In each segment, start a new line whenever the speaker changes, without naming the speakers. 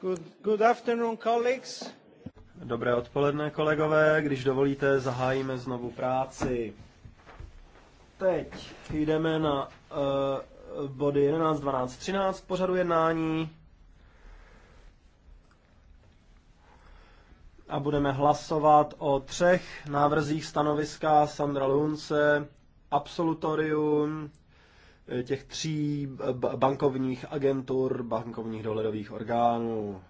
Good, good afternoon, colleagues. Dobré odpoledne, kolegové. Když dovolíte, zahájíme znovu práci. Teď jdeme na uh, body 11, 12, 13 pořadu jednání. A budeme hlasovat o třech návrzích stanoviska Sandra Lunce, absolutorium, Eh, těch tří eh, bankovních agentur, bankovních dohledových orgánů.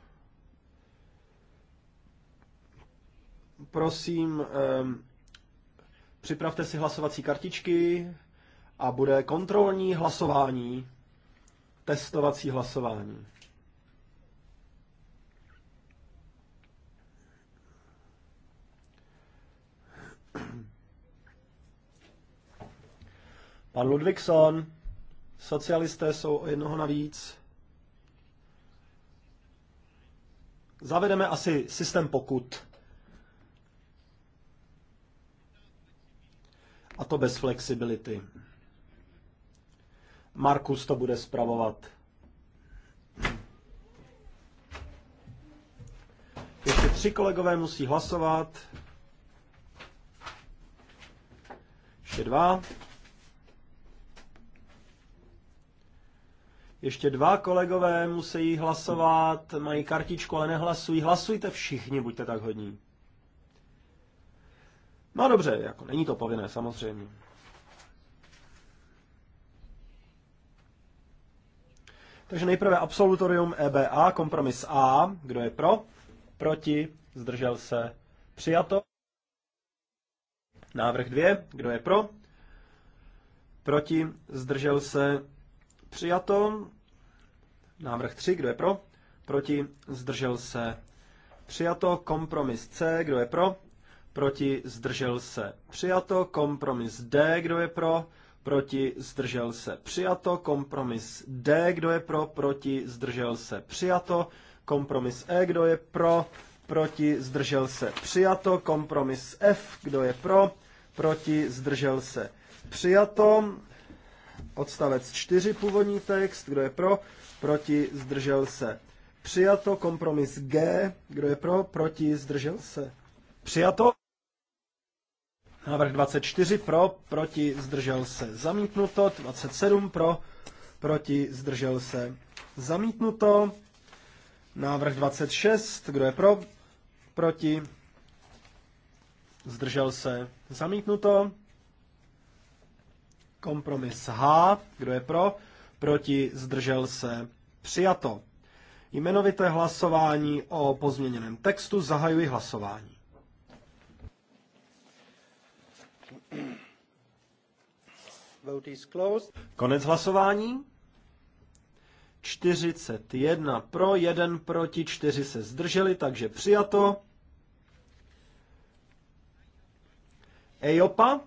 Prosím, ehm, připravte si hlasovací kartičky a bude kontrolní hlasování, testovací hlasování. Pan Ludvíkson. Socialisté jsou o jednoho navíc. Zavedeme asi systém pokut. A to bez flexibility. Markus to bude spravovat. Ještě tři kolegové musí hlasovat. Ještě dva. Ještě dva kolegové musí hlasovat, mají kartičku, ale nehlasují. Hlasujte všichni, buďte tak hodní. No dobře, jako není to povinné, samozřejmě. Takže nejprve absolutorium EBA, kompromis A. Kdo je pro? Proti? Zdržel se? Přijato. Návrh 2. Kdo je pro? Proti? Zdržel se? Přijato. Návrh 3, kdo je pro? Proti, zdržel se. Přijato. Kompromis C, kdo je pro? Proti, zdržel se. Přijato. Kompromis D, kdo je pro? Proti, zdržel se. Přijato. Kompromis D, kdo je pro? Proti, zdržel se. Přijato. Kompromis E, kdo je pro? Proti, zdržel se. Přijato. Kompromis F, kdo je pro? Proti, zdržel se. Přijato. Odstavec 4 původní text, kdo je pro, proti, zdržel se. Přijato kompromis G, kdo je pro, proti, zdržel se. Přijato. Návrh 24 pro, proti, zdržel se. Zamítnuto. 27 pro, proti, zdržel se. Zamítnuto. Návrh 26, kdo je pro, proti, zdržel se. Zamítnuto. Kompromis H. Kdo je pro? Proti? Zdržel se? Přijato. Jmenovité hlasování o pozměněném textu. Zahajuji hlasování. Vote is closed. Konec hlasování. 41 pro, 1 proti, 4 se zdrželi, takže přijato. EIOPA,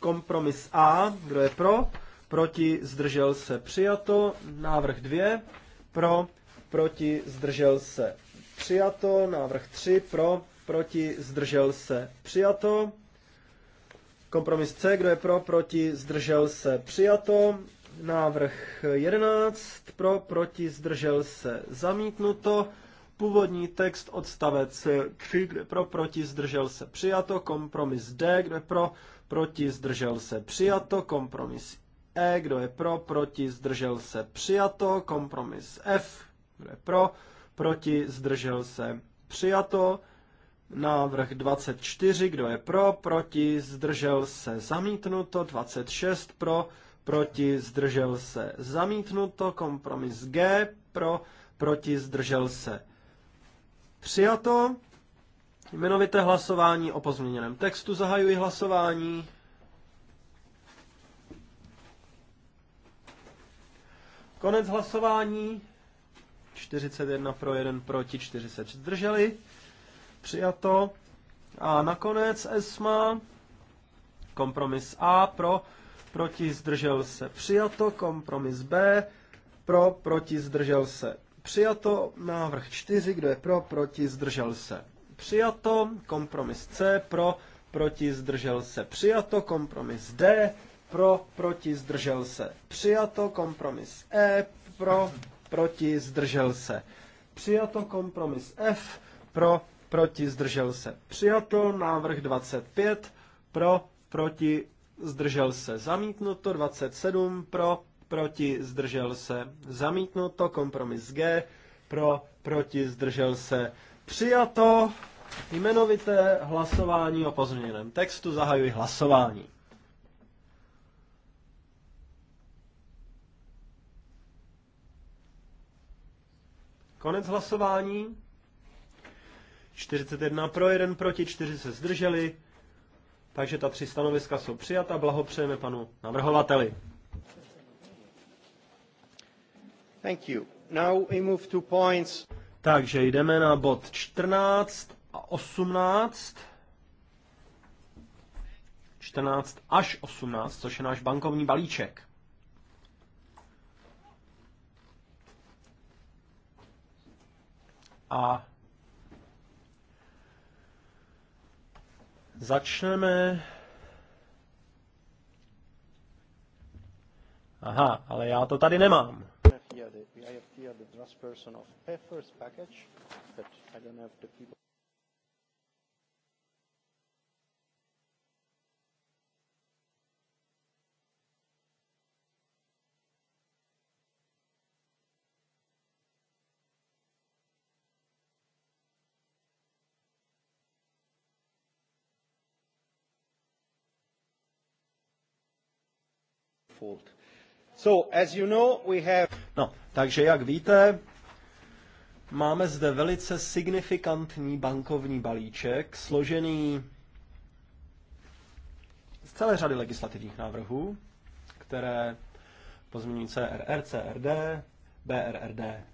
Kompromis A, kdo je pro, proti, zdržel se, přijato. Návrh 2, pro, proti, zdržel se, přijato. Návrh 3, pro, proti, zdržel se, přijato. Kompromis C, kdo je pro, proti, zdržel se, přijato. Návrh 11, pro, proti, zdržel se, zamítnuto. Původní text odstavec 3, kde pro, proti, zdržel se, přijato. Kompromis D, kde pro, proti, zdržel se, přijato, kompromis E, kdo je pro, proti, zdržel se, přijato, kompromis F, kdo je pro, proti, zdržel se, přijato, návrh 24, kdo je pro, proti, zdržel se, zamítnuto, 26 pro, proti, zdržel se, zamítnuto, kompromis G, pro, proti, zdržel se, přijato, Jmenovité hlasování o pozměněném textu. Zahajuji hlasování. Konec hlasování. 41 pro 1 proti 40. zdrželi. Přijato. A nakonec ESMA. Kompromis A pro, proti zdržel se přijato. Kompromis B pro, proti zdržel se přijato. Návrh 4, kdo je pro, proti zdržel se přijato, kompromis C pro, proti zdržel se přijato, kompromis D pro, proti zdržel se přijato, kompromis E pro, proti zdržel se přijato, kompromis F pro, proti zdržel se přijato, návrh 25 pro, proti zdržel se zamítnuto, 27 pro, proti zdržel se zamítnuto, kompromis G pro, proti zdržel se přijato, Jmenovité hlasování o pozměněném textu zahajuji hlasování. Konec hlasování. 41 pro, 1 proti, 4 se zdrželi. Takže ta tři stanoviska jsou přijata. Blahopřejeme panu navrhovateli. Thank you. Now we move to points. Takže jdeme na bod 14 a 18, 14 až 18, což je náš bankovní balíček. A začneme Aha, ale já to tady nemám. the person of Pfeffer's package, but I don't have the people. So, as you know, we have... No, takže jak víte, máme zde velice signifikantní bankovní balíček, složený z celé řady legislativních návrhů, které pozměňují CRR, CRD, BRRD.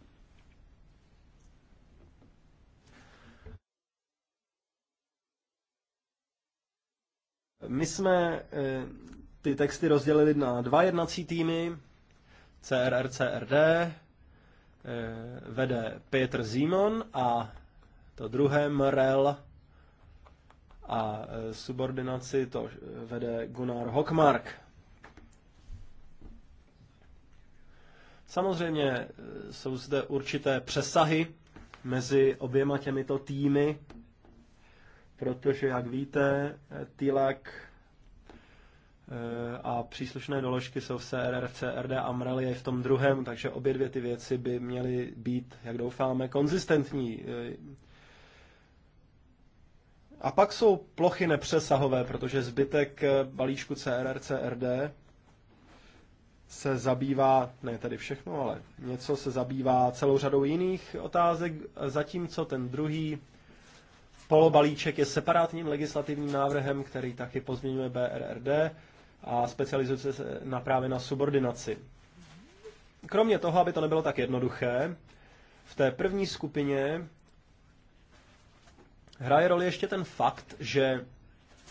My jsme eh, ty texty rozdělili na dva jednací týmy, CRR, CRD, eh, vede Petr Zimon a to druhé MREL a eh, subordinaci to eh, vede Gunnar Hockmark. Samozřejmě jsou zde určité přesahy mezi oběma těmito týmy, protože, jak víte, TILAK Eh, a příslušné doložky jsou v CRR, v CRD a MREL je v tom druhém, takže obě dvě ty věci by měly být, jak doufáme, konzistentní. Eh, a pak jsou plochy nepřesahové, protože zbytek eh, balíčku CRR, CRD se zabývá, ne tady všechno, ale něco se zabývá celou řadou jiných otázek, zatímco ten druhý polobalíček je separátním legislativním návrhem, který taky pozměňuje BRRD a specializuje se na právě na subordinaci. Kromě toho, aby to nebylo tak jednoduché, v té první skupině hraje roli ještě ten fakt, že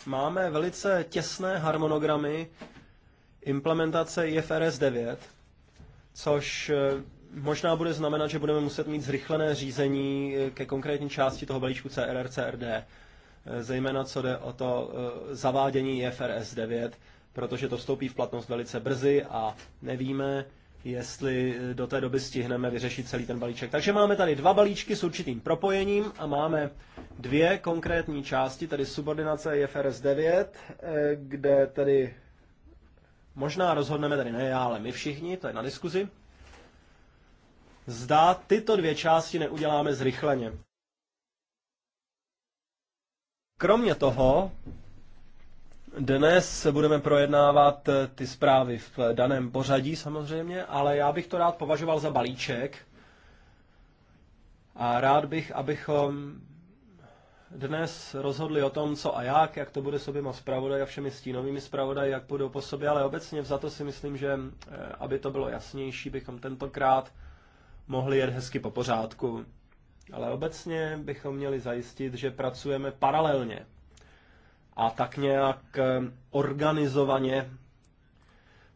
máme velice těsné harmonogramy implementace IFRS 9, což eh, možná bude znamenat, že budeme muset mít zrychlené řízení eh, ke konkrétní části toho balíčku CRR, CRD, eh, zejména co jde o to zavádění IFRS 9, protože to vstoupí v platnost velice brzy a nevíme, jestli do té doby stihneme vyřešit celý ten balíček. Takže máme tady dva balíčky s určitým propojením a máme dvě konkrétní části, tedy subordinace IFRS 9, eh, kde tedy možná rozhodneme, tady ne já, ale my všichni, to je na diskuzi, zda tyto dvě části neuděláme zrychleně. Kromě toho dnes budeme projednávat eh, ty zprávy v daném pořadí samozřejmě, ale já bych to rád považoval za balíček. A rád bych, abychom dnes rozhodli o tom, co a jak, jak to bude s oběma zpravodaj a všemi stínovými zpravodaj, jak budou po sobě, ale obecně za to si myslím, že eh, aby to bylo jasnější, bychom tentokrát mohli jet hezky po pořádku. Ale obecně bychom měli zajistit, že pracujeme paralelně a tak nějak organizovaně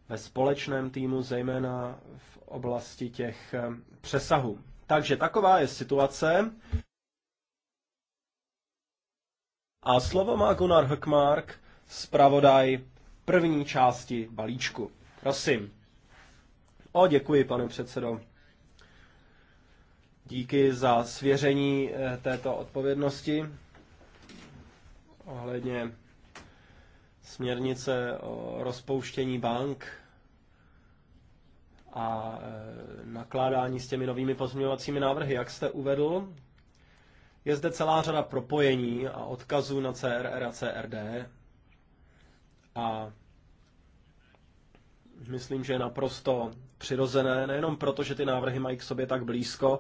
ve společném týmu, zejména v oblasti těch přesahů. Takže taková je situace. A slovo má Gunnar Hökmark, zpravodaj první části balíčku. Prosím. O, děkuji, pane předsedo. Díky za svěření eh, této odpovědnosti ohledně směrnice o rozpouštění bank a e, nakládání s těmi novými pozměňovacími návrhy. Jak jste uvedl, je zde celá řada propojení a odkazů na CRR a CRD a myslím, že je naprosto přirozené, nejenom proto, že ty návrhy mají k sobě tak blízko,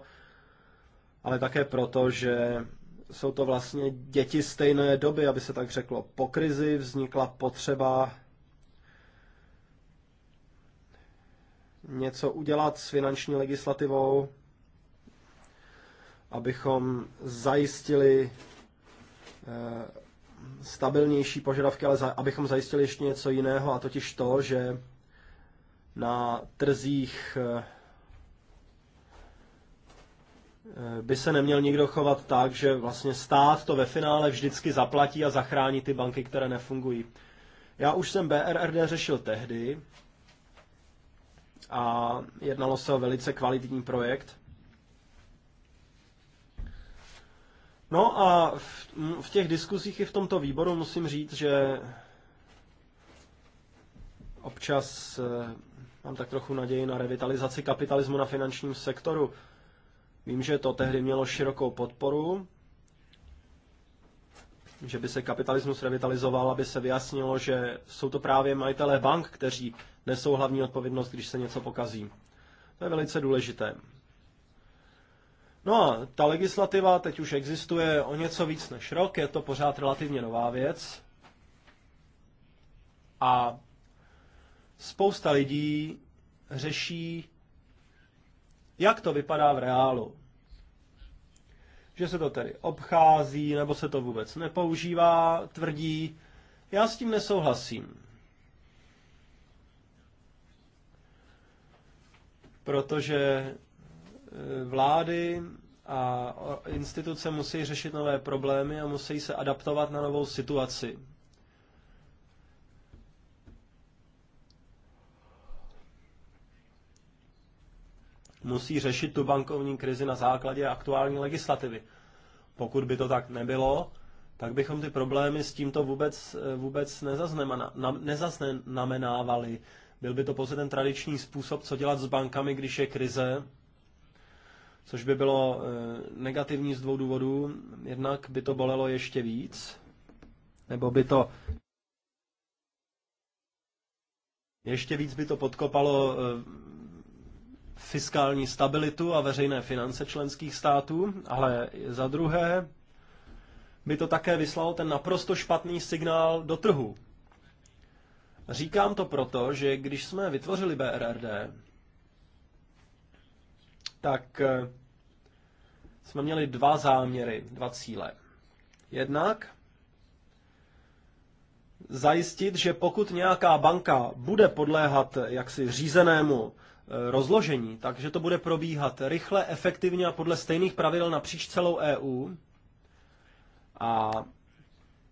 ale také proto, že jsou to vlastně děti stejné doby, aby se tak řeklo. Po krizi vznikla potřeba něco udělat s finanční legislativou, abychom zajistili eh, stabilnější požadavky, ale abychom zajistili ještě něco jiného, a totiž to, že na trzích eh, Eh, by se neměl nikdo chovat tak, že vlastně stát to ve finále vždycky zaplatí a zachrání ty banky, které nefungují. Já už jsem BRRD řešil tehdy a jednalo se o velice kvalitní projekt. No a v, v těch diskuzích i v tomto výboru musím říct, že občas eh, mám tak trochu naději na revitalizaci kapitalismu na finančním sektoru Vím, že to tehdy mělo širokou podporu, že by se kapitalismus revitalizoval, aby se vyjasnilo, že jsou to právě majitelé bank, kteří nesou hlavní odpovědnost, když se něco pokazí. To je velice důležité. No a ta legislativa teď už existuje o něco víc než rok, je to pořád relativně nová věc. A spousta lidí řeší, jak to vypadá v reálu že se to tedy obchází nebo se to vůbec nepoužívá, tvrdí. Já s tím nesouhlasím. Protože e, vlády a instituce musí řešit nové problémy a musí se adaptovat na novou situaci. musí řešit tu bankovní krizi na základě aktuální legislativy. Pokud by to tak nebylo, tak bychom ty problémy s tímto vůbec, eh, vůbec nezaznamenávali. Byl by to pouze ten tradiční způsob, co dělat s bankami, když je krize, což by bylo eh, negativní z dvou důvodů. Jednak by to bolelo ještě víc, nebo by to ještě víc by to podkopalo eh, fiskální stabilitu a veřejné finance členských států, ale za druhé by to také vyslalo ten naprosto špatný signál do trhu. Říkám to proto, že když jsme vytvořili BRRD, tak eh, jsme měli dva záměry, dva cíle. Jednak zajistit, že pokud nějaká banka bude podléhat jaksi řízenému Eh, rozložení, takže to bude probíhat rychle, efektivně a podle stejných pravidel napříč celou EU a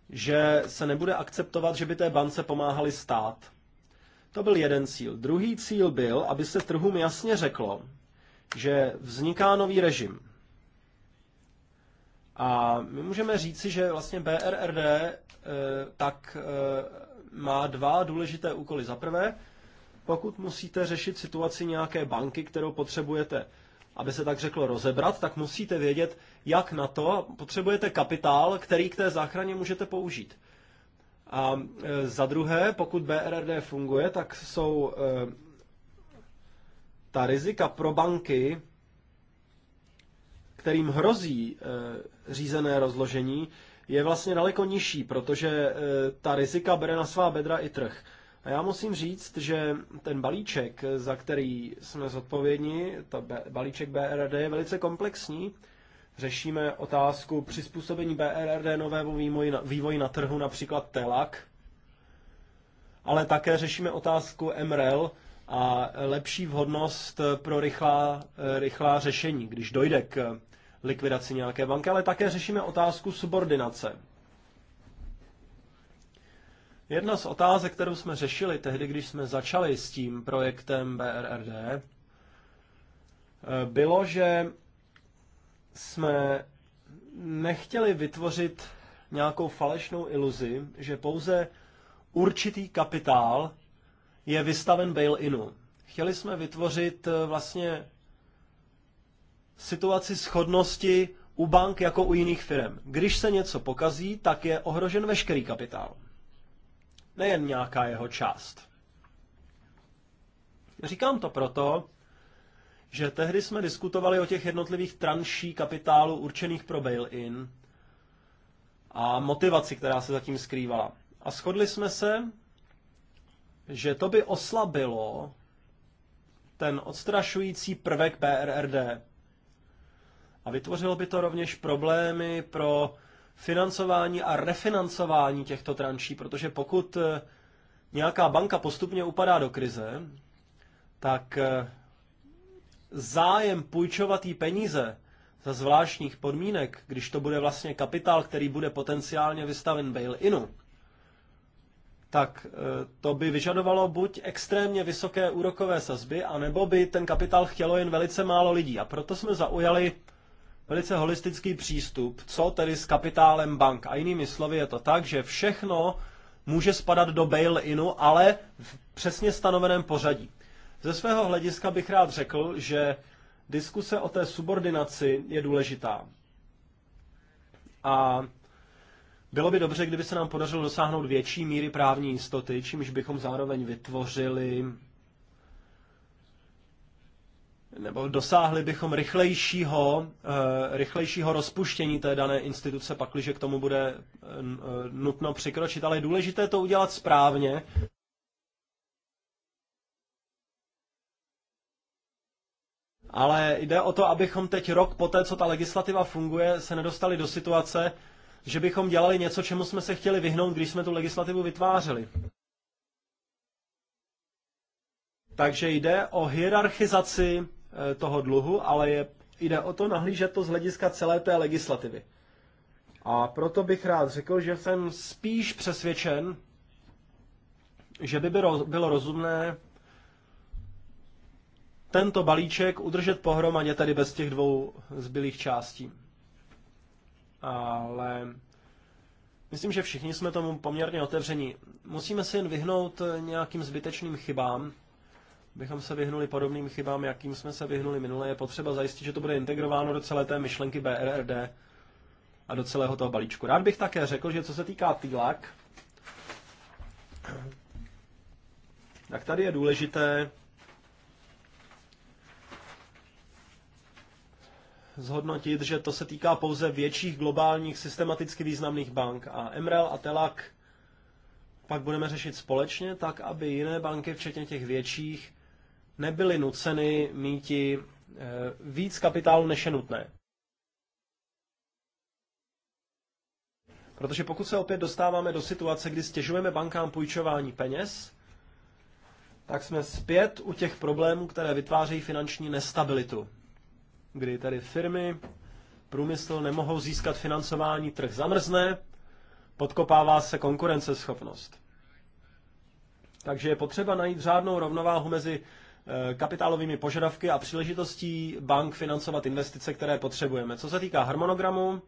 že se nebude akceptovat, že by té bance pomáhali stát. To byl jeden cíl. Druhý cíl byl, aby se trhům jasně řeklo, že vzniká nový režim. A my můžeme říci, že vlastně BRRD e, eh, tak e, má dva důležité úkoly. Za prvé, pokud musíte řešit situaci nějaké banky, kterou potřebujete, aby se tak řeklo, rozebrat, tak musíte vědět, jak na to potřebujete kapitál, který k té záchraně můžete použít. A e, za druhé, pokud BRRD funguje, tak jsou e, ta rizika pro banky, kterým hrozí e, řízené rozložení, je vlastně daleko nižší, protože ta rizika bere na svá bedra i trh. A já musím říct, že ten balíček, za který jsme zodpovědní, to balíček BRD je velice komplexní. Řešíme otázku přizpůsobení BRD novému vývoji na, vývoji na trhu, například TELAC, ale také řešíme otázku MREL a lepší vhodnost pro rychlá, rychlá řešení, když dojde k likvidaci nějaké banky, ale také řešíme otázku subordinace Jedna z otázek, kterou jsme řešili tehdy, když jsme začali s tím projektem BRRD, eh, bylo, že jsme nechtěli vytvořit nějakou falešnou iluzi, že pouze určitý kapitál je vystaven bail-inu. Chtěli jsme vytvořit eh, vlastně situaci schodnosti u bank jako u jiných firm. Když se něco pokazí, tak je ohrožen veškerý kapitál nejen nějaká jeho část. Říkám to proto, že tehdy jsme diskutovali o těch jednotlivých tranší kapitálu určených pro bail-in a motivaci, která se zatím skrývala. A shodli jsme se, že to by oslabilo ten odstrašující prvek BRRD. A vytvořilo by to rovněž problémy pro financování a refinancování těchto tranší, protože pokud eh, nějaká banka postupně upadá do krize, tak eh, zájem půjčovat jí peníze za zvláštních podmínek, když to bude vlastně kapitál, který bude potenciálně vystaven bail-inu, tak eh, to by vyžadovalo buď extrémně vysoké úrokové sazby, anebo by ten kapitál chtělo jen velice málo lidí. A proto jsme zaujali velice holistický přístup, co tedy s kapitálem bank. A jinými slovy je to tak, že všechno může spadat do bail-inu, ale v přesně stanoveném pořadí. Ze svého hlediska bych rád řekl, že diskuse o té subordinaci je důležitá. A bylo by dobře, kdyby se nám podařilo dosáhnout větší míry právní jistoty, čímž bychom zároveň vytvořili nebo dosáhli bychom rychlejšího, eh, rychlejšího rozpuštění té dané instituce, pakliže k tomu bude eh, eh, nutno přikročit. Ale je důležité to udělat správně. Ale jde o to, abychom teď rok poté, co ta legislativa funguje, se nedostali do situace, že bychom dělali něco, čemu jsme se chtěli vyhnout, když jsme tu legislativu vytvářeli. Takže jde o hierarchizaci Eh, toho dluhu, ale je, jde o to nahlížet to z hlediska celé té legislativy. A proto bych rád řekl, že jsem spíš přesvědčen, že by bylo rozumné tento balíček udržet pohromadě tedy bez těch dvou zbylých částí. Ale myslím, že všichni jsme tomu poměrně otevření. Musíme si jen vyhnout nějakým zbytečným chybám, Abychom se vyhnuli podobným chybám, jakým jsme se vyhnuli minule, je potřeba zajistit, že to bude integrováno do celé té myšlenky BRRD a do celého toho balíčku. Rád bych také řekl, že co se týká TILAC, tak tady je důležité zhodnotit, že to se týká pouze větších globálních systematicky významných bank a MREL a TELAC pak budeme řešit společně, tak aby jiné banky, včetně těch větších, nebyly nuceny míti eh, víc kapitálu, než je nutné. Protože pokud se opět dostáváme do situace, kdy stěžujeme bankám půjčování peněz, tak jsme zpět u těch problémů, které vytvářejí finanční nestabilitu. Kdy tady firmy, průmysl nemohou získat financování, trh zamrzne, podkopává se konkurenceschopnost. Takže je potřeba najít řádnou rovnováhu mezi Eh, kapitálovými požadavky a příležitostí bank financovat investice, které potřebujeme. Co se týká harmonogramu,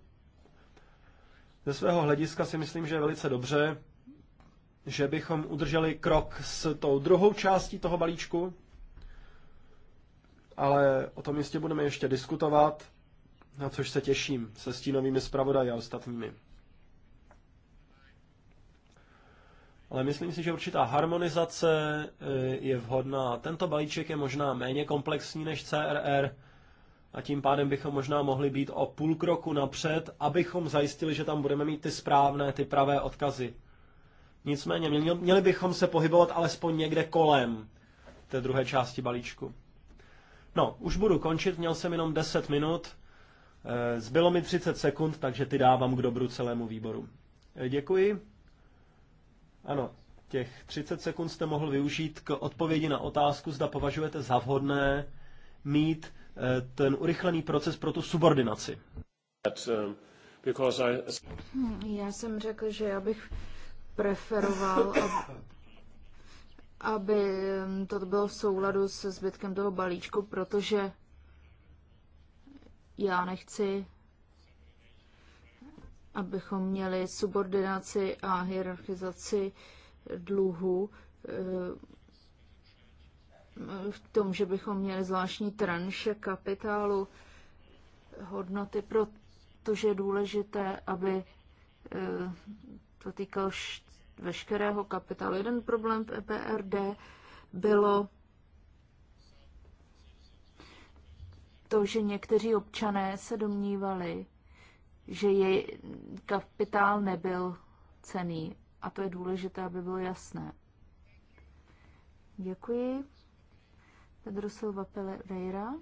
ze svého hlediska si myslím, že je velice dobře, že bychom udrželi krok s tou druhou částí toho balíčku, ale o tom jistě budeme ještě diskutovat, na což se těším se stínovými zpravodaji a ostatními. ale myslím si, že určitá harmonizace eh, je vhodná. Tento balíček je možná méně komplexní než CRR a tím pádem bychom možná mohli být o půl kroku napřed, abychom zajistili, že tam budeme mít ty správné, ty pravé odkazy. Nicméně měli bychom se pohybovat alespoň někde kolem té druhé části balíčku. No, už budu končit, měl jsem jenom 10 minut, eh, zbylo mi 30 sekund, takže ty dávám k dobru celému výboru. Eh, děkuji. Ano, těch 30 sekund jste mohl využít k odpovědi na otázku, zda považujete za vhodné mít eh, ten urychlený proces pro tu subordinaci.
Um,
hm, já jsem řekl, že já bych preferoval, aby um, to bylo v souladu se zbytkem toho balíčku, protože já nechci abychom měli subordinaci a hierarchizaci dluhu eh, v tom, že bychom měli zvláštní tranše kapitálu hodnoty, protože je důležité, aby eh, to týkal veškerého kapitálu. Jeden problém v EBRD bylo to, že někteří občané se domnívali, že jej kapitál nebyl cený. A to je důležité, aby bylo jasné. Děkuji. Pedro Silva Pereira.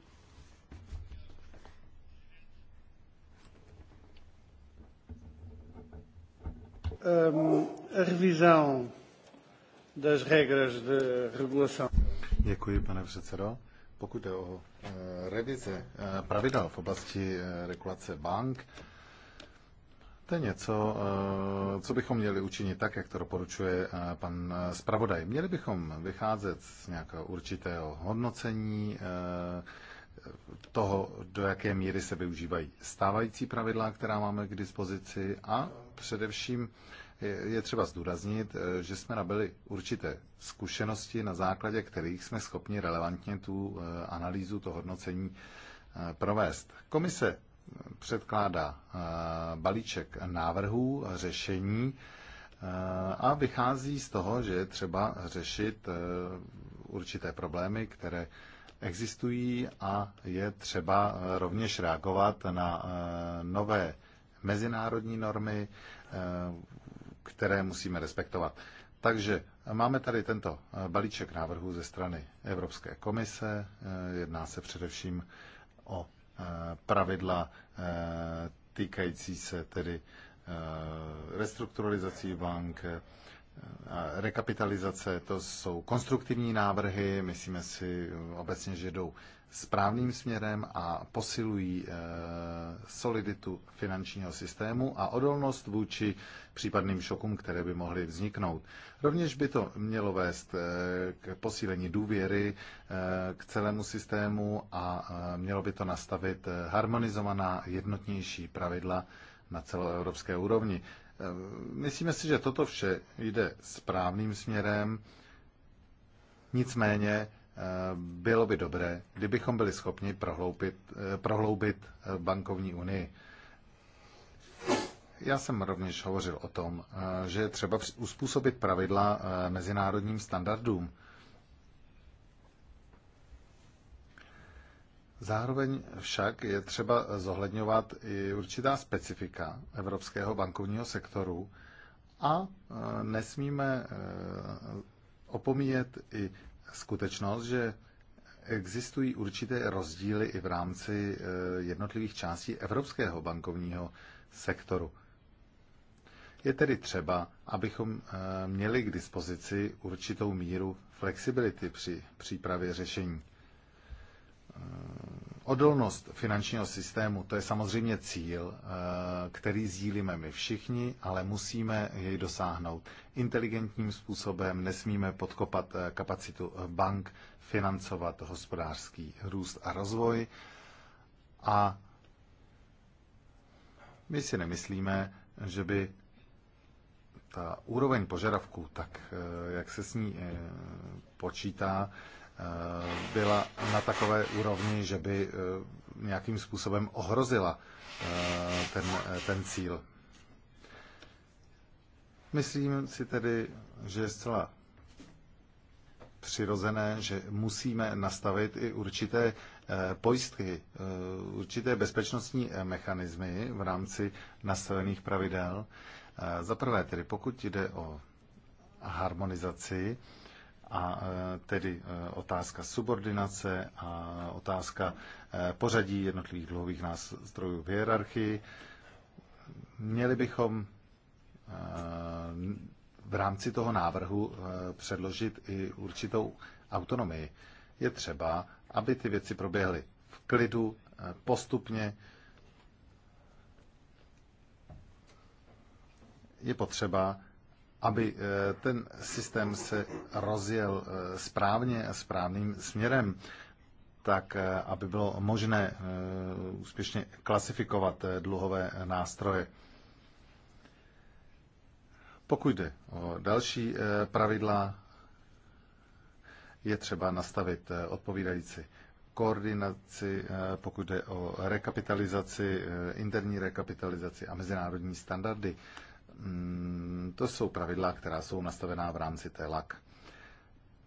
Um, a revisão das regras de regulação. Děkuji, pane předsedo. Pokud jde o eh, revize eh, pravidel v oblasti eh, regulace bank, to je něco, eh, co bychom měli učinit tak, jak to doporučuje eh, pan eh, zpravodaj. Měli bychom vycházet z nějakého určitého hodnocení toho, do jaké míry se využívají stávající pravidla, která máme k dispozici a především je třeba zdůraznit, že jsme nabili určité zkušenosti, na základě kterých jsme schopni relevantně tu analýzu, to hodnocení provést. Komise předkládá eh, balíček návrhů, řešení eh, a vychází z toho, že je třeba řešit eh, určité problémy, které existují a je třeba rovněž reagovat na nové mezinárodní normy, které musíme respektovat. Takže máme tady tento balíček návrhů ze strany Evropské komise. Jedná se především o pravidla eh, týkající se tedy eh, restrukturalizací bank, eh, rekapitalizace, to jsou konstruktivní návrhy, myslíme si obecně, že jdou správným směrem a posilují eh, soliditu finančního systému a odolnost vůči případným šokům, které by mohly vzniknout. Rovněž by to mělo vést eh, k posílení důvěry eh, k celému systému a mělo by to nastavit harmonizovaná jednotnější pravidla na celoevropské úrovni. Myslíme si, že toto vše jde správným směrem, nicméně Eh, bylo by dobré, kdybychom byli schopni eh, prohloubit, prohloubit eh, bankovní unii. Já jsem rovněž hovořil o tom, že je třeba uspůsobit pravidla mezinárodním standardům. Zároveň však je třeba zohledňovat i určitá specifika evropského bankovního sektoru a nesmíme opomíjet i skutečnost, že existují určité rozdíly i v rámci e, jednotlivých částí evropského bankovního sektoru. Je tedy třeba, abychom e, měli k dispozici určitou míru flexibility při přípravě řešení. E, Odolnost finančního systému, to je samozřejmě cíl, eh, který sdílíme my všichni, ale musíme jej dosáhnout inteligentním způsobem. Nesmíme podkopat eh, kapacitu bank financovat hospodářský růst a rozvoj. A my si nemyslíme, že by ta úroveň požadavků, tak eh, jak se s ní počítá, Eh, byla na takové úrovni, že by eh, nějakým způsobem ohrozila eh, ten, ten cíl. Myslím si tedy, že je zcela přirozené, že musíme nastavit i určité pojistky, určité bezpečnostní mechanismy v rámci nastavených pravidel. Za prvé tedy, pokud jde o harmonizaci, a e, tedy e, otázka subordinace a otázka e, pořadí jednotlivých dluhových nástrojů v hierarchii. Měli bychom v rámci toho návrhu předložit i určitou autonomii. Je třeba, aby ty věci proběhly v klidu, postupně. Je potřeba, aby eh, ten systém se rozjel eh, správně a správným směrem, tak eh, aby bylo možné úspěšně klasifikovat dluhové nástroje. Pokud jde o další pravidla, je třeba nastavit odpovídající koordinaci, pokud jde o rekapitalizaci, interní rekapitalizaci a mezinárodní standardy. Mm, to jsou pravidla, která jsou nastavená v rámci lak.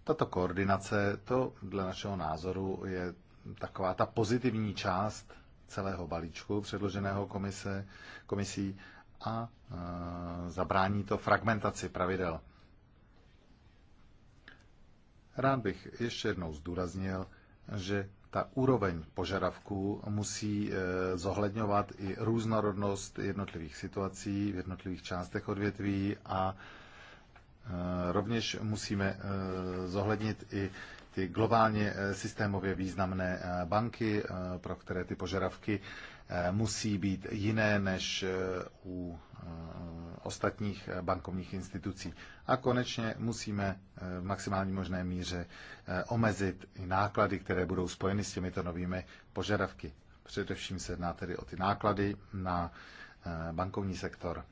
Tato koordinace, to dle našeho názoru je taková ta pozitivní část celého balíčku předloženého komise, komisí a e, zabrání to fragmentaci pravidel. Rád bych ještě jednou zdůraznil, že ta úroveň požadavků musí e, zohledňovat i různorodnost jednotlivých situací v jednotlivých částech odvětví a e, rovněž musíme e, zohlednit i ty globálně systémově významné banky, pro které ty požadavky musí být jiné než u ostatních eh, bankovních institucí. A konečně musíme eh, v maximální možné míře eh, omezit i náklady, které budou spojeny s těmito novými požadavky. Především se jedná tedy o ty náklady na bankovní sektor.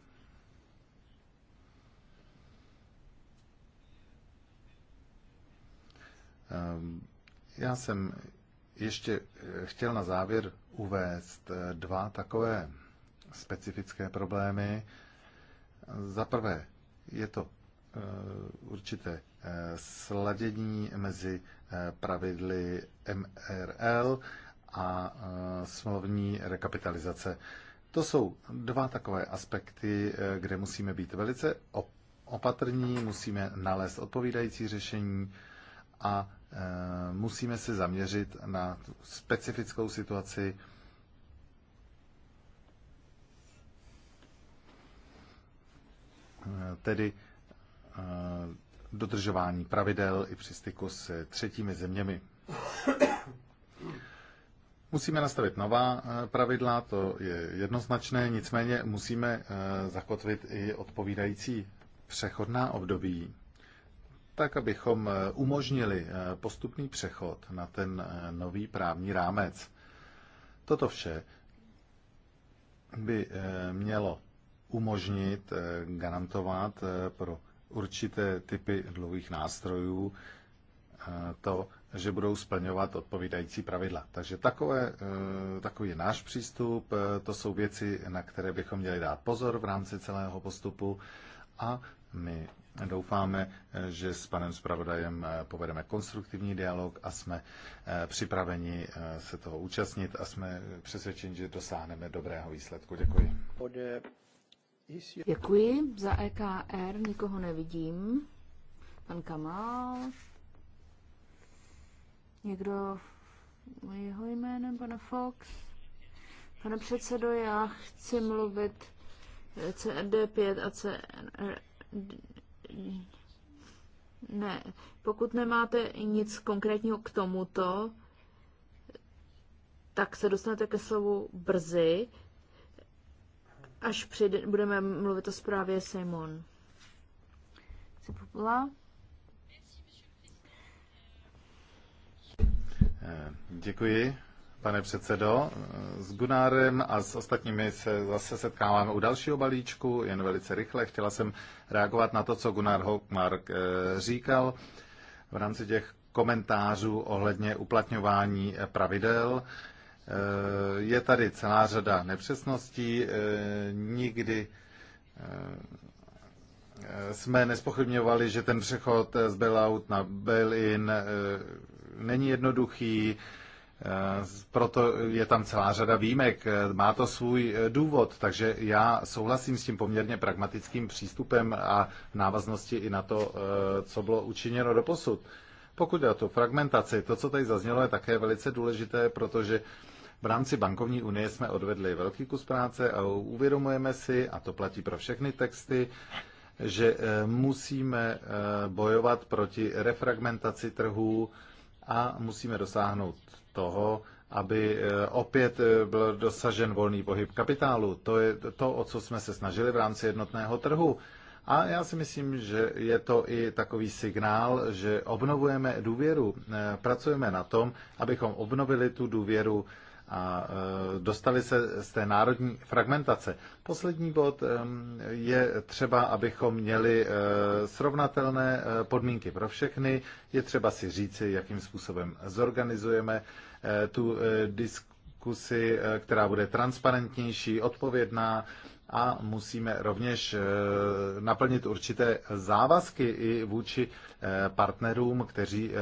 Já jsem ještě chtěl na závěr uvést dva takové specifické problémy, za prvé, je to eh, určité eh, sladění mezi eh, pravidly MRL a smlouvní rekapitalizace. To jsou dva takové aspekty, kde musíme být velice opatrní, musíme nalézt odpovídající řešení a musíme se zaměřit na specifickou situaci Eh, tedy eh, dodržování pravidel i při styku s třetími zeměmi. Musíme nastavit nová eh, pravidla, to je jednoznačné, nicméně musíme zakotvit i odpovídající přechodná období, tak abychom umožnili postupný přechod na ten nový právní rámec. Toto vše by mělo umožnit, eh, garantovat eh, pro určité typy dluhových nástrojů eh, to, že budou splňovat odpovídající pravidla. Takže takové, takový je náš přístup, to jsou věci, na které bychom měli dát pozor v rámci celého postupu a my doufáme, že s panem zpravodajem povedeme konstruktivní dialog a jsme připraveni se toho účastnit a jsme přesvědčeni, že dosáhneme dobrého výsledku. Děkuji.
Děkuji. Za EKR nikoho nevidím. Pan Kamal. Někdo jeho jménem, pana Fox? Pane předsedo, já chci mluvit CRD5 a CR... Ne, pokud nemáte nic konkrétního k tomuto, tak se dostanete ke slovu brzy až přijde, budeme mluvit o zprávě Simon. Jsi popula?
Eh, děkuji, pane předsedo. Eh, s Gunárem a s ostatními se zase setkáváme u dalšího balíčku, jen velice rychle. Chtěla jsem reagovat na to, co Gunár Hockmark eh, říkal v rámci těch komentářů ohledně uplatňování pravidel. Eh, je tady celá řada nepřesností, eh, nikdy eh, jsme nespochybňovali, že ten přechod z bailout na bail-in není jednoduchý, proto je tam celá řada výjimek, má to svůj důvod, takže já souhlasím s tím poměrně pragmatickým přístupem a návaznosti i na to, co bylo učiněno do posud. Pokud jde o tu fragmentaci, to, co tady zaznělo, je také velice důležité, protože v rámci bankovní unie jsme odvedli velký kus práce a uvědomujeme si, a to platí pro všechny texty, že eh, musíme eh, bojovat proti refragmentaci trhů a musíme dosáhnout toho, aby eh, opět byl dosažen volný pohyb kapitálu. To je to, o co jsme se snažili v rámci jednotného trhu. A já si myslím, že je to i takový signál, že obnovujeme důvěru. Pracujeme na tom, abychom obnovili tu důvěru a e, dostali se z té národní fragmentace. Poslední bod e, je třeba, abychom měli e, srovnatelné podmínky pro všechny. Je třeba si říci, jakým způsobem zorganizujeme tu diskusi, která bude transparentnější, odpovědná a musíme rovněž eh, naplnit určité závazky i vůči eh, partnerům, kteří eh,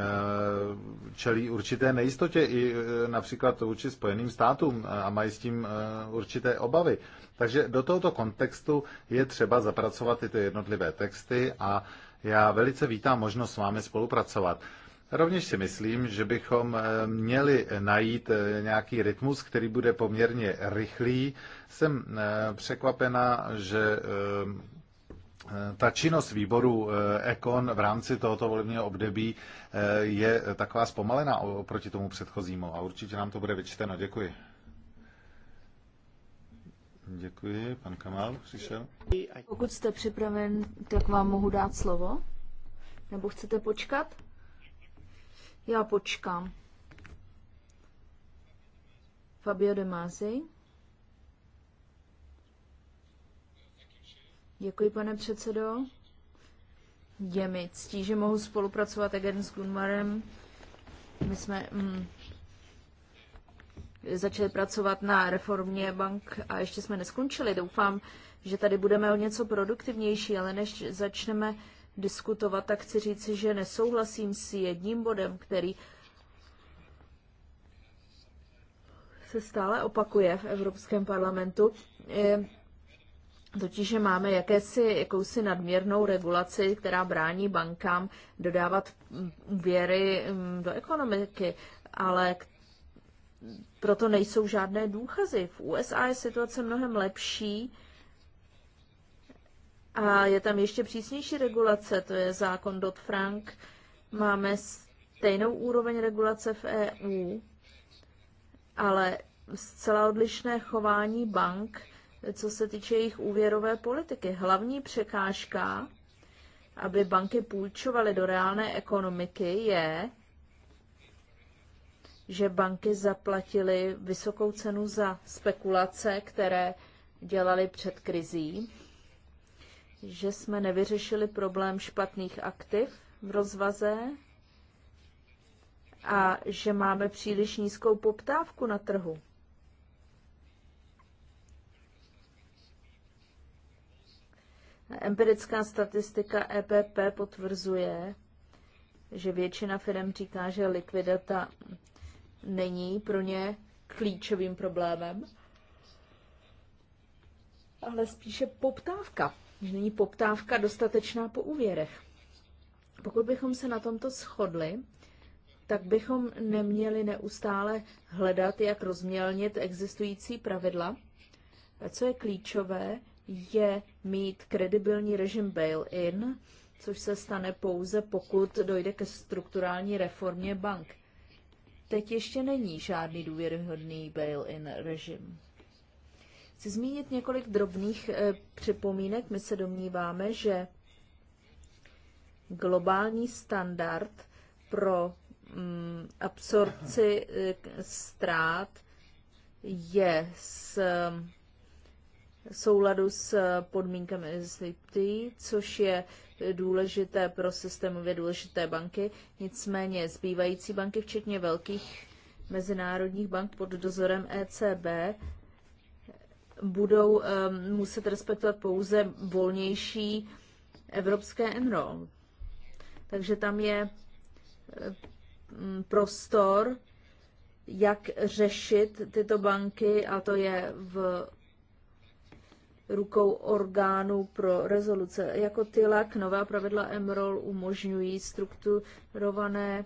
čelí určité nejistotě i například vůči Spojeným státům a mají s tím určité obavy. Takže do tohoto kontextu je třeba zapracovat tyto jednotlivé texty a já velice vítám možnost s vámi spolupracovat. Rovněž si myslím, že bychom eh, měli najít eh, nějaký rytmus, který bude poměrně rychlý. Jsem eh, překvapena, že ta činnost výboru Ekon v rámci tohoto volebního období je taková zpomalená oproti tomu předchozímu a určitě nám to bude vyčteno. Děkuji. Děkuji. Pan Kamal přišel.
Pokud jste připraven, tak vám mohu dát slovo. Nebo chcete počkat? Já počkám. Fabio De Masi. Děkuji, pane předsedo. Je mi ctí, že mohu spolupracovat again s Gunmarem. My jsme mm, začali pracovat na reformě bank a ještě jsme neskončili. Doufám, že tady budeme o něco produktivnější, ale než začneme diskutovat, tak chci říci, že nesouhlasím s jedním bodem, který se stále opakuje v Evropském parlamentu, totiž, že máme jakési, jakousi nadměrnou regulaci, která brání bankám dodávat věry mm, do ekonomiky, ale proto nejsou žádné důkazy. V USA je situace mnohem lepší, a je tam ještě přísnější regulace, to je zákon Dodd-Frank. Máme stejnou úroveň regulace v EU, ale zcela odlišné chování bank, co se týče jejich úvěrové politiky. Hlavní překážka, aby banky půjčovaly do reálné ekonomiky, je, že banky zaplatily vysokou cenu za spekulace, které dělali před krizí že jsme nevyřešili problém špatných aktiv v rozvaze a že máme příliš nízkou poptávku na trhu. Empirická statistika EPP potvrzuje, že většina firm říká, že likvidita není pro ně klíčovým problémem, ale spíše poptávka že není poptávka dostatečná po úvěrech. Pokud bychom se na tomto shodli, tak bychom neměli neustále hledat, jak rozmělnit existující pravidla. A co je klíčové, je mít kredibilní režim bail-in, což se stane pouze, pokud dojde ke strukturální reformě bank. Teď ještě není žádný důvěryhodný bail-in režim. Chci zmínit několik drobných eh, připomínek. My se domníváme, že globální standard pro mm, absorpci strát eh, je s eh, souladu s podmínkami SVT, což je důležité pro systémově důležité banky. Nicméně zbývající banky, včetně velkých mezinárodních bank pod dozorem ECB, budou eh, muset respektovat pouze volnější evropské enroll. Takže tam je eh, prostor, jak řešit tyto banky, a to je v rukou orgánů pro rezoluce. Jako TILAK nová pravidla MROL umožňují strukturované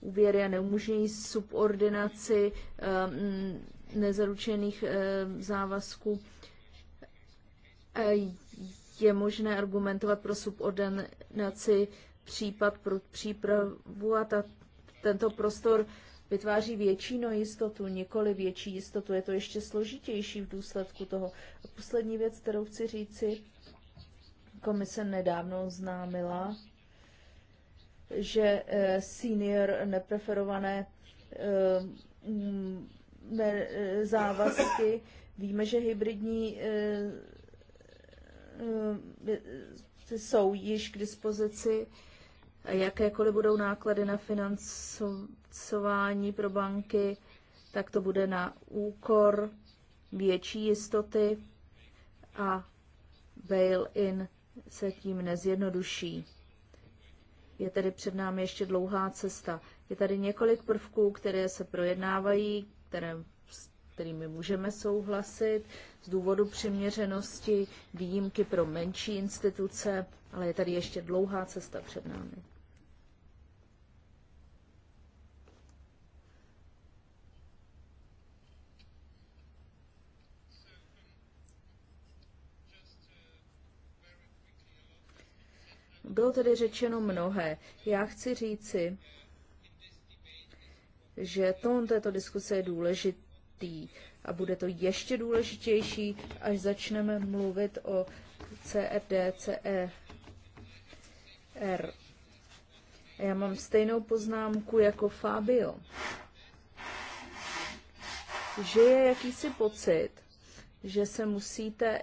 úvěry a neumožňují subordinaci um, nezaručených eh, závazků eh, je možné argumentovat pro subordinaci případ pro přípravu a ta, tento prostor vytváří větší no jistotu, nikoli větší jistotu. Je to ještě složitější v důsledku toho. A poslední věc, kterou chci říci, komise nedávno oznámila, že eh, senior nepreferované E, závazky. Víme, že hybridní e, e, jsou již k dispozici. Jakékoliv budou náklady na financování pro banky, tak to bude na úkor větší jistoty a bail-in se tím nezjednoduší. Je tedy před námi ještě dlouhá cesta. Je tady několik prvků, které se projednávají, které, s kterými můžeme souhlasit z důvodu přiměřenosti, výjimky pro menší instituce, ale je tady ještě dlouhá cesta před námi. Bylo tedy řečeno mnohé. Já chci říci, že tón této diskuse je důležitý a bude to ještě důležitější, až začneme mluvit o CRD, CER. Já mám stejnou poznámku jako Fabio, že je jakýsi pocit, že se musíte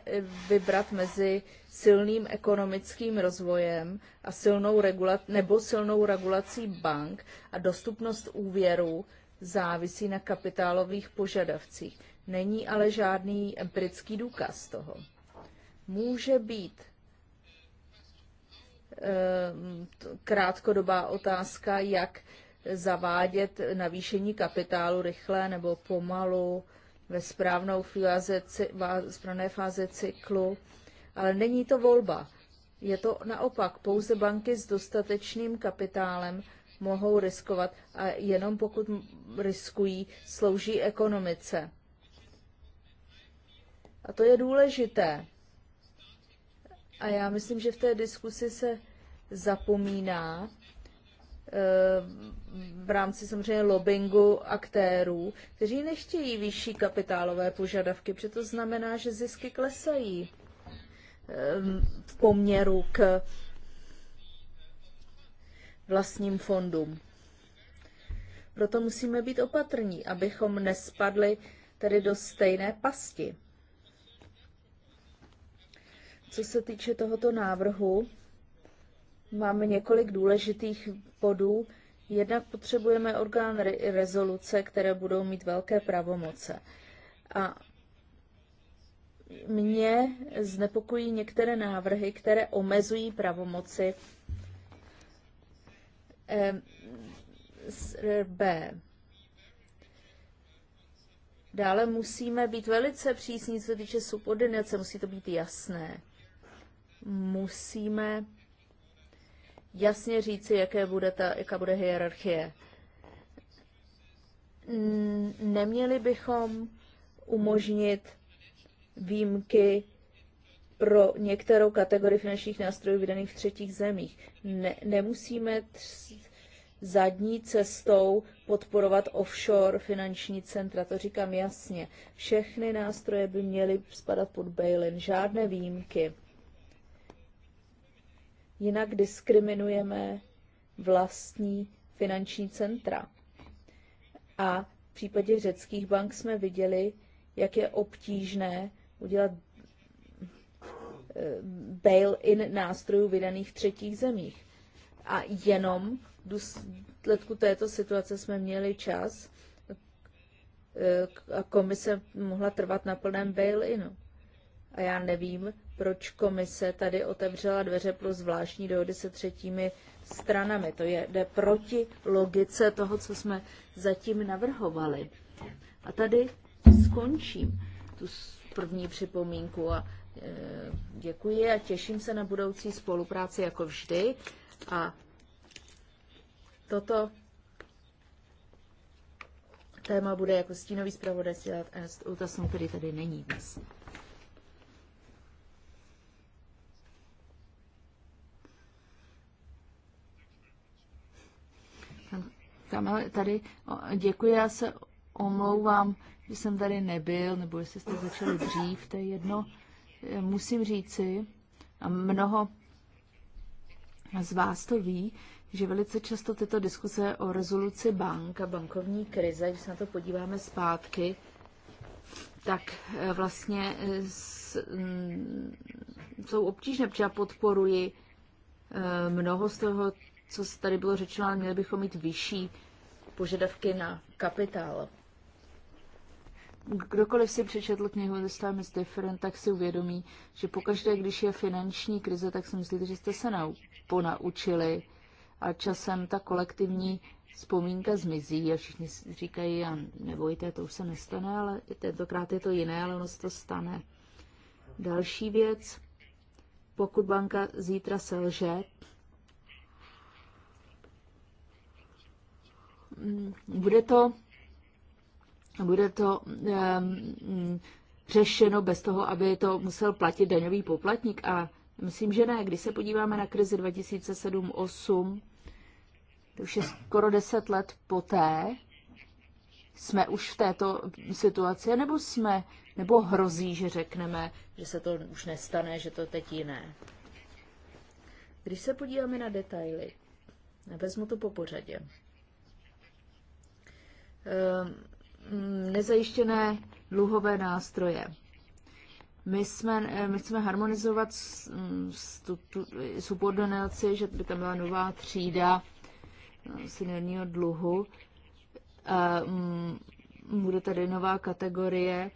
vybrat mezi silným ekonomickým rozvojem a silnou regula- nebo silnou regulací bank a dostupnost úvěrů závisí na kapitálových požadavcích. Není ale žádný empirický důkaz toho. Může být ehm, krátkodobá otázka, jak zavádět navýšení kapitálu rychle nebo pomalu ve správnou fázi, správné fáze cyklu ale není to volba. Je to naopak, pouze banky s dostatečným kapitálem mohou riskovat a jenom pokud riskují, slouží ekonomice. A to je důležité. A já myslím, že v té diskusi se zapomíná eh, v rámci samozřejmě lobbingu aktérů, kteří nechtějí vyšší kapitálové požadavky, protože to znamená, že zisky klesají v poměru k vlastním fondům. Proto musíme být opatrní, abychom nespadli tedy do stejné pasti. Co se týče tohoto návrhu, máme několik důležitých bodů. Jednak potřebujeme orgán re rezoluce, které budou mít velké pravomoce. A mě znepokojí některé návrhy, které omezují pravomoci eh, SRB. Eh, Dále musíme být velice přísní, co týče subordinace, musí to být jasné. Musíme jasně říci, jaké bude ta, jaká bude hierarchie. Neměli bychom umožnit výjimky pro některou kategorii finančních nástrojů vydaných v třetích zemích. Ne, nemusíme zadní cestou podporovat offshore finanční centra. To říkám jasně. Všechny nástroje by měly spadat pod bail-in, žádné výjimky. Jinak diskriminujeme vlastní finanční centra. A v případě řeckých bank jsme viděli, jak je obtížné udělat eh, bail-in nástrojů vydaných v třetích zemích. A jenom v důsledku této situace jsme měli čas eh, a komise mohla trvat na plném bail-inu. A já nevím, proč komise tady otevřela dveře pro zvláštní dohody se třetími stranami. To je, jde proti logice toho, co jsme zatím navrhovali. A tady skončím tu první připomínku a e, děkuji a těším se na budoucí spolupráci jako vždy. A toto téma bude jako stínový zpravodaj dělat Ernst Utason, který tady není dnes. Kamil, tady děkuji, já se omlouvám že jsem tady nebyl, nebo jestli jste začali dřív, to je jedno. Eh, musím říci, a mnoho z vás to ví, že velice často tyto diskuse o rezoluci bank a bankovní krize, když se na to podíváme zpátky, tak eh, vlastně eh, s, m, mm, jsou obtížné, protože já podporuji mnoho z toho, co tady bylo řečeno, ale měli bychom mít vyšší požadavky na kapitál kdokoliv si přečetl knihu The Time is Different, tak si uvědomí, že pokaždé, když je finanční krize, tak si myslíte, že jste se nau- ponaučili a časem ta kolektivní vzpomínka zmizí a všichni říkají, a nebojte, to už se nestane, ale tentokrát je to jiné, ale ono se to stane. Další věc, pokud banka zítra selže, mm, bude to bude to um, řešeno bez toho, aby to musel platit daňový poplatník? A myslím, že ne. Když se podíváme na krizi 2007-2008, to už je skoro 10 let poté, jsme už v této situaci, nebo jsme, nebo hrozí, že řekneme, že se to už nestane, že to teď jiné. Když se podíváme na detaily, vezmu to po pořadě. Mm, nezajištěné dluhové nástroje. My jsme, eh, my chceme harmonizovat mm, subordinaci, že by tam byla nová třída eh, seniorního dluhu. Mm, bude tady nová kategorie.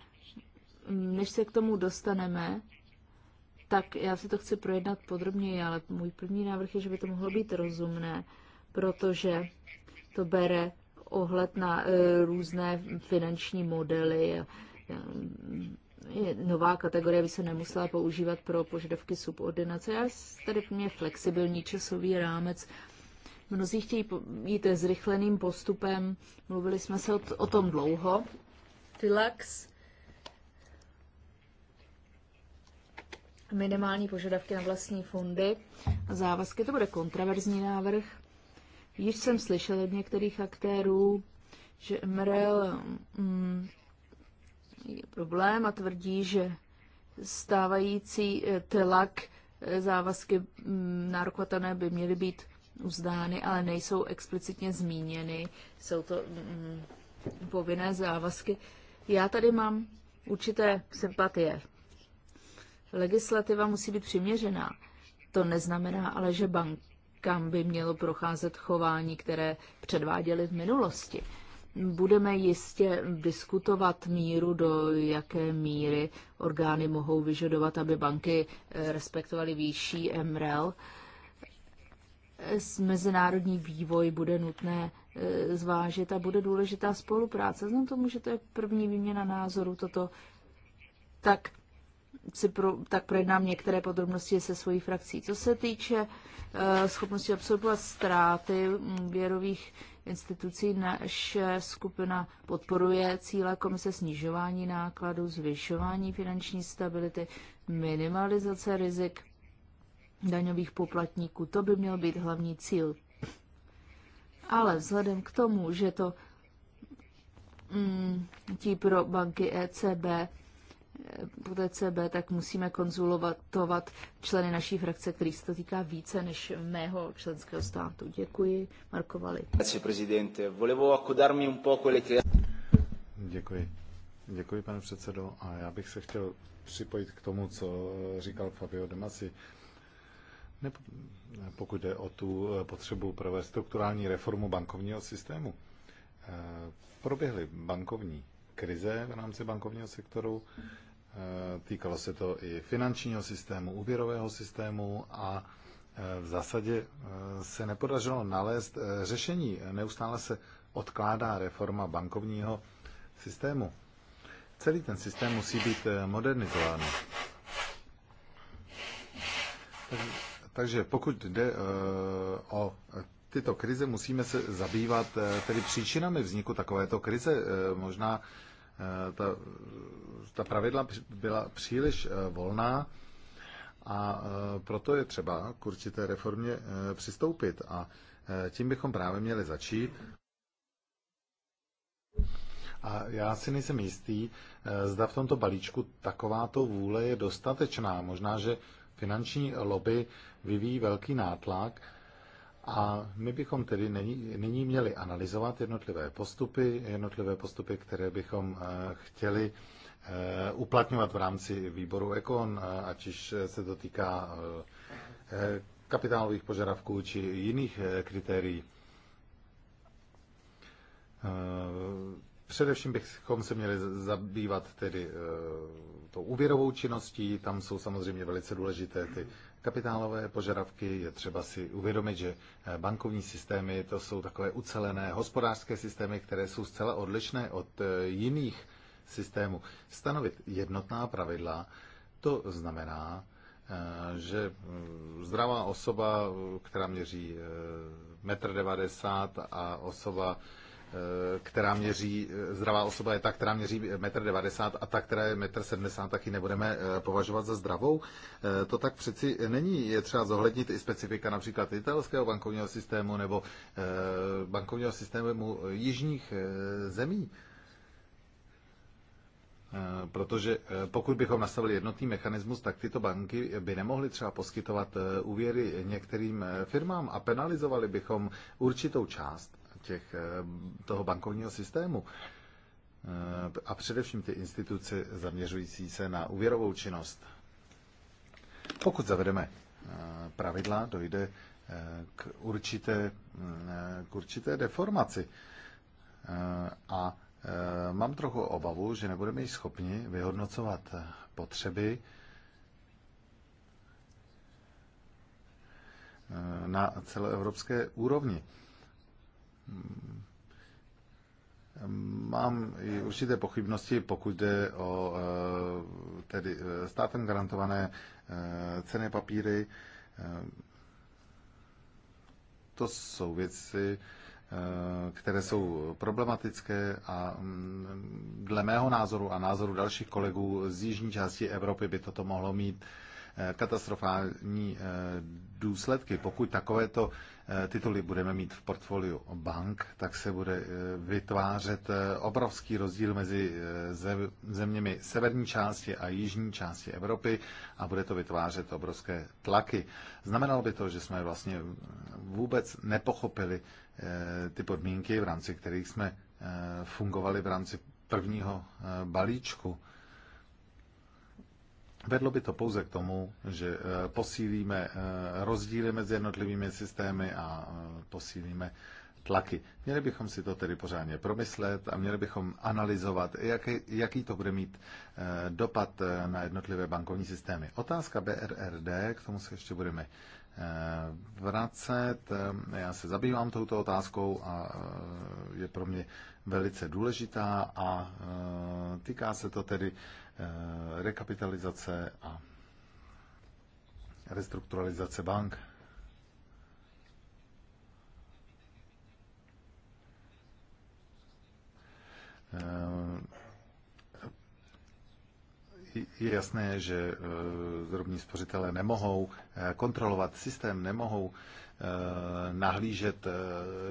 Než se k tomu dostaneme, tak já si to chci projednat podrobněji, ale můj první návrh je, že by to mohlo být rozumné, protože to bere ohled na e, různé finanční modely. E, nová kategorie by se nemusela používat pro požadavky subordinace. Já tady mě flexibilní časový rámec. Mnozí chtějí jít zrychleným postupem. Mluvili jsme se o tom dlouho. tylax, minimální požadavky na vlastní fondy a závazky. To bude kontraverzní návrh. Již jsem slyšel od některých aktérů, že MRL mm, je problém a tvrdí, že stávající eh, tlak eh, závazky mm, nárokovatelné by měly být uzdány, ale nejsou explicitně zmíněny. Jsou to mm, povinné závazky. Já tady mám určité sympatie. Legislativa musí být přiměřená. To neznamená ale, že bank, kam by mělo procházet chování, které předváděli v minulosti. Budeme jistě diskutovat míru, do jaké míry orgány mohou vyžadovat, aby banky eh, respektovaly výšší MREL. Mezinárodní vývoj bude nutné eh, zvážit a bude důležitá spolupráce. Znám tomu, že to je první výměna názoru, toto tak si pro, tak projednám některé podrobnosti se svojí frakcí. Co se týče eh, schopnosti absorbovat ztráty mm, věrových institucí, naše skupina podporuje cíle komise snižování nákladů, zvyšování finanční stability, minimalizace rizik daňových poplatníků. To by měl být hlavní cíl. Ale vzhledem k tomu, že to mm, ti pro banky ECB po TCB, tak musíme konzulovat členy naší frakce, který se to týká více než mého členského státu. Děkuji, Markovali.
Děkuji. Děkuji, pane předsedo. A já bych se chtěl připojit k tomu, co říkal Fabio Demasi. Ne, pokud jde o tu eh, potřebu provést strukturální reformu bankovního systému. Eh, proběhly bankovní krize v rámci bankovního sektoru. Eh, týkalo se to i finančního systému, úvěrového systému a eh, v zásadě eh, se nepodařilo nalézt řešení. Neustále se odkládá reforma bankovního systému. Celý ten systém musí být modernizován. Takže pokud jde o tyto krize, musíme se zabývat eh, tedy příčinami vzniku takovéto krize. Eh, možná eh, ta, ta pravidla byla příliš volná a proto je třeba k určité reformě přistoupit a tím bychom právě měli začít. A já si nejsem jistý, zda v tomto balíčku takováto vůle je dostatečná. Možná, že finanční lobby vyvíjí velký nátlak a my bychom tedy nyní měli analyzovat jednotlivé postupy, jednotlivé postupy, které bychom eh, chtěli eh, uplatňovat v rámci výboru EKON, eh, ať už se to týká kapitálových požadavků či jiných kritérií. Především bychom se měli zabývat tedy tou úvěrovou činností, tam jsou samozřejmě velice důležité ty kapitálové požadavky, je třeba si uvědomit, že eh, bankovní systémy to jsou takové ucelené hospodářské systémy, které jsou zcela odlišné od eh, jiných systémů. Stanovit jednotná pravidla, to znamená, eh, že mm, zdravá osoba, která měří 1,90 m a osoba Eh, která měří, eh, zdravá osoba je ta, která měří 1,90 m a ta, která je 1,70 m, taky nebudeme eh, považovat za zdravou. To tak přeci není. Je třeba zohlednit i specifika například italského bankovního systému nebo bankovního systému jižních zemí. Protože pokud bychom nastavili jednotný mechanismus, tak tyto banky by nemohly třeba poskytovat úvěry některým firmám a penalizovali bychom určitou část těch, eh, toho bankovního systému eh, a především ty instituce zaměřující se na úvěrovou činnost. Pokud zavedeme eh, pravidla, dojde k určité, k určité deformaci. A mám trochu obavu, že nebudeme již schopni vyhodnocovat potřeby na celoevropské úrovni. Mám i určité pochybnosti, pokud jde o eh, tedy eh, státem garantované eh, ceny papíry. To jsou věci, které jsou problematické a mm, dle mého názoru a názoru dalších kolegů z jižní části Evropy by toto mohlo mít katastrofální důsledky. Pokud takovéto eh, tituly budeme mít v portfoliu bank, tak se bude eh, vytvářet eh, obrovský rozdíl mezi zeměmi severní části a jižní části Evropy a bude to vytvářet obrovské tlaky. Znamenalo by to, že jsme vlastně vůbec nepochopili ty podmínky, v rámci kterých jsme fungovali v rámci prvního balíčku. Vedlo by to pouze k tomu, že eh, posílíme eh, rozdíly mezi jednotlivými systémy a eh, posílíme tlaky. Měli bychom si to tedy pořádně promyslet a měli bychom analyzovat, jaký, jaký to bude mít dopad na jednotlivé bankovní systémy. Otázka BRRD, k tomu se ještě budeme vracet. Já se zabývám touto otázkou a je pro mě velice důležitá a týká se to tedy Eh, rekapitalizace a restrukturalizace bank. Eh, je jasné, že eh, drobní spořitelé nemohou kontrolovat systém, nemohou nahlížet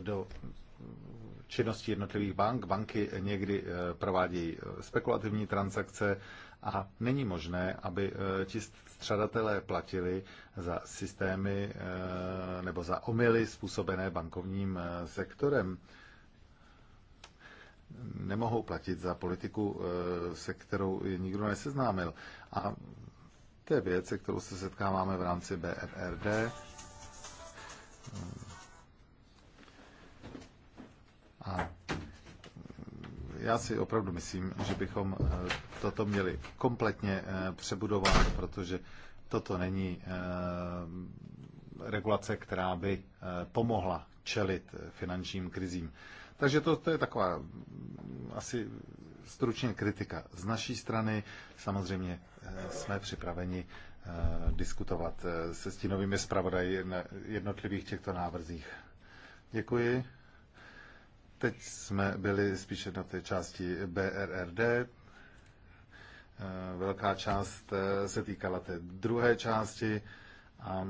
do činnosti jednotlivých bank. Banky někdy eh, provádějí eh, spekulativní transakce a není možné, aby eh, ti střadatelé platili za systémy nebo za omily způsobené bankovním sektorem. Nemohou platit za politiku, se kterou je nikdo neseznámil. A to je věc, se kterou se setkáváme v rámci BRRD a já si opravdu myslím, že bychom eh, toto měli kompletně eh, přebudovat, protože toto není eh, regulace, která by pomohla čelit finančním krizím. Takže to, to je taková mm, asi stručně kritika z naší strany. Samozřejmě jsme připraveni diskutovat se stínovými zpravodaji na jednotlivých těchto návrzích. Děkuji. Teď jsme byli spíše na té části BRRD. Eh, velká část eh, se týkala té druhé části. A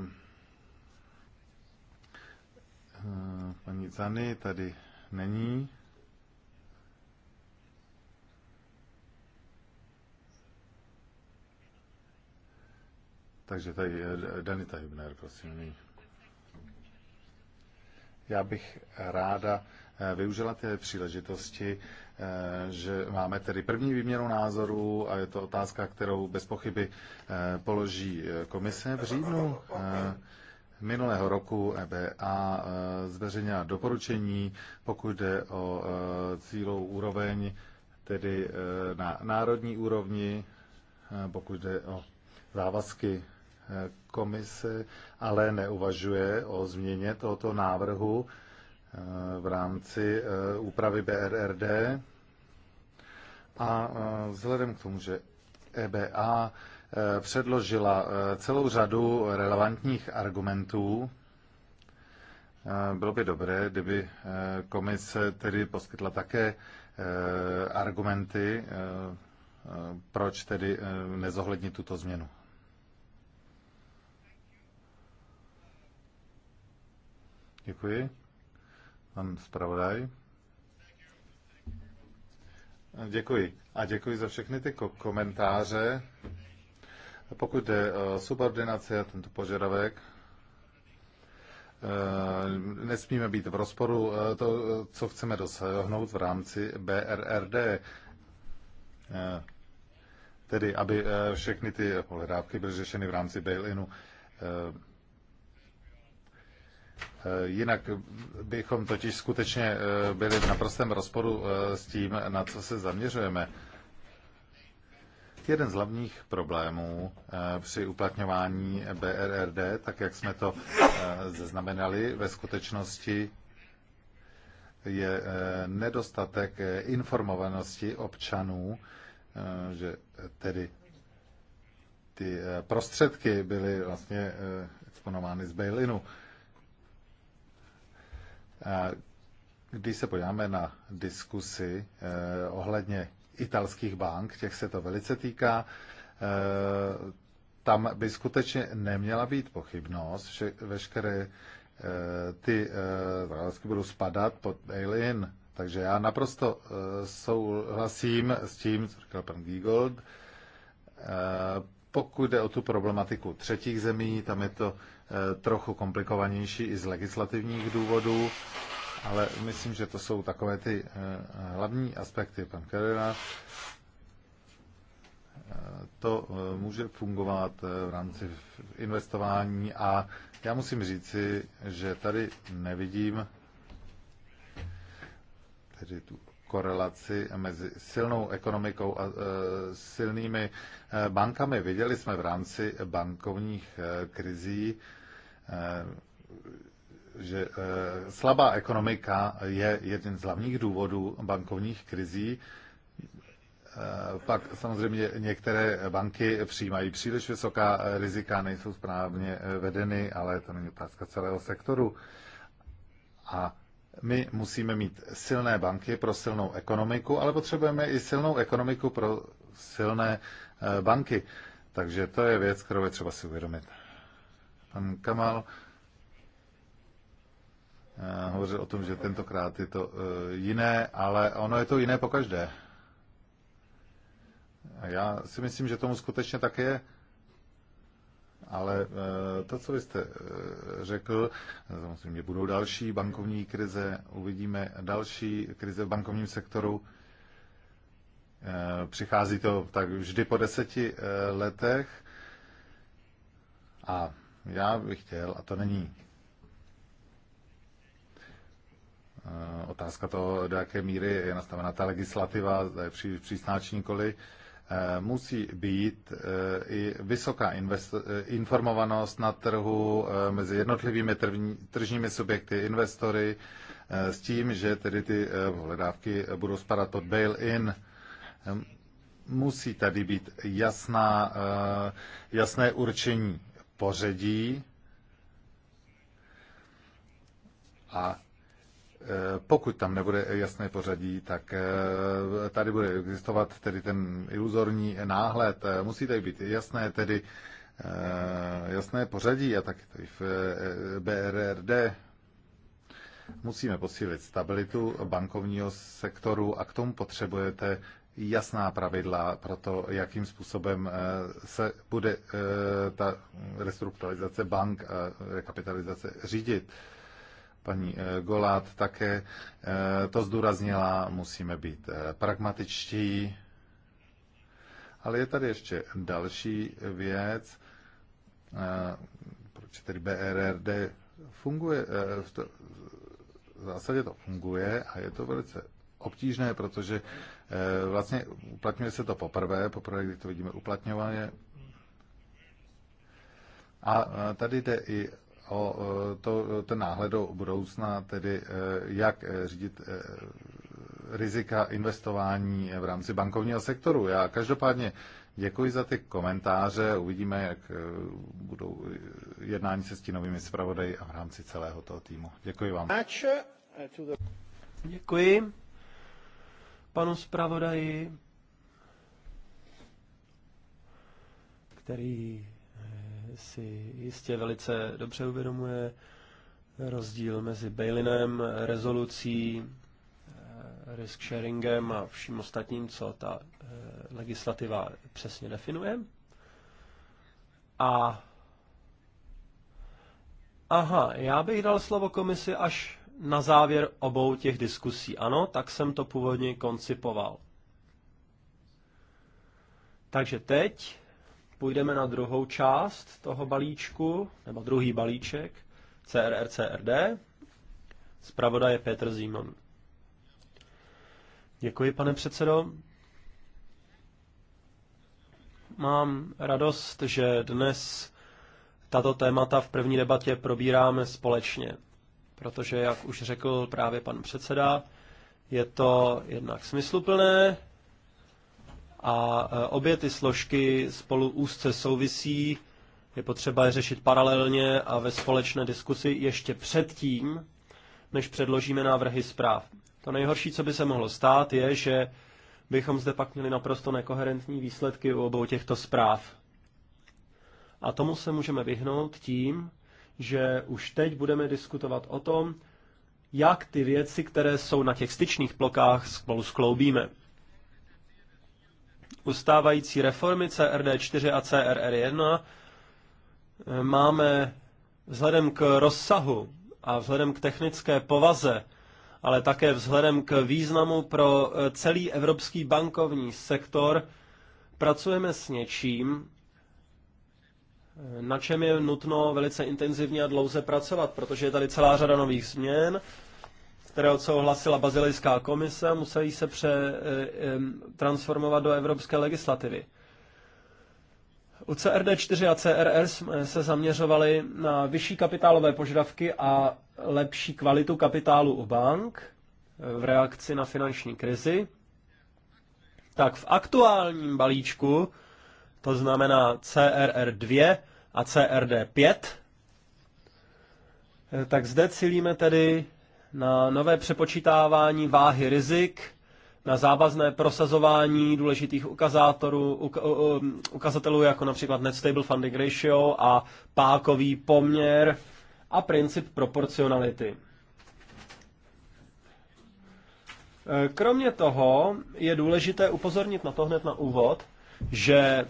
eh, paní Zany tady není. Takže tady Danita Hübner, prosím. Já bych ráda Eh, využila té příležitosti, eh, že máme tedy první výměnu názorů a je to otázka, kterou bez pochyby eh, položí komise v říjnu minulého roku EBA zveřejnila doporučení, pokud jde o cílou úroveň, tedy na národní úrovni, pokud jde o závazky komise, ale neuvažuje o změně tohoto návrhu Eh, v rámci eh, úpravy BRRD. A eh, vzhledem k tomu, že EBA předložila celou řadu relevantních argumentů, bylo by dobré, kdyby komise tedy poskytla také argumenty, proč tedy nezohlednit tuto změnu. Děkuji. Pan zpravodaj. Děkuji. A děkuji za všechny ty komentáře. Pokud jde o subordinaci a tento požadavek, eh, nesmíme být v rozporu eh, to, co chceme dosáhnout v rámci BRRD. Eh, tedy, aby všechny ty pohledávky byly řešeny v rámci bail-inu. Eh, jinak bychom totiž skutečně eh, byli v naprostém rozporu eh, s tím, na co se zaměřujeme. Jeden z hlavních problémů při uplatňování BRRD, tak jak jsme to zaznamenali ve skutečnosti, je nedostatek informovanosti občanů, že tedy ty prostředky byly vlastně exponovány z bail-inu. Když se podíváme na diskusy eh, ohledně italských bank, těch se to velice týká, eh, tam by skutečně neměla být pochybnost, že veškeré eh, ty závazky budou spadat pod bail-in. Takže já naprosto souhlasím s tím, co říkal pan Giegold. Pokud jde o tu problematiku třetích zemí, tam je to Eh, trochu komplikovanější i z legislativních důvodů, ale myslím, že to jsou takové ty eh, hlavní aspekty. Pan Kerera eh, to může fungovat v rámci investování a já musím říci, že tady nevidím tedy tu korelaci mezi silnou ekonomikou a e, silnými e, bankami. Viděli jsme v rámci bankovních e, krizí, že slabá ekonomika je jeden z hlavních důvodů bankovních krizí. Pak samozřejmě některé banky přijímají příliš vysoká rizika, nejsou správně vedeny, ale to není otázka celého sektoru. A my musíme mít silné banky pro silnou ekonomiku, ale potřebujeme i silnou ekonomiku pro silné eh, banky. Takže to je věc, kterou je třeba si uvědomit. Pan Kamal eh, hovořil o tom, že tentokrát je to eh, jiné, ale ono je to jiné po každé. Já si myslím, že tomu skutečně tak je. Ale eh, to, co vy jste eh, řekl, eh, samozřejmě budou další bankovní krize, uvidíme další krize v bankovním sektoru. Přichází to tak vždy po deseti letech. A já bych chtěl, a to není otázka toho, do jaké míry je nastavená ta legislativa, je přísná či nikoli, Eh, musí být eh, i vysoká eh, informovanost na trhu mezi jednotlivými tržními subjekty, investory, s tím, že tedy ty hledávky budou spadat pod bail-in. Musí tady být jasná, jasné určení pořadí a Eh, pokud tam nebude jasné pořadí, tak eh, tady bude existovat tedy ten iluzorní náhled. Eh, musí tady být jasné tedy jasné pořadí a tak tady v BRRD musíme posílit stabilitu bankovního sektoru a k tomu potřebujete jasná pravidla pro to, jakým způsobem se bude ta restrukturalizace bank a rekapitalizace řídit paní eh, Golát také eh, to zdůraznila, musíme být eh, pragmatičtí. Ale je tady ještě další věc, proč tedy BRRD funguje, v zásadě to funguje a je to velice obtížné, protože vlastně uplatňuje se to poprvé, poprvé, kdy to vidíme uplatňované. A tady jde i o e, to, ten náhled do budoucna, tedy e, jak e, řídit rizika investování v rámci bankovního sektoru. Já každopádně děkuji za ty komentáře, uvidíme, jak budou jednání se stínovými zpravodaji a v rámci celého toho týmu. Děkuji vám.
Děkuji panu zpravodaji, který si jistě velice dobře uvědomuje rozdíl mezi bailinem, rezolucí, eh, risk sharingem a vším ostatním, co ta eh, legislativa přesně definuje. A Aha, já bych dal slovo komisi až na závěr obou těch diskusí. Ano, tak jsem to původně koncipoval. Takže teď půjdeme na druhou část toho balíčku, nebo druhý balíček, CRR, CRD. Zpravoda je Petr Zímon. Děkuji, pane předsedo. Mám radost, že dnes tato témata v první debatě probíráme společně, protože, jak už řekl právě pan předseda, je to jednak smysluplné, a e, obě ty složky spolu úzce souvisí, je potřeba je řešit paralelně a ve společné diskusi ještě předtím, než předložíme návrhy zpráv. To nejhorší, co by se mohlo stát, je, že bychom zde pak měli naprosto nekoherentní výsledky u obou těchto zpráv. A tomu se můžeme vyhnout tím, že už teď budeme diskutovat o tom, jak ty věci, které jsou na těch styčných plokách, spolu skloubíme ustávající reformy CRD4 a CRR1 eh, máme vzhledem k rozsahu a vzhledem k technické povaze, ale také vzhledem k významu pro eh, celý evropský bankovní sektor, pracujeme s něčím, eh, na čem je nutno velice intenzivně a dlouze pracovat, protože je tady celá řada nových změn které odsouhlasila Bazilejská komise musí se přetransformovat eh, do evropské legislativy. U CRD4 a CRR jsme se zaměřovali na vyšší kapitálové požadavky a lepší kvalitu kapitálu u bank eh, v reakci na finanční krizi. Tak v aktuálním balíčku, to znamená CRR2 a CRD5, eh, tak zde cílíme tedy na nové přepočítávání váhy rizik, na závazné prosazování důležitých ukazátorů, ukazatelů jako například net stable funding ratio a pákový poměr a princip proporcionality. E, kromě toho je důležité upozornit na to hned na úvod, že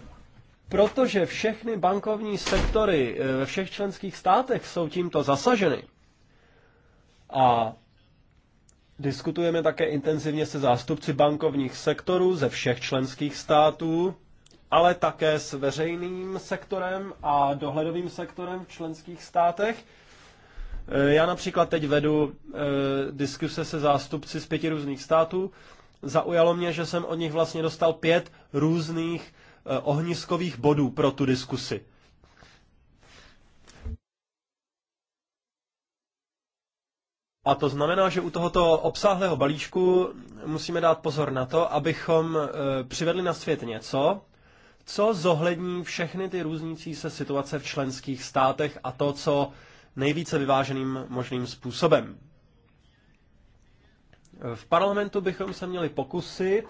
protože všechny bankovní sektory e, ve všech členských státech jsou tímto zasaženy, a diskutujeme také intenzivně se zástupci bankovních sektorů ze všech členských států, ale také s veřejným sektorem a dohledovým sektorem v členských státech. E, já například teď vedu e, diskuse se zástupci z pěti různých států. Zaujalo mě, že jsem od nich vlastně dostal pět různých e, ohniskových bodů pro tu diskusi. A to znamená, že u tohoto obsáhlého balíčku musíme dát pozor na to, abychom e, přivedli na svět něco, co zohlední všechny ty různící se situace v členských státech a to, co nejvíce vyváženým možným způsobem. V parlamentu bychom se měli pokusit,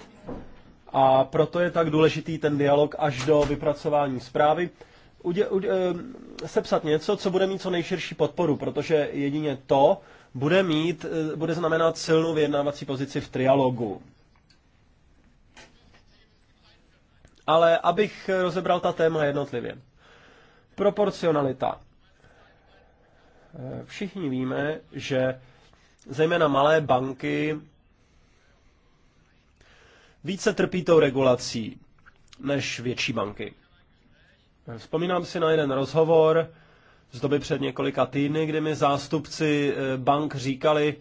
a proto je tak důležitý ten dialog až do vypracování zprávy, udě, udě, e, sepsat něco, co bude mít co nejširší podporu, protože jedině to bude mít, eh, bude znamenat silnou vyjednávací pozici v trialogu. Ale abych rozebral ta téma jednotlivě. Proporcionalita. Eh, všichni víme, že zejména malé banky více trpí tou regulací než větší banky. Eh, vzpomínám si na jeden rozhovor, z doby před několika týdny, kdy mi zástupci eh, bank říkali,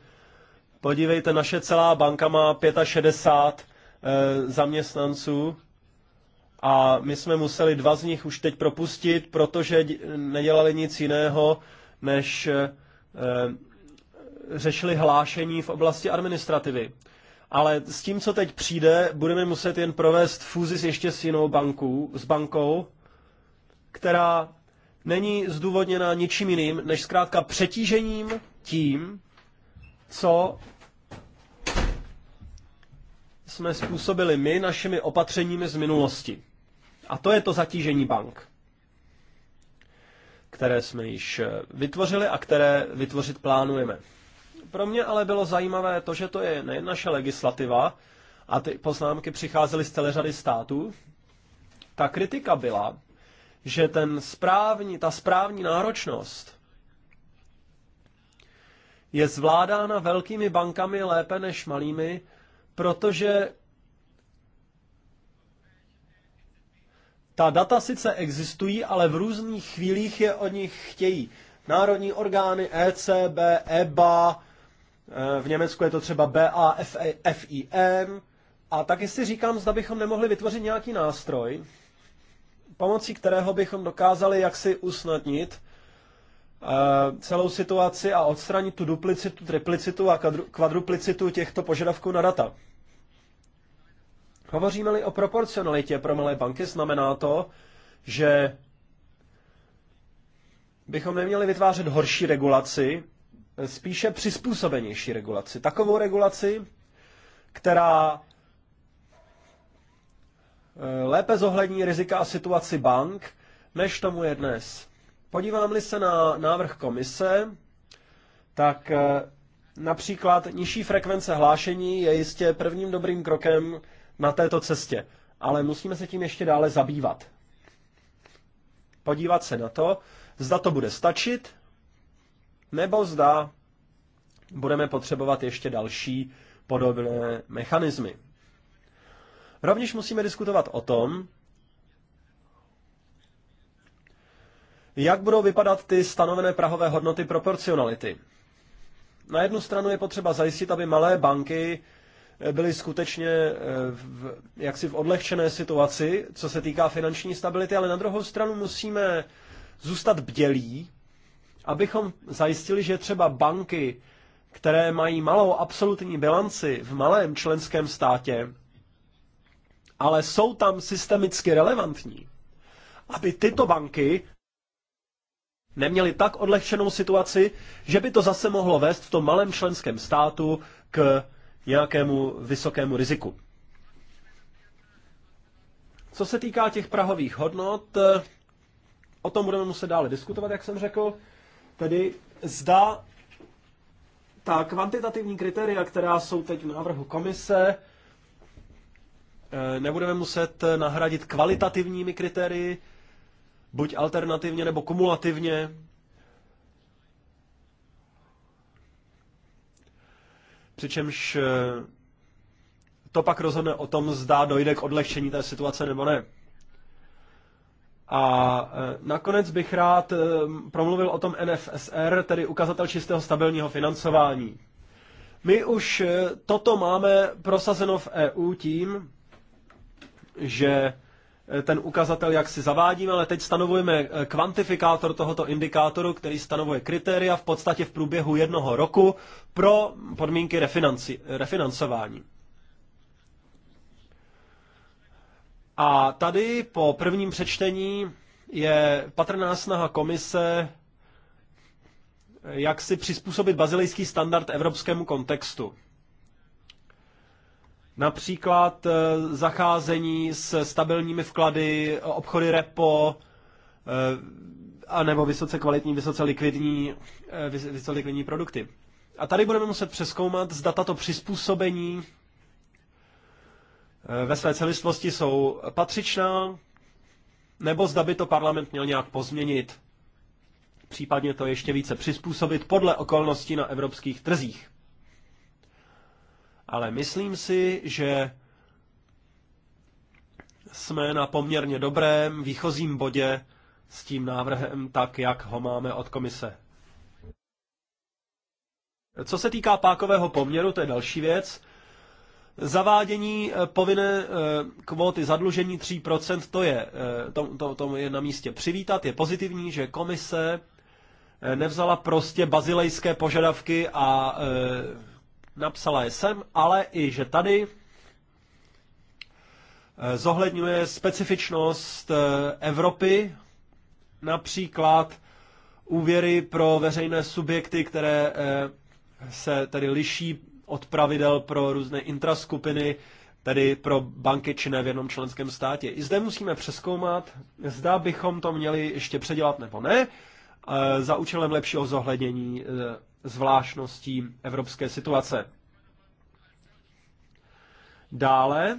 podívejte, naše celá banka má 65 eh, zaměstnanců a my jsme museli dva z nich už teď propustit, protože nedělali nic jiného, než eh, řešili hlášení v oblasti administrativy. Ale s tím, co teď přijde, budeme muset jen provést fúzi s ještě s jinou bankou, s bankou, která není zdůvodněna ničím jiným, než zkrátka přetížením tím, co jsme způsobili my našimi opatřeními z minulosti. A to je to zatížení bank, které jsme již eh, vytvořili a které vytvořit plánujeme. Pro mě ale bylo zajímavé to, že to je nejen naše legislativa, a ty poznámky přicházely z celé řady států, ta kritika byla, že ten správní, ta správní náročnost je zvládána velkými bankami lépe než malými, protože ta data sice existují, ale v různých chvílích je o nich chtějí. Národní orgány ECB, EBA, eh, v Německu je to třeba BA, e A taky si říkám, zda bychom nemohli vytvořit nějaký nástroj, pomocí kterého bychom dokázali jaksi usnadnit eh, celou situaci a odstranit tu duplicitu, triplicitu a kvadruplicitu těchto požadavků na data. Hovoříme-li o proporcionalitě pro malé banky, znamená to, že bychom neměli vytvářet horší regulaci, spíše přizpůsobenější regulaci. Takovou regulaci, která Eh, lépe zohlední rizika a situaci bank, než tomu je dnes. Podívám-li se na návrh komise, tak eh, například nižší frekvence hlášení je jistě prvním dobrým krokem na této cestě, ale musíme se tím ještě dále zabývat. Podívat se na to, zda to bude stačit, nebo zda budeme potřebovat ještě další podobné mechanismy. Rovněž musíme diskutovat o tom, jak budou vypadat ty stanovené prahové hodnoty proporcionality. Na jednu stranu je potřeba zajistit, aby malé banky byly skutečně eh, v, jaksi v odlehčené situaci, co se týká finanční stability, ale na druhou stranu musíme zůstat bdělí, abychom zajistili, že třeba banky, které mají malou absolutní bilanci v malém členském státě, ale jsou tam systemicky relevantní, aby tyto banky neměly tak odlehčenou situaci, že by to zase mohlo vést v tom malém členském státu k nějakému vysokému riziku. Co se týká těch prahových hodnot, o tom budeme muset dále diskutovat, jak jsem řekl. Tedy zda ta kvantitativní kritéria, která jsou teď v návrhu komise, Eh, nebudeme muset eh, nahradit kvalitativními kritérii, buď alternativně nebo kumulativně. Přičemž eh, to pak rozhodne o tom, zda dojde k odlehčení té situace nebo ne. A nakonec bych rád promluvil o tom NFSR, tedy ukazatel čistého stabilního financování. My už toto máme prosazeno v EU tím, že eh, ten ukazatel, jak si zavádíme, ale teď stanovujeme eh, kvantifikátor tohoto indikátoru, který stanovuje kritéria v podstatě v průběhu jednoho roku pro podmínky refinanci, refinancování. A tady po prvním přečtení je patrná snaha komise, eh, jak si přizpůsobit bazilejský standard evropskému kontextu. Například eh, zacházení s stabilními vklady, obchody repo, eh, a nebo vysoce kvalitní, vysoce likvidní, eh, vysoce likvidní produkty. A tady budeme muset přeskoumat, zda tato přizpůsobení ve své celistvosti jsou patřičná, nebo zda by to parlament měl nějak pozměnit, případně to ještě více přizpůsobit podle okolností na evropských trzích ale myslím si, že jsme na poměrně dobrém výchozím bodě s tím návrhem tak, jak ho máme od komise. Co se týká pákového poměru, to je další věc. Zavádění eh, povinné eh, kvóty zadlužení 3%, to je, eh, to, to, to je na místě přivítat. Je pozitivní, že komise nevzala prostě bazilejské požadavky a napsala je sem, ale i že tady eh, zohledňuje specifičnost eh, Evropy, například úvěry pro veřejné subjekty, které eh, se tedy liší od pravidel pro různé intraskupiny, tedy pro banky činné v jednom členském státě. I zde musíme přeskoumat, zda bychom to měli ještě předělat nebo ne, za účelem lepšího zohlednění zvláštností evropské situace. Dále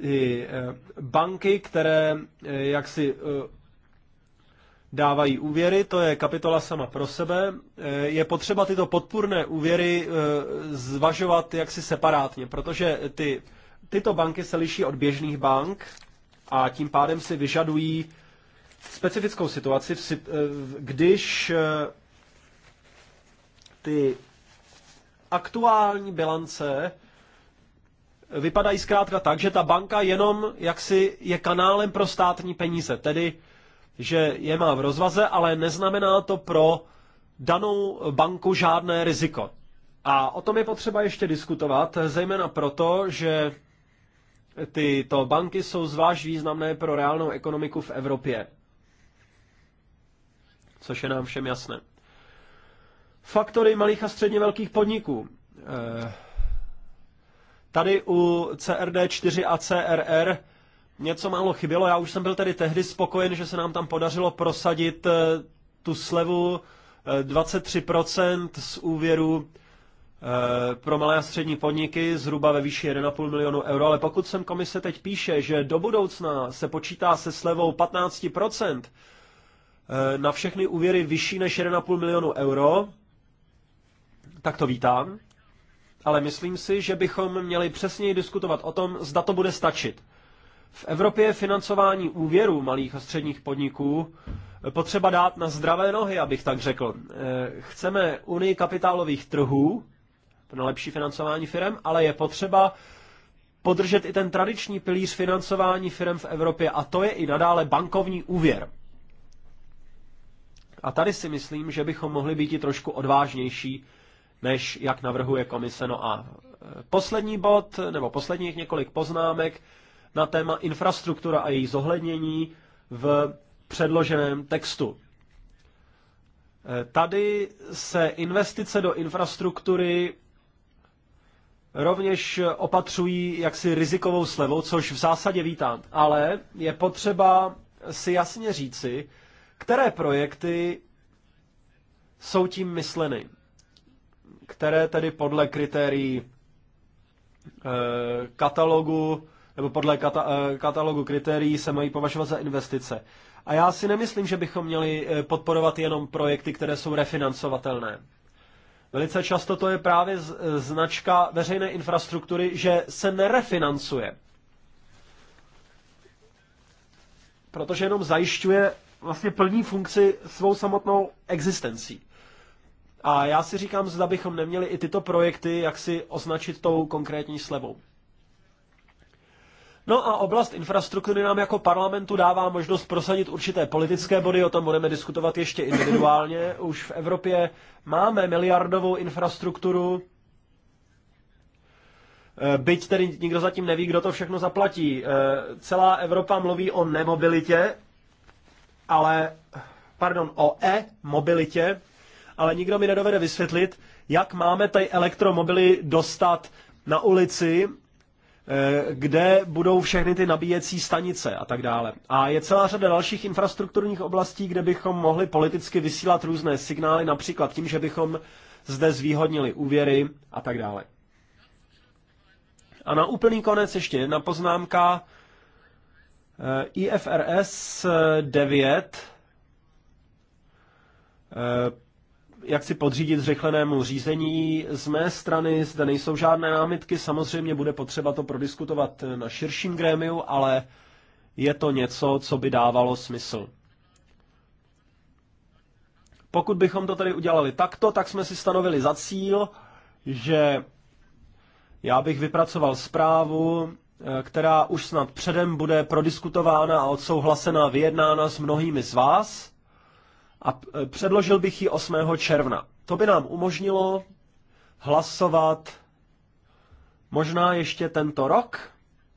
i e, banky, které e, jaksi e, dávají úvěry, to je kapitola sama pro sebe. Je potřeba tyto podpůrné úvěry zvažovat jaksi separátně, protože ty, tyto banky se liší od běžných bank a tím pádem si vyžadují specifickou situaci, eh, když eh, ty aktuální bilance vypadají zkrátka tak, že ta banka jenom jaksi je kanálem pro státní peníze, tedy že je má v rozvaze, ale neznamená to pro danou banku žádné riziko. A o tom je potřeba ještě diskutovat, zejména proto, že tyto banky jsou zvlášť významné pro reálnou ekonomiku v Evropě což je nám všem jasné. Faktory malých a středně velkých podniků. Eh, tady u CRD4 a CRR něco málo chybělo. Já už jsem byl tedy tehdy spokojen, že se nám tam podařilo prosadit eh, tu slevu 23% eh, z úvěru pro malé a střední podniky zhruba ve výši 1,5 milionu euro, ale pokud sem komise teď píše, že do budoucna se počítá se slevou 15%, Eh, na všechny úvěry vyšší než 1,5 milionu euro, tak to vítám. Ale myslím si, že bychom měli přesněji diskutovat o tom, zda to bude stačit. V Evropě je financování úvěrů malých a středních podniků eh, potřeba dát na zdravé nohy, abych tak řekl. Eh, chceme unii kapitálových trhů na lepší financování firm, ale je potřeba podržet i ten tradiční pilíř financování firm v Evropě a to je i nadále bankovní úvěr. A tady si myslím, že bychom mohli být i trošku odvážnější, než jak navrhuje komise. No a e, poslední bod, nebo posledních několik poznámek na téma infrastruktura a její zohlednění v předloženém textu. E, tady se investice do infrastruktury rovněž opatřují jaksi rizikovou slevou, což v zásadě vítám. Ale je potřeba si jasně říci, které projekty jsou tím mysleny, které tedy podle kritérií eh, katalogu nebo podle kata, eh, katalogu kritérií se mají považovat za investice. A já si nemyslím, že bychom měli eh, podporovat jenom projekty, které jsou refinancovatelné. Velice často to je právě značka veřejné infrastruktury, že se nerefinancuje. Protože jenom zajišťuje vlastně plní funkci svou samotnou existencí. A já si říkám, zda bychom neměli i tyto projekty jak si označit tou konkrétní slevou. No a oblast infrastruktury nám jako parlamentu dává možnost prosadit určité politické body, o tom budeme diskutovat ještě individuálně. Už v Evropě máme miliardovou infrastrukturu, eh, byť tedy nikdo zatím neví, kdo to všechno zaplatí. Eh, celá Evropa mluví o nemobilitě, ale, pardon, o e-mobilitě, ale nikdo mi nedovede vysvětlit, jak máme tady elektromobily dostat na ulici, eh, kde budou všechny ty nabíjecí stanice a tak dále. A je celá řada dalších infrastrukturních oblastí, kde bychom mohli politicky vysílat různé signály, například tím, že bychom zde zvýhodnili úvěry a tak dále. A na úplný konec ještě jedna poznámka Eh, IFRS 9 eh, eh, jak si podřídit zrychlenému řízení. Z mé strany zde nejsou žádné námitky, samozřejmě bude potřeba to prodiskutovat na širším grémiu, ale je to něco, co by dávalo smysl. Pokud bychom to tady udělali takto, tak jsme si stanovili za cíl, že já bych vypracoval zprávu, Eh, která už snad předem bude prodiskutována a odsouhlasená, vyjednána s mnohými z vás a eh, předložil bych ji 8. června. To by nám umožnilo hlasovat možná ještě tento rok,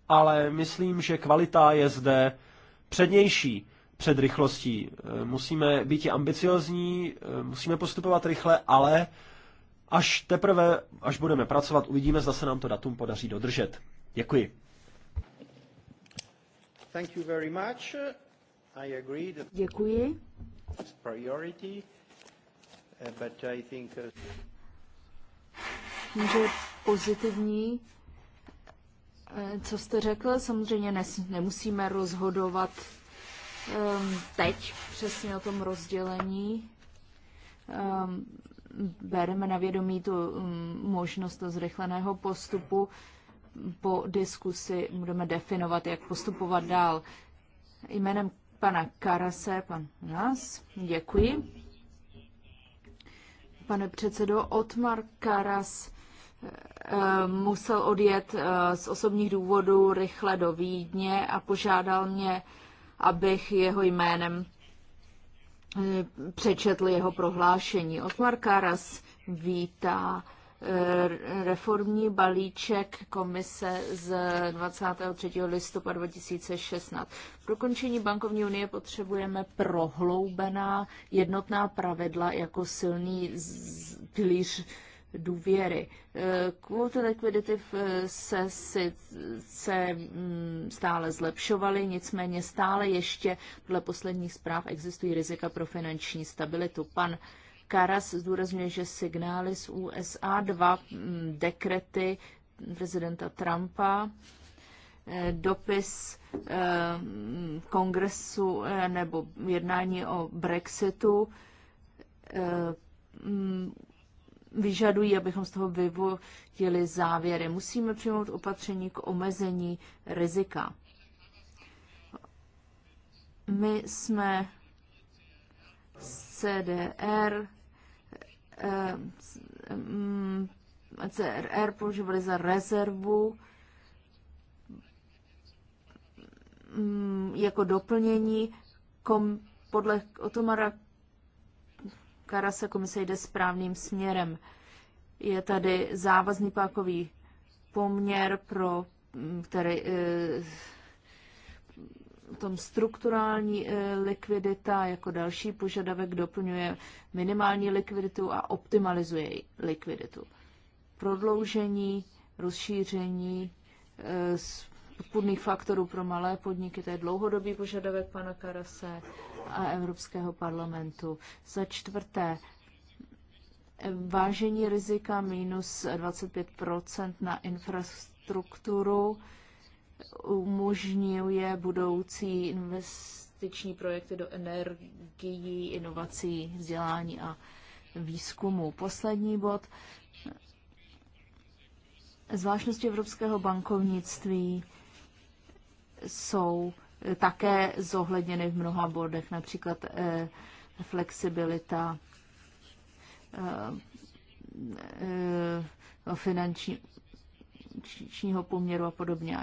ale myslím, že kvalita je zde přednější před rychlostí. Eh, musíme být ambiciozní, musíme postupovat rychle, ale až teprve, až budeme pracovat, uvidíme, zda se nám to datum podaří dodržet. Děkuji. Thank you very much. I agree that Děkuji. Priority, uh, but I think... Uh,
že pozitivní, eh, co jste řekl, samozřejmě ne nemusíme rozhodovat um, teď přesně o tom rozdělení. Um, bereme na vědomí tu um, možnost to zrychleného postupu po diskusi budeme definovat, jak postupovat dál. Jménem pana Karase, pan nás, děkuji. Pane předsedo, Otmar Karas eh, musel odjet eh, z osobních důvodů rychle do Vídně a požádal mě, abych jeho jménem eh, přečetl jeho prohlášení. Otmar Karas vítá Eh, reformní balíček komise z 23. listopadu 2016. Pro končení bankovní unie potřebujeme prohloubená jednotná pravidla jako silný pilíř důvěry. Eh, kvóty liquidity se sice mm, stále zlepšovaly, nicméně stále ještě podle posledních zpráv existují rizika pro finanční stabilitu. Pan Karas zdůrazňuje, že signály z USA, dva mm, dekrety prezidenta Trumpa, eh, dopis eh, kongresu eh, nebo jednání o Brexitu mm, vyžadují, abychom z toho vyvodili závěry. Musíme přijmout opatření k omezení rizika. My jsme CDR CRR používali za rezervu mm, jako doplnění kom, podle Otomara Karase komise jde správným směrem. Je tady závazný pákový poměr pro mm, který, eh, Potom strukturální eh, likvidita jako další požadavek doplňuje minimální likviditu a optimalizuje likviditu. Prodloužení, rozšíření podpůrných eh, faktorů pro malé podniky, to je dlouhodobý požadavek pana Karase a Evropského parlamentu. Za čtvrté, vážení rizika minus 25 na infrastrukturu, umožňuje budoucí investiční projekty do energií, inovací, vzdělání a výzkumu. Poslední bod. Zvláštnosti evropského bankovnictví jsou také zohledněny v mnoha bodech, například eh, flexibilita eh, eh, finančního poměru a podobně.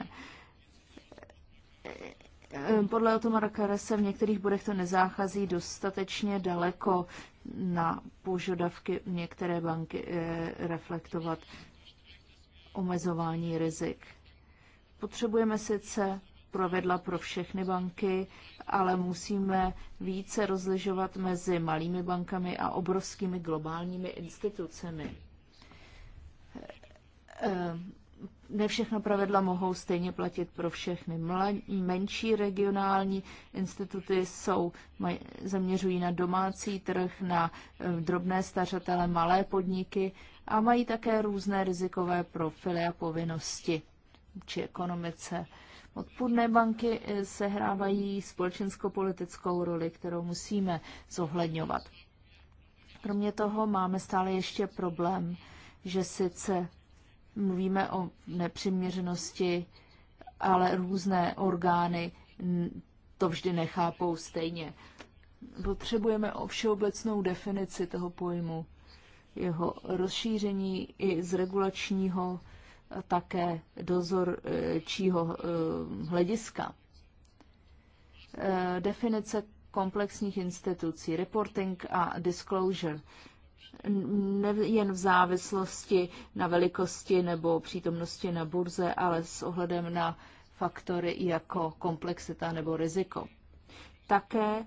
Ehm, podle Otomara Karese v některých bodech to nezáchází dostatečně daleko na požadavky některé banky eh, reflektovat omezování rizik. Potřebujeme sice provedla pro všechny banky, ale musíme více rozlišovat mezi malými bankami a obrovskými globálními institucemi ehm, ne všechno pravidla mohou stejně platit pro všechny. Mladí, menší regionální instituty jsou, maj, zaměřují na domácí trh, na eh, drobné stařatele, malé podniky a mají také různé rizikové profily a povinnosti či ekonomice. Odpůrné banky eh, sehrávají společensko-politickou roli, kterou musíme zohledňovat. Kromě toho máme stále ještě problém, že sice mluvíme o nepřiměřenosti, ale různé orgány to vždy nechápou stejně. Potřebujeme o všeobecnou definici toho pojmu, jeho rozšíření i z regulačního také dozorčího e, hlediska. E, definice komplexních institucí, reporting a disclosure nejen v závislosti na velikosti nebo přítomnosti na burze, ale s ohledem na faktory jako komplexita nebo riziko. Také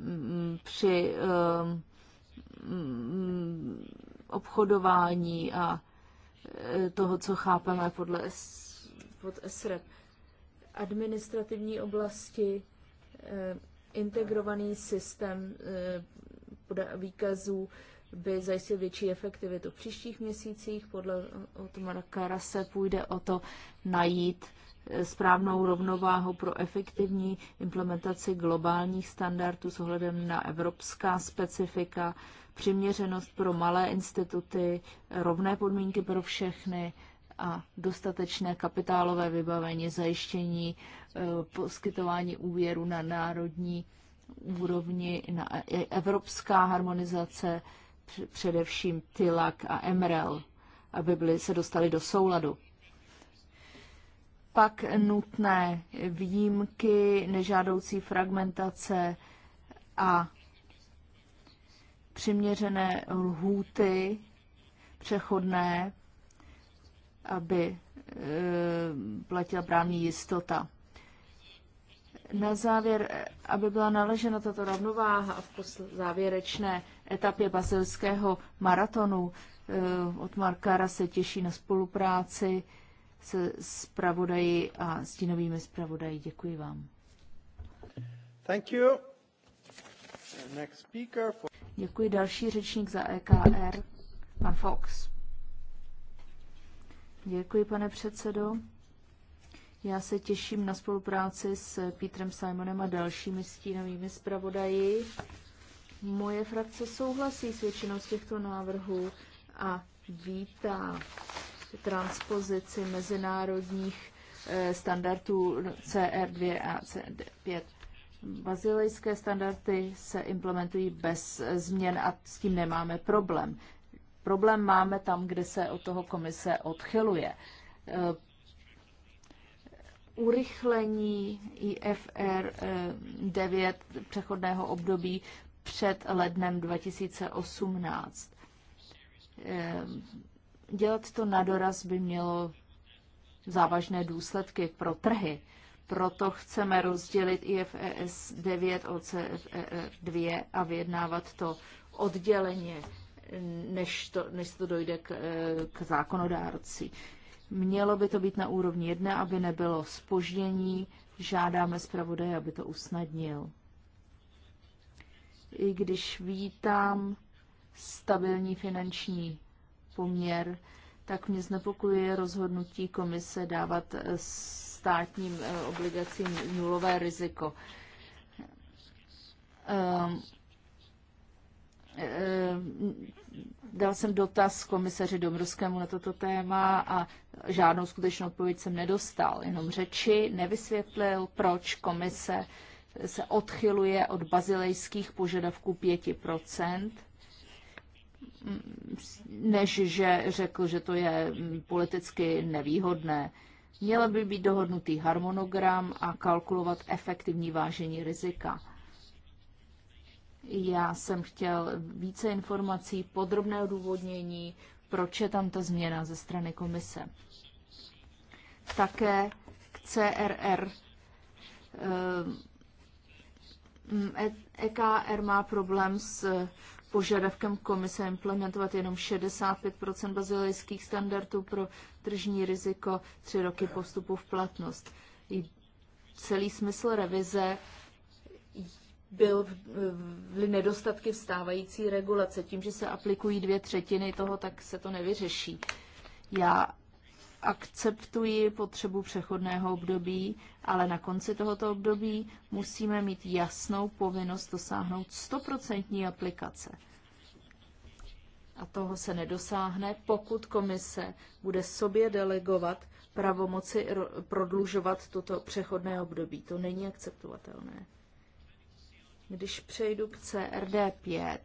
mm, při um, mm, obchodování a eh, toho, co chápeme podle pod SREP. Administrativní oblasti, eh, integrovaný systém eh, výkazů, by zajistil větší efektivitu. V příštích měsících podle Otmara Karase půjde o to najít eh, správnou rovnováhu pro efektivní implementaci globálních standardů s ohledem na evropská specifika, přiměřenost pro malé instituty, rovné podmínky pro všechny a dostatečné kapitálové vybavení, zajištění eh, poskytování úvěru na národní úrovni, na e- evropská harmonizace především tilak a emrel, aby byly, se dostali do souladu. Pak nutné výjimky, nežádoucí fragmentace a přiměřené lhůty přechodné, aby e, platila právní jistota. Na závěr, aby byla naležena tato rovnováha v závěrečné etapě bazilského maratonu. Eh, od Markara se těší na spolupráci se zpravodaji a stínovými zpravodaji. Děkuji vám. Thank you. Next speaker for... Děkuji další řečník za EKR, pan Fox. Děkuji, pane předsedo. Já se těším na spolupráci s Petrem Simonem a dalšími stínovými zpravodaji Moje frakce souhlasí s většinou z těchto návrhů a vítá transpozici mezinárodních eh, standardů CR2 a CR5. Bazilejské standardy se implementují bez eh, změn a s tím nemáme problém. Problém máme tam, kde se od toho komise odchyluje. Eh, urychlení IFR 9 přechodného období před lednem 2018. Eh, dělat to na doraz by mělo závažné důsledky pro trhy. Proto chceme rozdělit IFES 9 od CFR e 2 a vyjednávat to odděleně, než, to, než to dojde k, eh, k zákonodárci. Mělo by to být na úrovni jedné, aby nebylo spoždění. Žádáme zpravodaje, aby to usnadnil i když vítám stabilní finanční poměr, tak mě znepokojuje rozhodnutí komise dávat státním eh, obligacím nulové riziko. Ehm, ehm, dal jsem dotaz komisaři Domrovskému na toto téma a žádnou skutečnou odpověď jsem nedostal, jenom řeči, nevysvětlil, proč komise se odchyluje od bazilejských požadavků 5%, než že řekl, že to je politicky nevýhodné. Měl by být dohodnutý harmonogram a kalkulovat efektivní vážení rizika. Já jsem chtěl více informací, podrobné odůvodnění, proč je tam ta změna ze strany komise. Také k CRR. Mm, EKR e má problém s eh, požadavkem komise implementovat jenom 65 bazilejských standardů pro tržní riziko tři roky po v platnost. I celý smysl revize byl v nedostatky v regulace. Tím, že se aplikují dvě třetiny toho, tak se to nevyřeší. Já akceptuji potřebu přechodného období, ale na konci tohoto období musíme mít jasnou povinnost dosáhnout 100% aplikace. A toho se nedosáhne, pokud komise bude sobě delegovat pravomoci prodlužovat toto přechodné období. To není akceptovatelné. Když přejdu k CRD 5,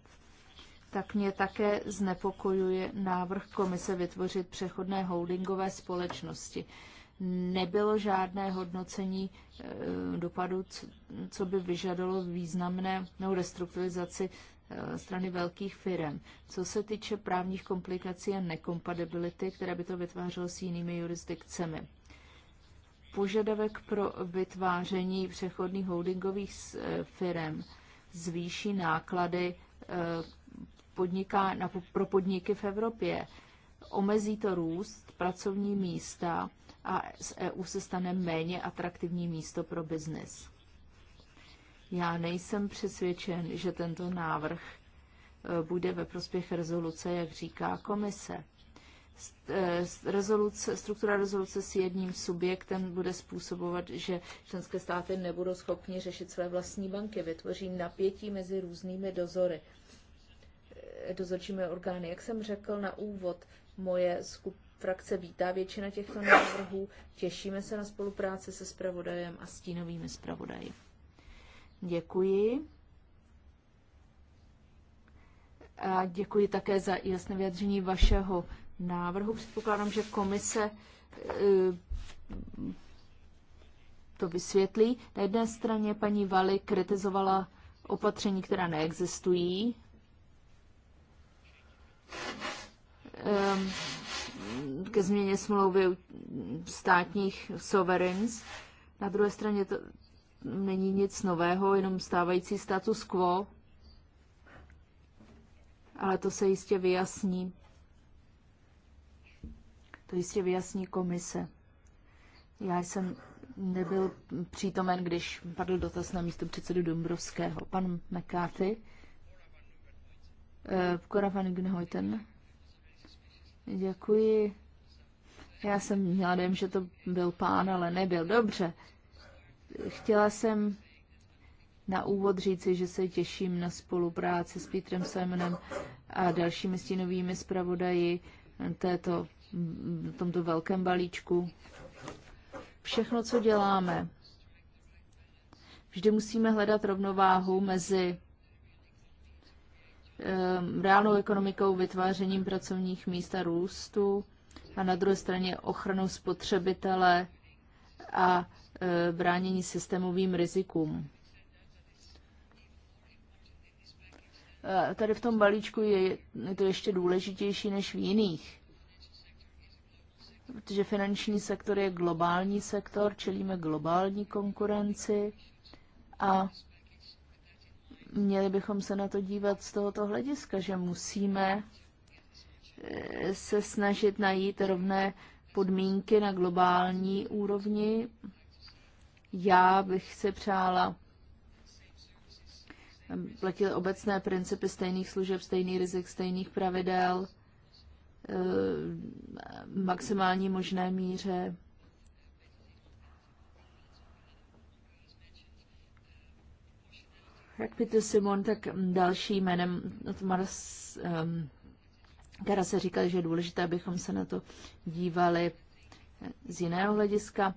tak mě také znepokojuje návrh komise vytvořit přechodné holdingové společnosti. Nebylo žádné hodnocení eh, dopadu, co by vyžadalo významné no, restrukturalizaci eh, strany velkých firm. Co se týče právních komplikací a nekompatibility, které by to vytvářelo s jinými jurisdikcemi. Požadavek pro vytváření přechodných holdingových eh, firm zvýší náklady podniká, na, pro podniky v Evropě. Omezí to růst, pracovní místa a z EU se stane méně atraktivní místo pro biznis. Já nejsem přesvědčen, že tento návrh e, bude ve prospěch rezoluce, jak říká komise. E, rezoluce, struktura rezoluce s jedním subjektem bude způsobovat, že členské státy nebudou schopni řešit své vlastní banky, vytvoří napětí mezi různými dozory dozorčími orgány. Jak jsem řekl na úvod, moje skup, frakce vítá většina těchto návrhů. Těšíme se na spolupráci se spravodajem a stínovými spravodaji. Děkuji. A děkuji také za jasné vyjadření vašeho návrhu. Předpokládám, že komise eh, to vysvětlí. Na jedné straně paní Vali kritizovala opatření, která neexistují, Ehm, ke změně smlouvy státních sovereigns. Na druhé straně to není nic nového, jenom stávající status quo, ale to se jistě vyjasní. To jistě vyjasní komise. Já jsem nebyl přítomen, když padl dotaz na místo předsedu Dombrovského. Pan McCarthy v eh, van Gnehojten. Děkuji. Já jsem měla dojem, že to byl pán, ale nebyl. Dobře. Chtěla jsem na úvod říci, že se těším na spolupráci s Petrem Simonem a dalšími stínovými zpravodaji této, tomto velkém balíčku. Všechno, co děláme, vždy musíme hledat rovnováhu mezi Eh, reálnou ekonomikou, vytvářením pracovních míst a růstu a na druhé straně ochranou spotřebitele a eh, bránění systémovým rizikům. Eh, tady v tom balíčku je, je to ještě důležitější než v jiných, protože finanční sektor je globální sektor, čelíme globální konkurenci a měli bychom se na to dívat z tohoto hlediska, že musíme eh, se snažit najít rovné podmínky na globální úrovni. Já bych se přála platit obecné principy stejných služeb, stejný rizik, stejných pravidel, eh, maximální možné míře jak Peter Simon, tak další jménem od Mars um, se říkal, že je důležité, abychom se na to dívali eh, z jiného hlediska.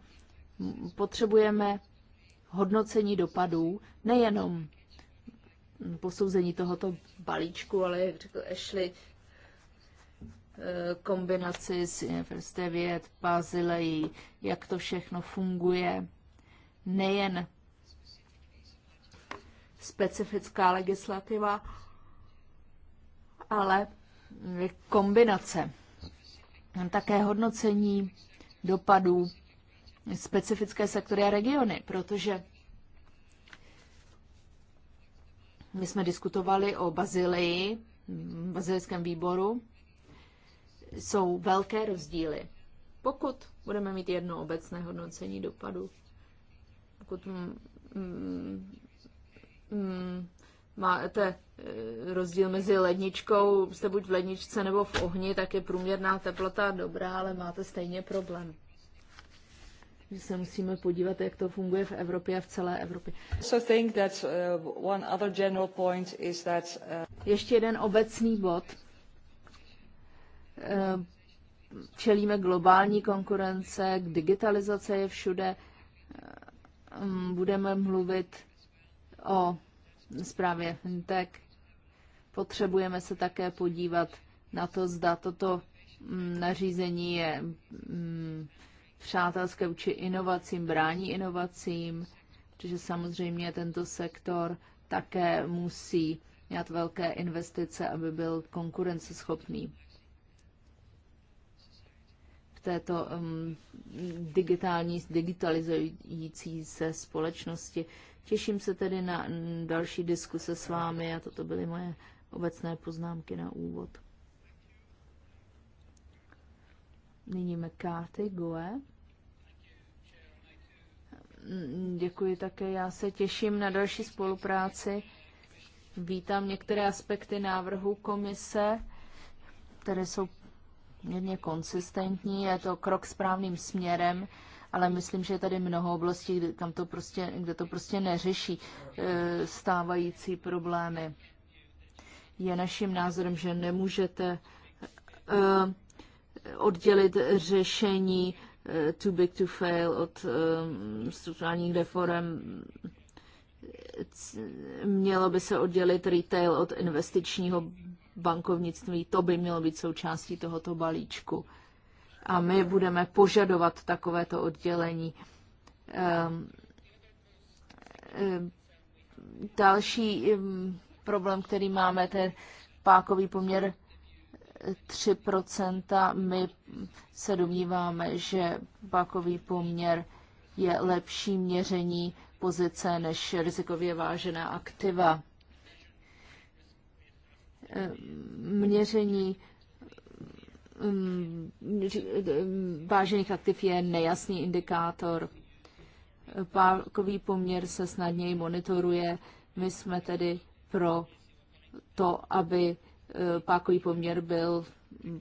Potřebujeme hodnocení dopadů, nejenom posouzení tohoto balíčku, ale jak řekl Ashley, eh, kombinaci s Univerzité věd, Bazilejí, jak to všechno funguje. Nejen specifická legislativa, ale kombinace. Také hodnocení dopadů specifické sektory a regiony, protože my jsme diskutovali o Bazilii, bazilickém výboru, jsou velké rozdíly. Pokud budeme mít jedno obecné hodnocení dopadu, pokud mm, Hmm. máte eh, rozdíl mezi ledničkou, jste buď v ledničce nebo v ohni, tak je průměrná teplota dobrá, ale máte stejně problém. Takže se musíme podívat, jak to funguje v Evropě a v celé Evropě. So think that, uh, one other general point is that, uh, Ještě jeden obecný bod. Eh, čelíme globální konkurence, digitalizace je všude. Eh, budeme mluvit o zprávě fintech. Potřebujeme se také podívat na to, zda toto mm, nařízení je mm, přátelské vůči inovacím, brání inovacím, protože samozřejmě tento sektor také musí mít velké investice, aby byl konkurenceschopný v této um, digitální, digitalizující se společnosti. Těším se tedy na další diskuse s vámi a toto byly moje obecné poznámky na úvod. Nyní McCarthy, Goe. Děkuji také. Já se těším na další spolupráci. Vítám některé aspekty návrhu komise, které jsou mírně konsistentní. Je to krok správným směrem ale myslím, že je tady mnoho oblastí, kde, tam to, prostě, kde to prostě neřeší e, stávající problémy. Je naším názorem, že nemůžete e, oddělit řešení e, too big to fail od strukturálních reform mělo by se oddělit retail od investičního bankovnictví. To by mělo být součástí tohoto balíčku a my budeme požadovat takovéto oddělení. Ehm, ehm, další ehm, problém, který máme, je pákový poměr 3%. My se domníváme, že pákový poměr je lepší měření pozice než rizikově vážená aktiva. Měření Mm, vážených aktiv je nejasný indikátor. Pákový poměr se snadněji monitoruje. My jsme tedy pro to, aby e, pákový poměr byl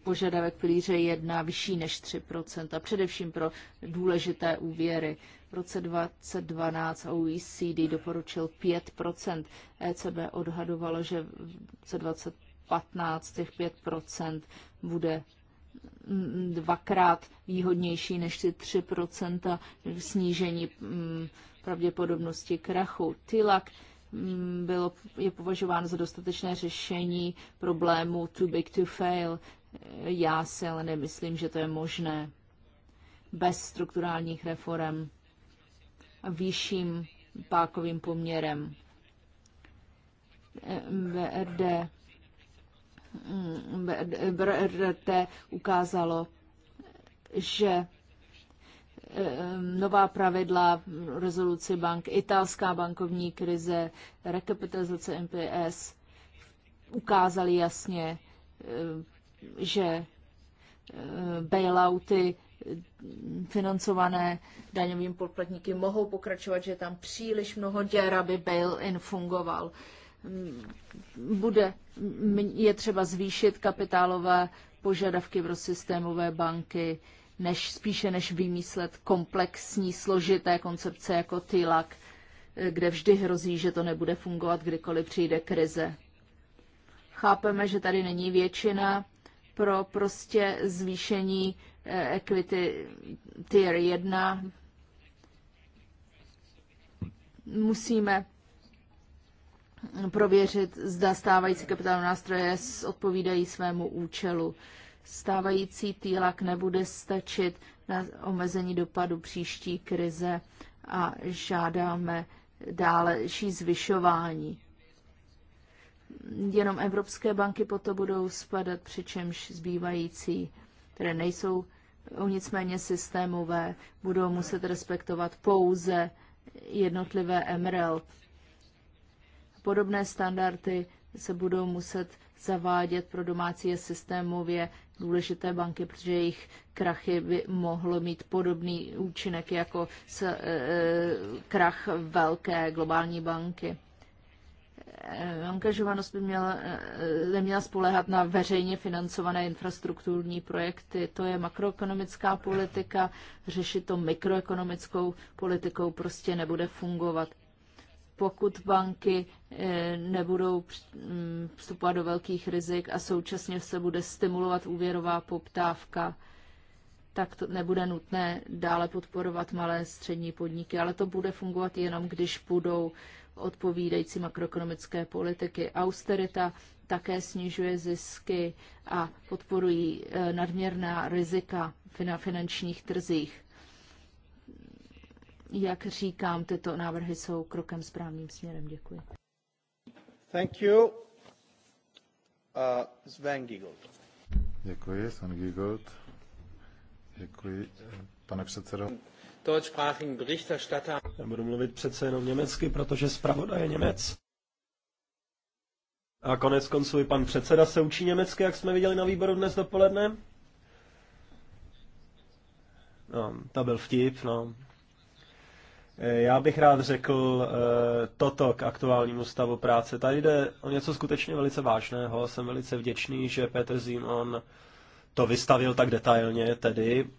požadavek pilíře 1 vyšší než 3%, a především pro důležité úvěry. V roce 2012 OECD doporučil 5%. ECB odhadovalo, že v roce 2015 těch 5% bude dvakrát výhodnější než ty 3% snížení mm, pravděpodobnosti krachu. Tilak mm, bylo, je považován za dostatečné řešení problému too big to fail. Já si ale nemyslím, že to je možné bez strukturálních reform a výšším pákovým poměrem. BRD BRT ukázalo, že eh, nová pravidla rezoluci bank, italská bankovní krize, rekapitalizace MPS ukázaly jasně, eh, že eh, bailouty financované daňovým poplatníky mohou pokračovat, že je tam příliš mnoho děr, aby bail-in fungoval. Mm, bude, mm, je třeba zvýšit kapitálové požadavky pro systémové banky, než spíše než vymyslet komplexní, složité koncepce jako TILAC, kde vždy hrozí, že to nebude fungovat, kdykoliv přijde krize. Chápeme, že tady není většina pro prostě zvýšení eh, equity tier 1. Musíme prověřit, zda stávající kapitální nástroje odpovídají svému účelu. Stávající týlak nebude stačit na omezení dopadu příští krize a žádáme další zvyšování. Jenom evropské banky potom budou spadat, přičemž zbývající, které nejsou o nicméně systémové, budou muset respektovat pouze jednotlivé MREL Podobné standardy se budou muset zavádět pro domácí a systémově důležité banky, protože jejich krachy by mohlo mít podobný účinek jako s, e, e krach velké globální banky. E, angažovanost by měla, e, e neměla spolehat na veřejně financované infrastrukturní projekty. To je makroekonomická politika, řešit to mikroekonomickou politikou prostě nebude fungovat pokud banky eh, nebudou mm, vstupovat do velkých rizik a současně se bude stimulovat úvěrová poptávka, tak to nebude nutné dále podporovat malé střední podniky, ale to bude fungovat jenom, když budou odpovídající makroekonomické politiky. Austerita také snižuje zisky a podporují eh, nadměrná rizika na finančních trzích jak říkám, tyto návrhy jsou krokem správným směrem. Děkuji.
Thank you. Uh, Sven Giegold. Děkuji, Sven Giegold. Děkuji, pane předsedo.
Deutschsprachigen Berichterstatter.
Já budu mluvit přece jenom
německy, protože zpravodaj je Němec. A konec konců i pan předseda se učí německy, jak jsme viděli na výboru dnes dopoledne. No, to byl vtip, no. Eh, já bych rád řekl eh, toto k aktuálnímu stavu práce. Tady jde o něco skutečně velice vážného. Jsem velice vděčný, že Petr Zimon to vystavil tak detailně, tedy,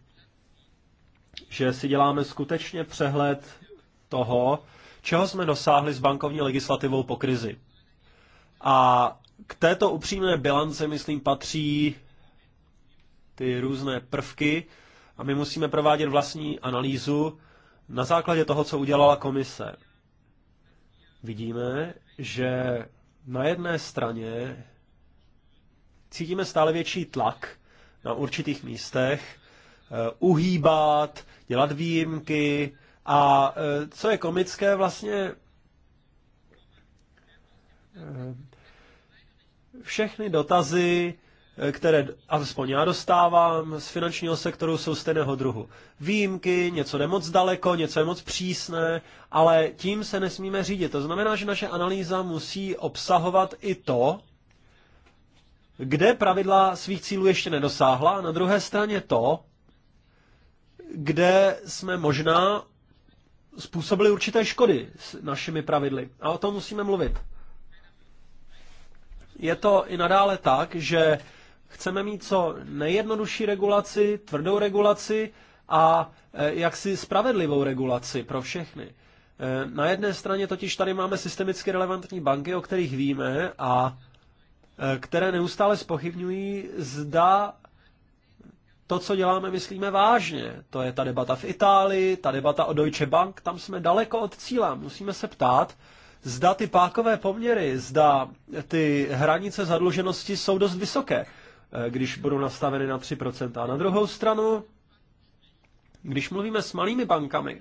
že si děláme skutečně přehled toho, čeho jsme dosáhli s bankovní legislativou po krizi. A k této upřímné bilanci, myslím, patří ty různé prvky a my musíme provádět vlastní analýzu, na základě toho, co udělala komise, vidíme, že na jedné straně cítíme stále větší tlak na určitých místech, eh, uhýbat, dělat výjimky a eh, co je komické, vlastně eh, všechny dotazy které alespoň já dostávám z finančního sektoru, jsou stejného druhu. Výjimky, něco je moc daleko, něco je moc přísné, ale tím se nesmíme řídit. To znamená, že naše analýza musí obsahovat i to, kde pravidla svých cílů ještě nedosáhla, a na druhé straně to, kde jsme možná způsobili určité škody s našimi pravidly. A o tom musíme mluvit. Je to i nadále tak, že Chceme mít co nejjednodušší regulaci, tvrdou regulaci a e, jaksi spravedlivou regulaci pro všechny. E, na jedné straně totiž tady máme systemicky relevantní banky, o kterých víme a e, které neustále spochybňují, zda to, co děláme, myslíme vážně. To je ta debata v Itálii, ta debata o Deutsche Bank, tam jsme daleko od cíla. Musíme se ptát, zda ty pákové poměry, zda ty hranice zadluženosti jsou dost vysoké. Eh, když budou nastaveny na 3%. A na druhou stranu, když mluvíme s malými bankami,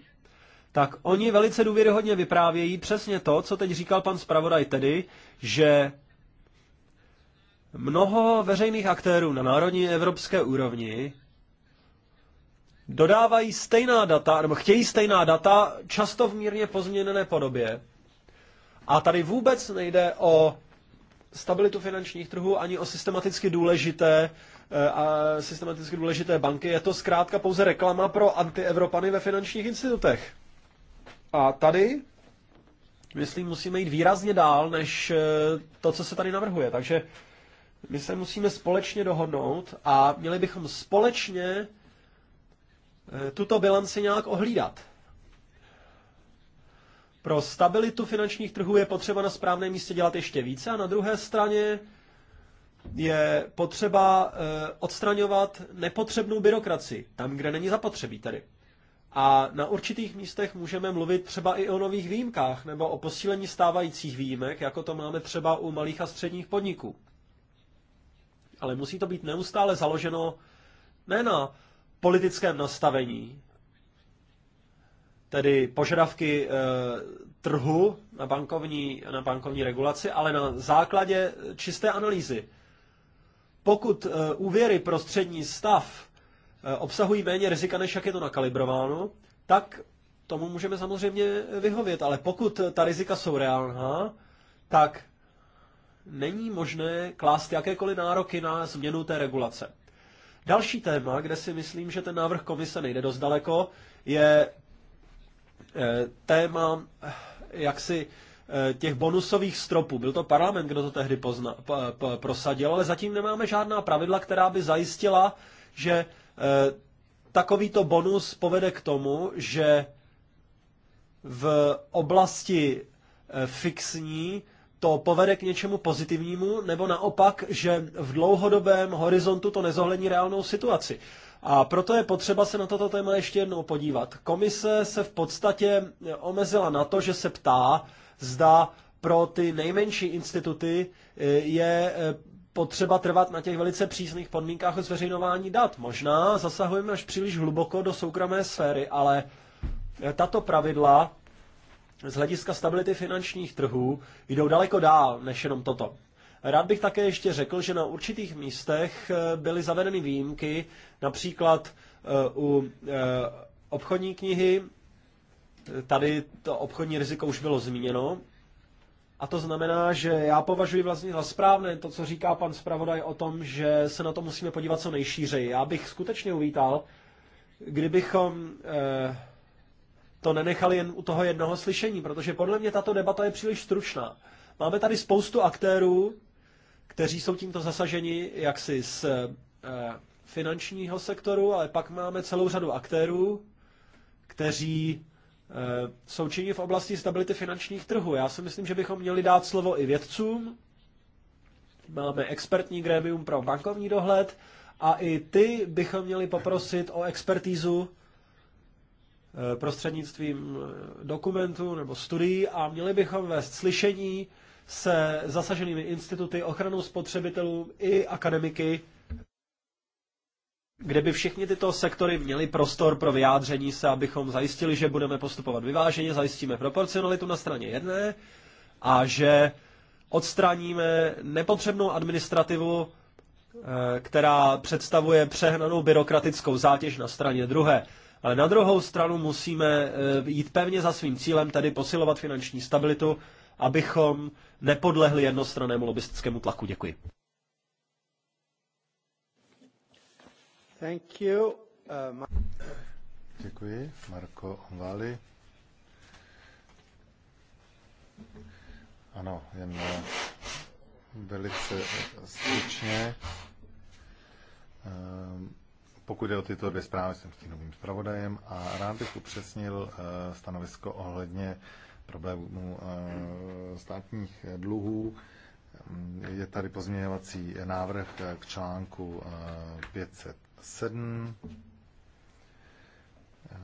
tak oni velice důvěryhodně vyprávějí přesně to, co teď říkal pan zpravodaj, tedy, že mnoho veřejných aktérů na národní evropské úrovni dodávají stejná data, nebo chtějí stejná data, často v mírně pozměněné podobě. A tady vůbec nejde o stabilitu finančních trhů, ani o systematicky důležité eh, a systematicky důležité banky. Je to zkrátka pouze reklama pro antievropany ve finančních institutech. A tady, myslím, musíme jít výrazně dál, než eh, to, co se tady navrhuje. Takže my se musíme společně dohodnout a měli bychom společně eh, tuto bilanci nějak ohlídat. Pro stabilitu finančních trhů je potřeba na správném místě dělat ještě více a na druhé straně je potřeba eh, odstraňovat nepotřebnou byrokracii, tam, kde není zapotřebí tedy. A na určitých místech můžeme mluvit třeba i o nových výjimkách nebo o posílení stávajících výjimek, jako to máme třeba u malých a středních podniků. Ale musí to být neustále založeno ne na politickém nastavení, tedy požadavky eh, trhu na bankovní, na bankovní regulaci, ale na základě čisté analýzy. Pokud eh, úvěry pro střední stav eh, obsahují méně rizika, než jak je to nakalibrováno, tak tomu můžeme samozřejmě vyhovět. Ale pokud ta rizika jsou reálná, tak není možné klást jakékoliv nároky na změnu té regulace. Další téma, kde si myslím, že ten návrh komise nejde dost daleko, je Eh, téma eh, jaksi eh, těch bonusových stropů. Byl to parlament, kdo to tehdy pozna, p, p, prosadil, ale zatím nemáme žádná pravidla, která by zajistila, že e, takovýto bonus povede k tomu, že v oblasti fixní to povede k něčemu pozitivnímu, nebo naopak, že v dlouhodobém horizontu to nezohlední reálnou situaci. A proto je potřeba se na toto téma ještě jednou podívat. Komise se v podstatě omezila na to, že se ptá, zda pro ty nejmenší instituty eh, je eh, potřeba trvat na těch velice přísných podmínkách o zveřejnování dat. Možná zasahujeme až příliš hluboko do soukromé sféry, ale eh, tato pravidla z hlediska stability finančních trhů jdou daleko dál než jenom toto. Rád bych také ještě řekl, že na určitých místech eh, byly zavedeny výjimky, například eh, u eh, obchodní knihy, tady to obchodní riziko už bylo zmíněno, a to znamená, že já považuji vlastně za správné to, co říká pan zpravodaj o tom, že se na to musíme podívat co nejšířeji. Já bych skutečně uvítal, kdybychom to nenechali jen u toho jednoho slyšení, protože podle mě tato debata je příliš stručná. Máme tady spoustu aktérů, kteří jsou tímto zasaženi jaksi z eh, finančního sektoru, ale pak máme celou řadu aktérů, kteří eh, jsou činni v oblasti stability finančních trhů. Já si myslím, že bychom měli dát slovo i vědcům. Máme expertní grémium pro bankovní dohled a i ty bychom měli poprosit o expertízu eh, prostřednictvím dokumentů nebo studií a měli bychom vést slyšení se zasaženými instituty, ochranou spotřebitelů i akademiky, kde by všichni tyto sektory měly prostor pro vyjádření se, abychom zajistili, že budeme postupovat vyváženě, zajistíme proporcionalitu na straně jedné a že odstraníme nepotřebnou administrativu, eh, která představuje přehnanou byrokratickou zátěž na straně druhé. Ale na druhou stranu musíme eh, jít pevně za svým cílem, tedy posilovat finanční stabilitu abychom nepodlehli jednostrannému lobistickému tlaku. Děkuji. Thank you. Uh, ma-
Děkuji. Marko Vali. Ano, jen eh, velice stručně. Ehm, pokud jde o tyto dvě zprávy, jsem tím novým zpravodajem a rád bych upřesnil eh, stanovisko ohledně problémů eh, státních dluhů. Je tady pozměňovací návrh k článku 507 eh,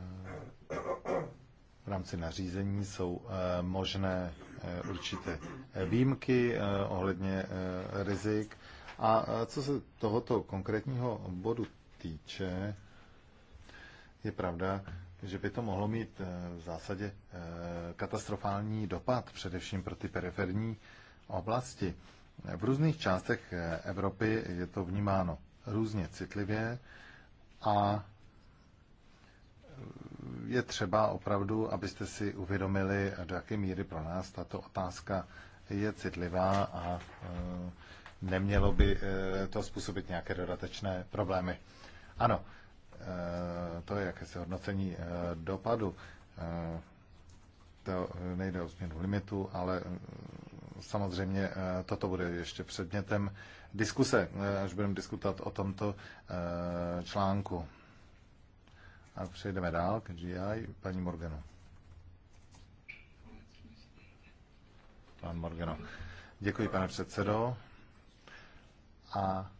eh, v rámci nařízení jsou možné určité výjimky ohledně rizik. A co se tohoto konkrétního bodu týče, je pravda, že by to mohlo mít eh, v zásadě eh, katastrofální dopad, především pro ty periferní oblasti. V různých částech eh, Evropy je to vnímáno různě citlivě a je třeba opravdu, abyste si uvědomili, do jaké míry pro nás tato otázka je citlivá a nemělo by to způsobit nějaké dodatečné problémy. Ano, Eh, to je jakési hodnocení eh, dopadu. Eh, to nejde o změnu limitu, ale samozřejmě toto bude ještě předmětem diskuse, až budeme diskutovat o tomto článku. A přejdeme dál k GI, paní Morgano. Pan Morgano. Děkuji, pane předsedo. A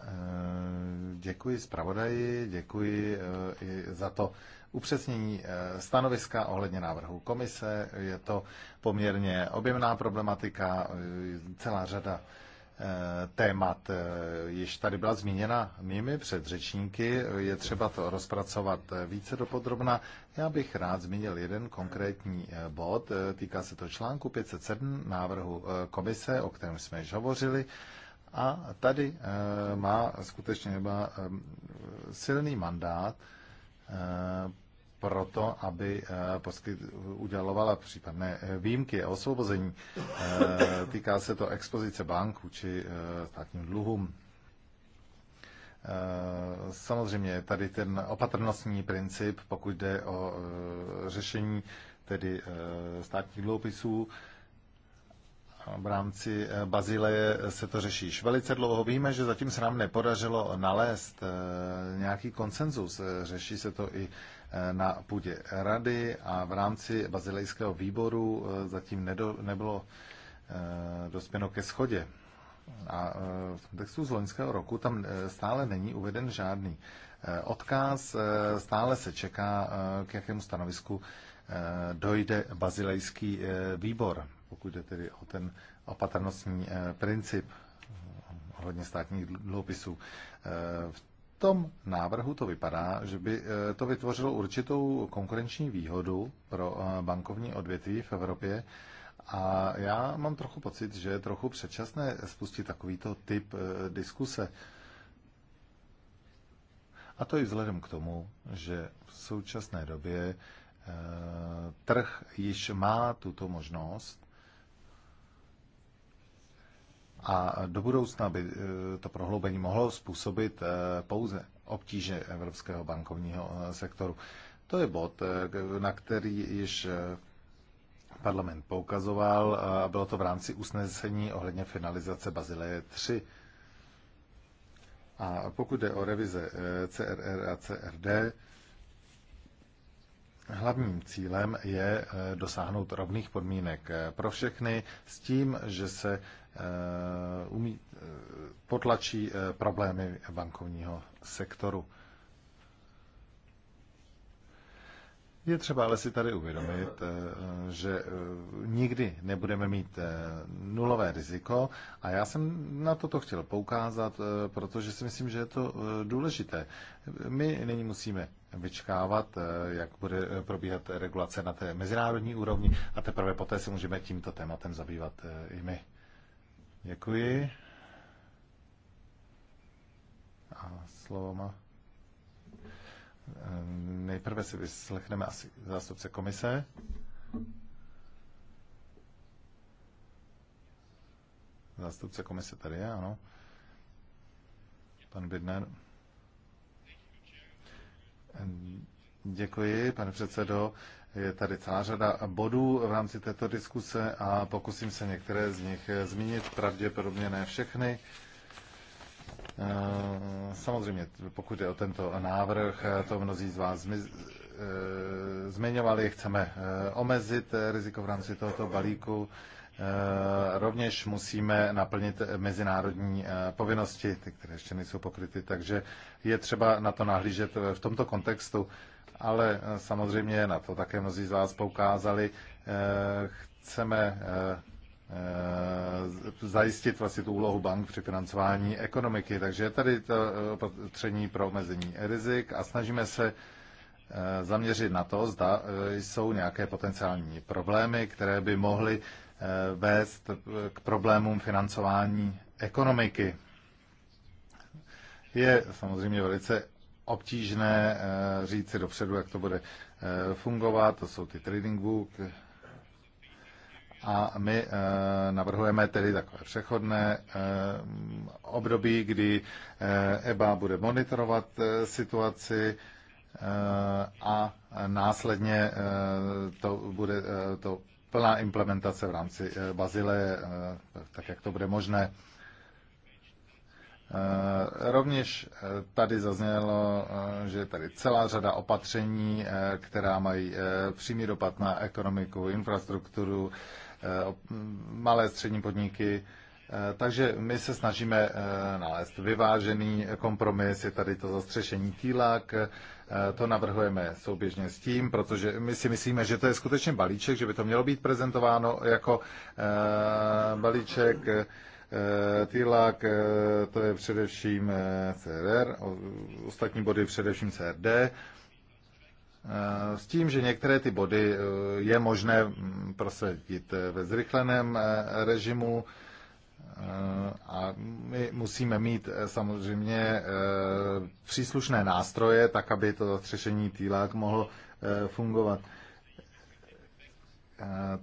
Eh, děkuji zpravodaji, děkuji eh, i za to upřesnění eh, stanoviska ohledně návrhu komise. Je to poměrně objemná problematika, celá řada témat již tady byla zmíněna mými předřečníky. Je třeba to rozpracovat více dopodrobna. Já bych rád zmínil jeden konkrétní bod. Týká se to článku 507 návrhu komise, o kterém jsme již hovořili. A tady eh, má skutečně e, silný mandát eh, pro to, aby poskyt udělovala případné výjimky a osvobození. Týká se to expozice bank či státním dluhům. Samozřejmě tady ten opatrnostní princip, pokud jde o řešení tedy státních dluhopisů, v rámci eh, Bazileje eh, se to řeší. Velice dlouho víme, že zatím se nám nepodařilo nalézt eh, nějaký konsenzus. Řeší se to i na půdě rady a v rámci bazilejského výboru zatím nedo, nebylo dospěno ke schodě. A v textu z loňského roku tam stále není uveden žádný odkaz, stále se čeká, k jakému stanovisku dojde bazilejský výbor pokud jde tedy o ten opatrnostní eh, princip hodně státních dluhopisů. Eh, v tom návrhu to vypadá, že by eh, to vytvořilo určitou konkurenční výhodu pro bankovní odvětví v Evropě. A já mám trochu pocit, že je trochu předčasné spustit takovýto typ diskuse. A to i vzhledem k tomu, že v současné době trh již má tuto možnost a do budoucna by eh, to prohloubení mohlo způsobit eh, pouze obtíže evropského bankovního eh, sektoru. To je bod, na který již parlament poukazoval a bylo to v rámci usnesení ohledně finalizace Bazileje 3. A pokud jde o revize CRR a CRD, Hlavním cílem je eh, dosáhnout rovných podmínek eh, pro všechny s tím, že se eh, umí, potlačí problémy bankovního sektoru. Je třeba ale si tady uvědomit, eh, že eh, nikdy nebudeme mít eh, nulové riziko a já jsem na toto chtěl poukázat, protože si myslím, že je to důležité. My nyní musíme vyčkávat, jak bude probíhat regulace na té mezinárodní úrovni a teprve poté se můžeme tímto tématem zabývat i my. Děkuji. A slovo má Nejprve si vyslechneme asi zástupce komise. Zástupce komise tady je, ano. Pan Bidner. Děkuji, pane předsedo. Je tady celá řada bodů v rámci této diskuse a pokusím se některé z nich zmínit, pravděpodobně ne všechny. Uh, Eh, samozřejmě, pokud je o tento návrh, eh, to mnozí z vás eh, zmiňovali, chceme omezit riziko v rámci tohoto balíku. Rovněž musíme naplnit mezinárodní povinnosti, ty, které ještě nejsou pokryty, takže je třeba na to nahlížet v tomto kontextu, ale samozřejmě na to také mnozí z vás poukázali. Chceme Eh, zajistit vlastně tu úlohu bank při financování ekonomiky. Takže je tady to eh, opatření pro omezení rizik a snažíme se eh, zaměřit na to, zda jsou nějaké potenciální problémy, které by mohly vést k problémům financování ekonomiky. Je samozřejmě velice obtížné si dopředu, jak to bude fungovat. To jsou ty trading book, a my eh, navrhujeme tedy takové přechodné eh, období, kdy EBA eh, e bude monitorovat situaci a následně to bude to plná implementace v rámci Bazile, tak jak to bude možné. Rovněž tady zaznělo, že je tady celá řada opatření, která mají přímý dopad na ekonomiku, infrastrukturu, Eh, malé střední podniky. Eh, takže my se snažíme eh, nalézt vyvážený kompromis, je tady to zastřešení týlak, to navrhujeme souběžně s tím, protože my si myslíme, že to je skutečně balíček, že by to mělo být prezentováno jako balíček Týlak to je především CRR, ostatní body především CRD Eh, s tím, že některé ty body eh, je možné mm, prosadit eh, ve zrychleném režimu a my musíme mít samozřejmě příslušné nástroje, tak aby to zastřešení týlák mohlo fungovat.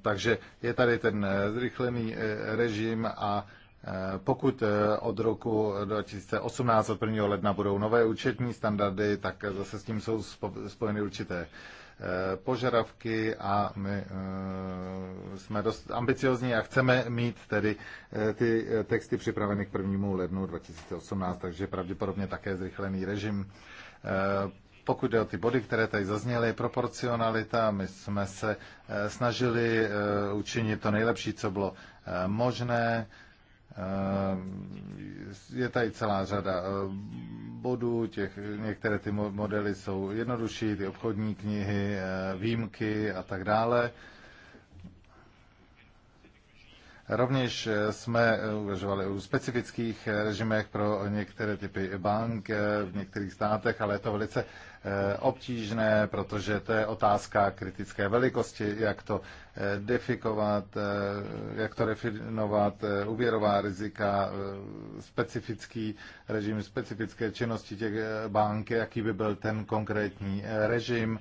Takže je tady ten zrychlený režim a Eh, pokud eh, od roku 2018, od 1. ledna, budou nové účetní standardy, tak eh, zase s tím jsou spojeny určité požadavky a my jsme dost ambiciozní a chceme mít tedy ty texty připraveny k 1. lednu 2018, takže pravděpodobně také zrychlený režim. Pokud jde o ty body, které tady zazněly, proporcionalita, my jsme se snažili učinit to nejlepší, co bylo možné. Eh, je tady celá řada eh, bodů, těch, některé ty modely jsou jednodušší, ty obchodní knihy, eh, výjimky a tak dále. Rovněž jsme uvažovali o specifických režimech pro některé typy bank v některých státech, ale je to velice Eh, obtížné, protože to je otázka kritické velikosti, jak to eh, defikovat, eh, jak to refinovat, úvěrová rizika, specifický režim, specifické činnosti těch bank, jaký by byl ten konkrétní režim,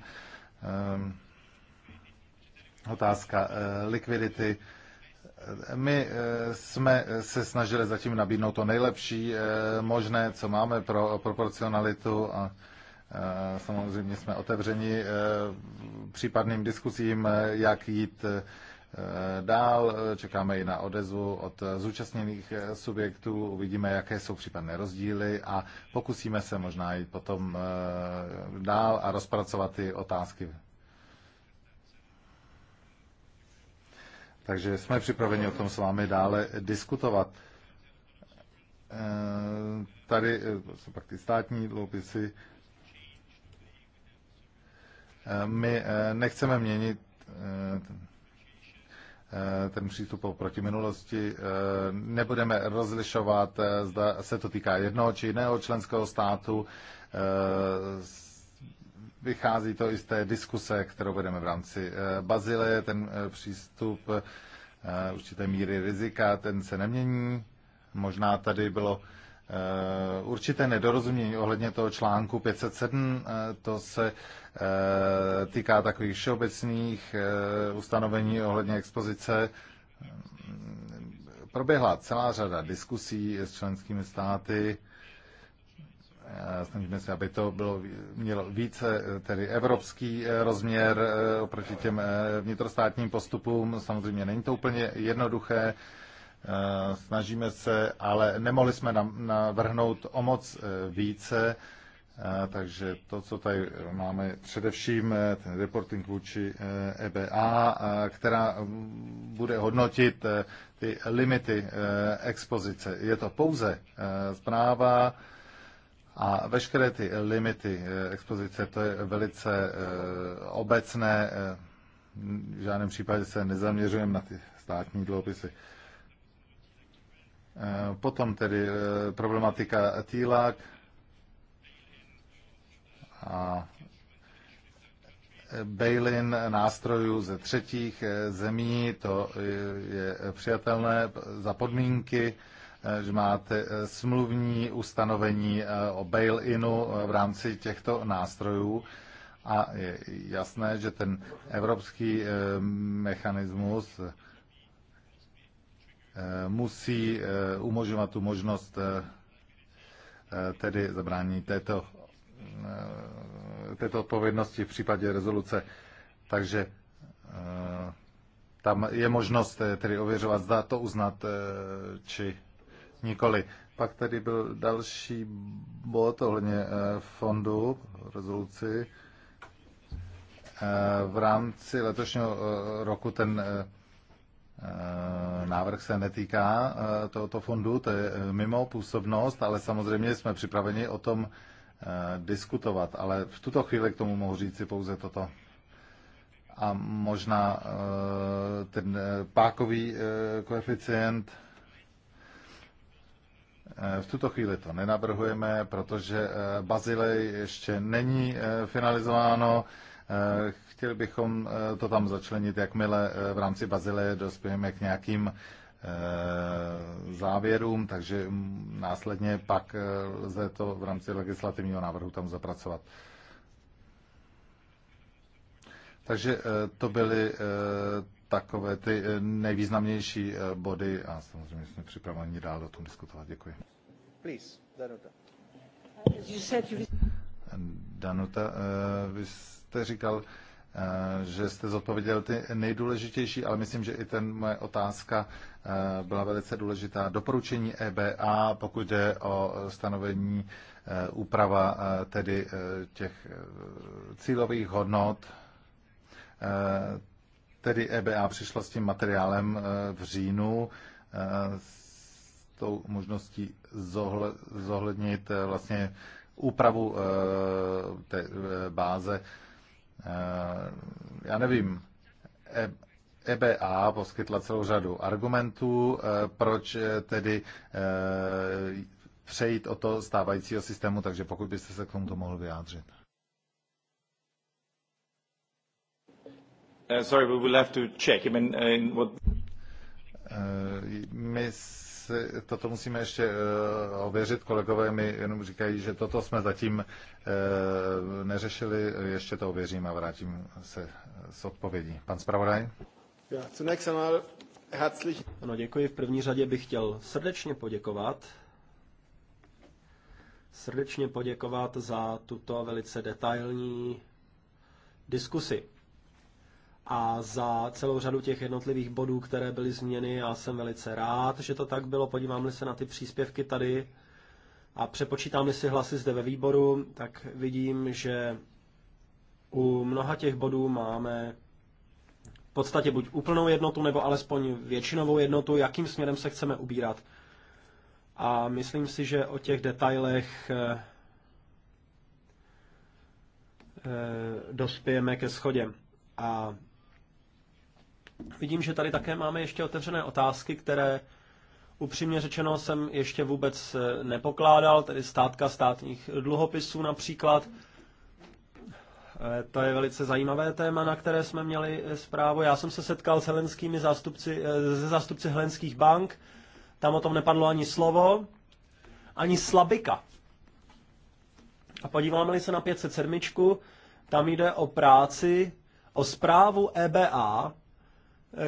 otázka likvidity. My jsme se snažili zatím nabídnout to nejlepší možné, co máme pro proporcionalitu a Eh, samozřejmě jsme otevřeni eh, případným diskusím, eh, jak jít dál. Čekáme i na odezvu od zúčastněných subjektů, uvidíme, jaké jsou případné rozdíly a pokusíme se možná jít potom dál a rozpracovat ty otázky. Takže jsme připraveni o tom s vámi dále diskutovat. Tady jsou pak ty státní dluhopisy, my eh, nechceme měnit eh, ten přístup oproti minulosti. Eh, nebudeme rozlišovat, zda se to týká jednoho či jiného členského státu. Vychází to i z té diskuse, kterou vedeme v rámci bazile Ten přístup určité míry rizika, ten se nemění. Možná tady bylo určité nedorozumění ohledně toho článku 507. To se Eh, týká takových všeobecných eh, ustanovení ohledně expozice. Eh, proběhla celá řada diskusí s členskými státy. Snažíme se, aby to bylo, mělo více tedy evropský rozměr oproti těm vnitrostátním postupům. Samozřejmě není to úplně jednoduché snažíme se, ale nemohli jsme navrhnout o moc více. Takže to, co tady máme především, eh, ten reporting vůči EBA, eh, e která bude hodnotit eh, ty limity expozice. Je to pouze zpráva a veškeré ty limity expozice, to je velice obecné. V žádném případě se nezaměřujeme na ty státní dluhopisy. Potom tedy problematika TILAC, bail-in nástrojů ze třetích eh, zemí, to je přijatelné za podmínky, eh, že máte eh, smluvní ustanovení o bail-inu v rámci těchto nástrojů. A je jasné, že ten evropský mechanismus musí umožňovat tu možnost tedy zabrání této Eh, této odpovědnosti v případě rezoluce. Takže eh, tam je možnost eh, tedy ověřovat, zda to uznat či nikoli. Pak tady byl další bod ohledně fondu rezoluci. V rámci letošního roku ten návrh se netýká tohoto fondu, to je mimo působnost, ale samozřejmě jsme připraveni o tom Eh, diskutovat, ale v tuto chvíli k tomu mohu říci pouze toto. A možná eh, ten eh, pákový koeficient, v tuto chvíli to nenabrhujeme, protože Bazilej ještě není finalizováno. Chtěli bychom to tam začlenit, jakmile v rámci Bazileje dospějeme k nějakým Eh, závěrům, takže následně pak eh, lze to v rámci legislativního návrhu tam zapracovat. Takže eh, to byly takové ty nejvýznamnější body a samozřejmě jsme připraveni dál o tom diskutovat. Děkuji. Please, Danuta. Danuta, vy jste říkal, že jste zodpověděl ty nejdůležitější, ale myslím, že i ten moje otázka Eh, byla velice důležitá doporučení EBA, pokud jde o eh, stanovení eh, úprava tedy těch cílových hodnot. Tedy EBA přišla s tím materiálem v říjnu s tou možností zohlednit vlastně úpravu té báze. Já nevím, e- EBA poskytla celou řadu argumentů, eh, proč eh, tedy eh, přejít o to stávajícího systému, takže pokud byste se k to mohl vyjádřit.
Uh, sorry, we will have to check. I mean, uh, what...
My si, toto musíme ještě uh, ověřit, kolegové mi jenom říkají, že toto jsme zatím uh, neřešili, ještě to ověřím a vrátím se s odpovědí. Pan zpravodaj?
Ano, děkuji. V první řadě bych chtěl srdečně poděkovat. Srdečně poděkovat za tuto velice detailní diskusi a za celou řadu těch jednotlivých bodů, které byly změny. Já jsem velice rád, že to tak bylo. Podívám-li se na ty příspěvky tady a přepočítám-li si hlasy zde ve výboru, tak vidím, že u mnoha těch bodů máme v podstatě buď úplnou jednotu, nebo alespoň většinovou jednotu, jakým směrem se chceme ubírat. A myslím si, že o těch detailech eh, eh, dospějeme ke schodě. A vidím, že tady také máme ještě otevřené otázky, které upřímně řečeno jsem ještě vůbec eh, nepokládal, tedy státka státních dluhopisů například. Eh, to je velice zajímavé téma, na které jsme měli eh, zprávu. Já jsem se setkal s helenskými zástupci, eh, se zástupci helenských bank. Tam o tom nepadlo ani slovo, ani slabika. A podíváme-li se na 507, tam jde o práci, o zprávu EBA,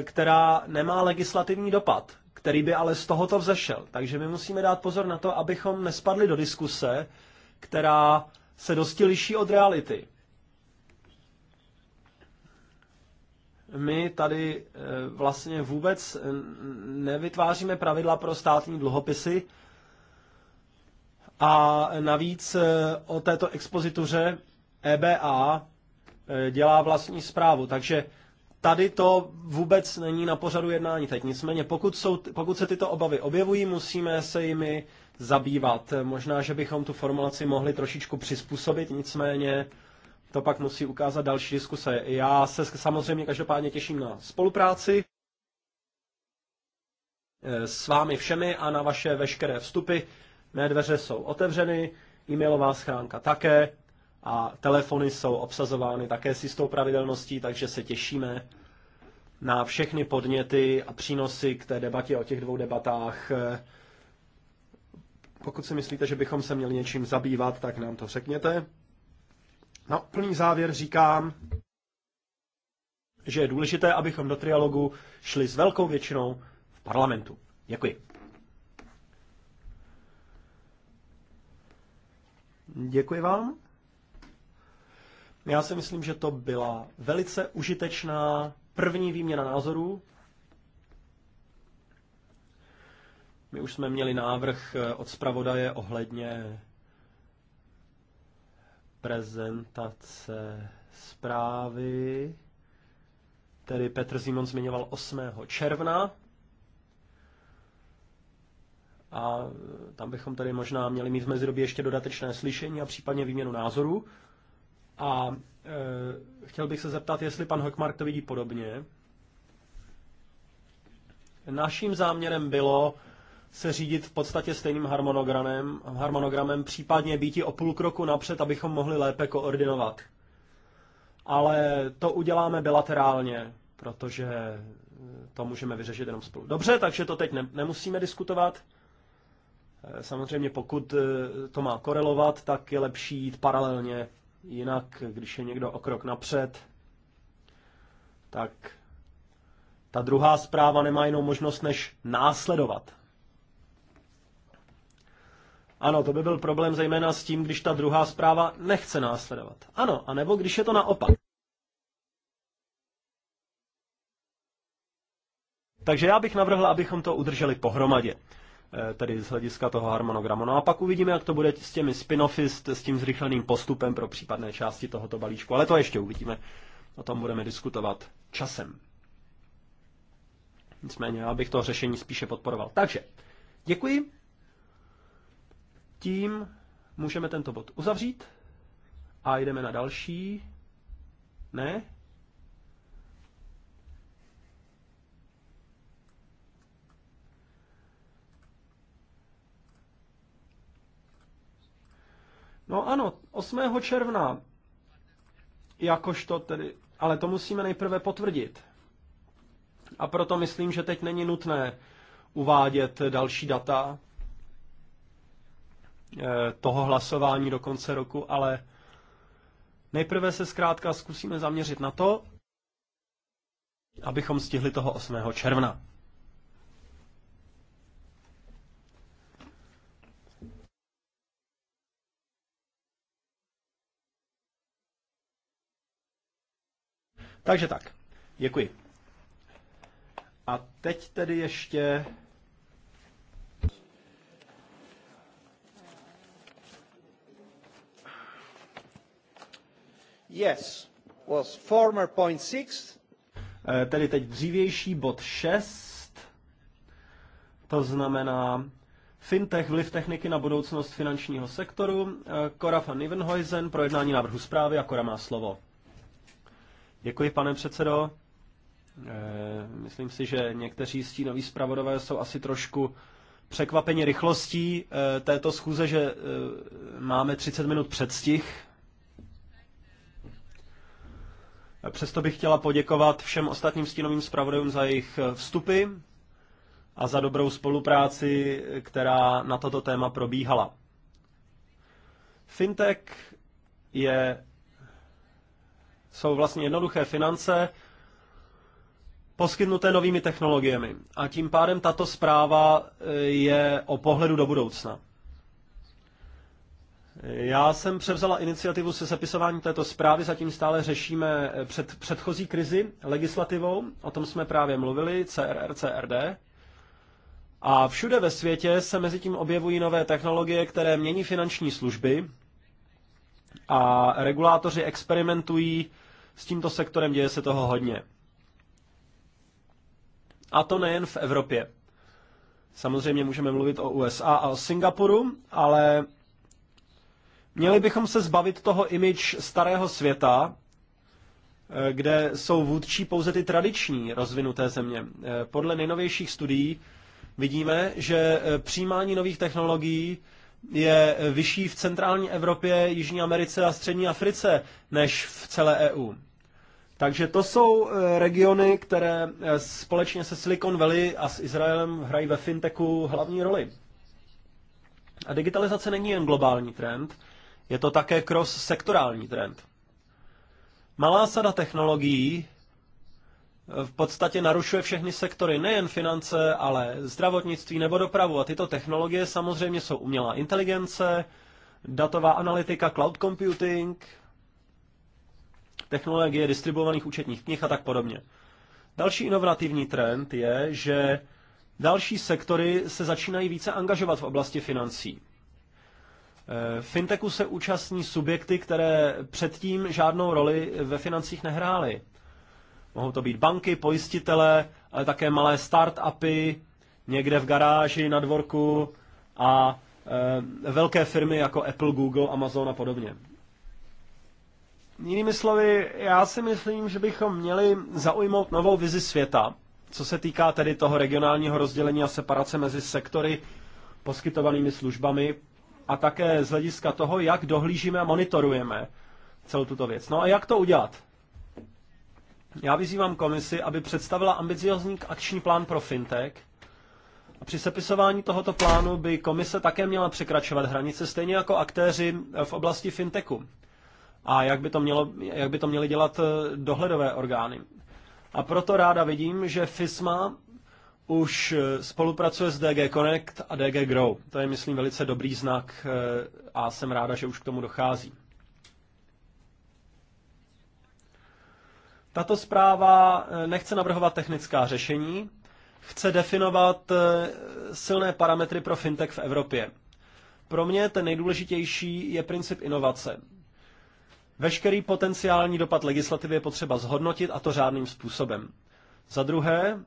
která nemá legislativní dopad, který by ale z tohoto vzešel. Takže my musíme dát pozor na to, abychom nespadli do diskuse, která se dosti liší od reality. my tady eh, vlastně vůbec nevytváříme pravidla pro státní dluhopisy a navíc eh, o této expozituře EBA eh, dělá vlastní zprávu, takže tady to vůbec není na pořadu jednání teď. Nicméně pokud, jsou, pokud se tyto obavy objevují, musíme se jimi zabývat. Možná, že bychom tu formulaci mohli trošičku přizpůsobit, nicméně to pak musí ukázat další diskuse. Já se samozřejmě každopádně těším na spolupráci eh, s vámi všemi a na vaše veškeré vstupy. Mé dveře jsou otevřeny, e-mailová schránka také a telefony jsou obsazovány také s jistou pravidelností, takže se těšíme na všechny podněty a přínosy k té debatě o těch dvou debatách. Eh, pokud si myslíte, že bychom se měli něčím zabývat, tak nám to řekněte. Na úplný závěr říkám, že je důležité, abychom do trialogu šli s velkou většinou v parlamentu. Děkuji. Děkuji vám. Já si myslím, že to byla velice užitečná první výměna názorů. My už jsme měli návrh eh, od zpravodaje ohledně prezentace zprávy. Tedy Petr Zimon zmiňoval 8. června. A tam bychom tady možná měli mít v mezidobí ještě dodatečné slyšení a případně výměnu názorů. A e, chtěl bych se zeptat, jestli pan Hockmark to vidí podobně. Naším záměrem bylo se řídit v podstatě stejným harmonogramem, harmonogramem případně býti o půl kroku napřed, abychom mohli lépe koordinovat. Ale to uděláme bilaterálně, protože to můžeme vyřešit jenom spolu. Dobře, takže to teď ne- nemusíme diskutovat. Eh, samozřejmě pokud eh, to má korelovat, tak je lepší jít paralelně. Jinak, když je někdo o krok napřed, tak ta druhá zpráva nemá jinou možnost, než následovat. Ano, to by byl problém zejména s tím, když ta druhá zpráva nechce následovat. Ano, anebo když je to naopak. Takže já bych navrhl, abychom to udrželi pohromadě, eh, tedy z hlediska toho harmonogramu. No a pak uvidíme, jak to bude s těmi spin s tím zrychleným postupem pro případné části tohoto balíčku, ale to ještě uvidíme. O tom budeme diskutovat časem. Nicméně já bych to řešení spíše podporoval. Takže, děkuji. Tím můžeme tento bod uzavřít a jdeme na další. Ne? No ano, 8. června, jakožto tedy, ale to musíme nejprve potvrdit. A proto myslím, že teď není nutné uvádět další data, Eh, toho hlasování do konce roku, ale nejprve se zkrátka zkusíme zaměřit na to, abychom stihli toho 8. června. Takže tak, děkuji. A teď tedy ještě Yes, was former point six. Eh, tedy teď dřívější bod 6, to znamená Fintech, vliv techniky na budoucnost finančního sektoru. Kora eh, van Nivenhuizen, projednání návrhu zprávy a Kora má slovo. Děkuji, pane předsedo. Eh, myslím si, že někteří stínoví zpravodové jsou asi trošku překvapeni rychlostí této schůze, že máme 30 minut předstih Přesto bych chtěla poděkovat všem ostatním stínovým zpravodajům za jejich eh, vstupy a za dobrou spolupráci, která na toto téma probíhala. Fintech je, jsou vlastně jednoduché finance poskytnuté novými technologiemi. A tím pádem tato zpráva eh, je o pohledu do budoucna. Já jsem převzala iniciativu se zapisováním této zprávy, zatím stále řešíme eh, před, předchozí krizi legislativou, o tom jsme právě mluvili, CRR, CRD. A všude ve světě se mezi tím objevují nové technologie, které mění finanční služby a regulátoři experimentují s tímto sektorem, děje se toho hodně. A to nejen v Evropě. Samozřejmě můžeme mluvit o USA a o Singapuru, ale Měli bychom se zbavit toho image starého světa, eh, kde jsou vůdčí pouze ty tradiční rozvinuté země. Eh, podle nejnovějších studií vidíme, že eh, přijímání nových technologií je vyšší v centrální Evropě, Jižní Americe a Střední Africe než v celé EU. Takže to jsou regiony, které společně se Silicon Valley a s Izraelem hrají ve fintechu hlavní roli. A digitalizace není jen globální trend, je to také cross-sektorální trend. Malá sada technologií eh, v podstatě narušuje všechny sektory, nejen finance, ale zdravotnictví nebo dopravu. A tyto technologie samozřejmě jsou umělá inteligence, datová analytika, cloud computing, technologie distribuovaných účetních knih a tak podobně. Další inovativní trend je, že další sektory se začínají více angažovat v oblasti financí. Eh, Fintechu se účastní subjekty, které předtím žádnou roli ve financích nehrály. Mohou to být banky, pojistitele, ale také malé start-upy někde v garáži, na dvorku a e, velké firmy jako Apple, Google, Amazon a podobně. Jinými slovy, já si myslím, že bychom měli zaujmout novou vizi světa, co se týká tedy toho regionálního rozdělení a separace mezi sektory poskytovanými službami a také z hlediska toho, jak dohlížíme a monitorujeme celou tuto věc. No a jak to udělat? Já vyzývám komisi, aby představila ambiciozní akční plán pro fintech. A při sepisování tohoto plánu by komise také měla překračovat hranice, stejně jako aktéři v oblasti fintechu. A jak by to, mělo, jak by to měly dělat eh, dohledové orgány. A proto ráda vidím, že FISMA už eh, spolupracuje s DG Connect a DG Grow. To je, myslím, velice dobrý znak eh, a jsem ráda, že už k tomu dochází. Tato zpráva eh, nechce navrhovat technická řešení, chce definovat silné parametry pro fintech v Evropě. Pro mě ten nejdůležitější je princip inovace. Veškerý potenciální dopad legislativy je potřeba zhodnotit a to řádným způsobem. Za druhé,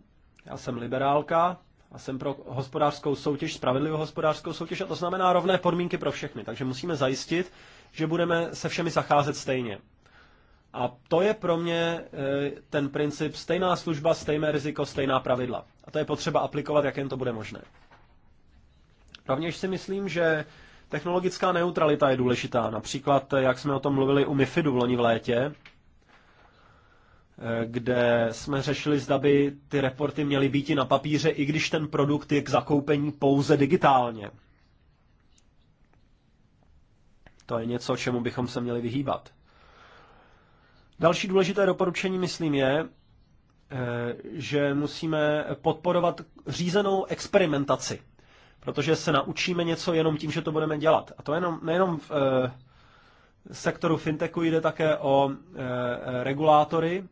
já jsem liberálka a jsem pro hospodářskou soutěž, spravedlivou hospodářskou soutěž a to znamená rovné podmínky pro všechny. Takže musíme zajistit, že budeme se všemi zacházet stejně. A to je pro mě eh, ten princip stejná služba, stejné riziko, stejná pravidla. A to je potřeba aplikovat, jak jen to bude možné. Rovněž si myslím, že technologická neutralita je důležitá. Například, eh, jak jsme o tom mluvili u MIFIDu v loni v létě, Eh, kde jsme řešili, zda by ty reporty měly být i na papíře, i když ten produkt je k zakoupení pouze digitálně. To je něco, čemu bychom se měli vyhýbat. Další důležité doporučení, myslím, je, eh, že musíme podporovat řízenou experimentaci, protože se naučíme něco jenom tím, že to budeme dělat. A to jenom, nejenom v eh, sektoru fintechu jde také o regulátory,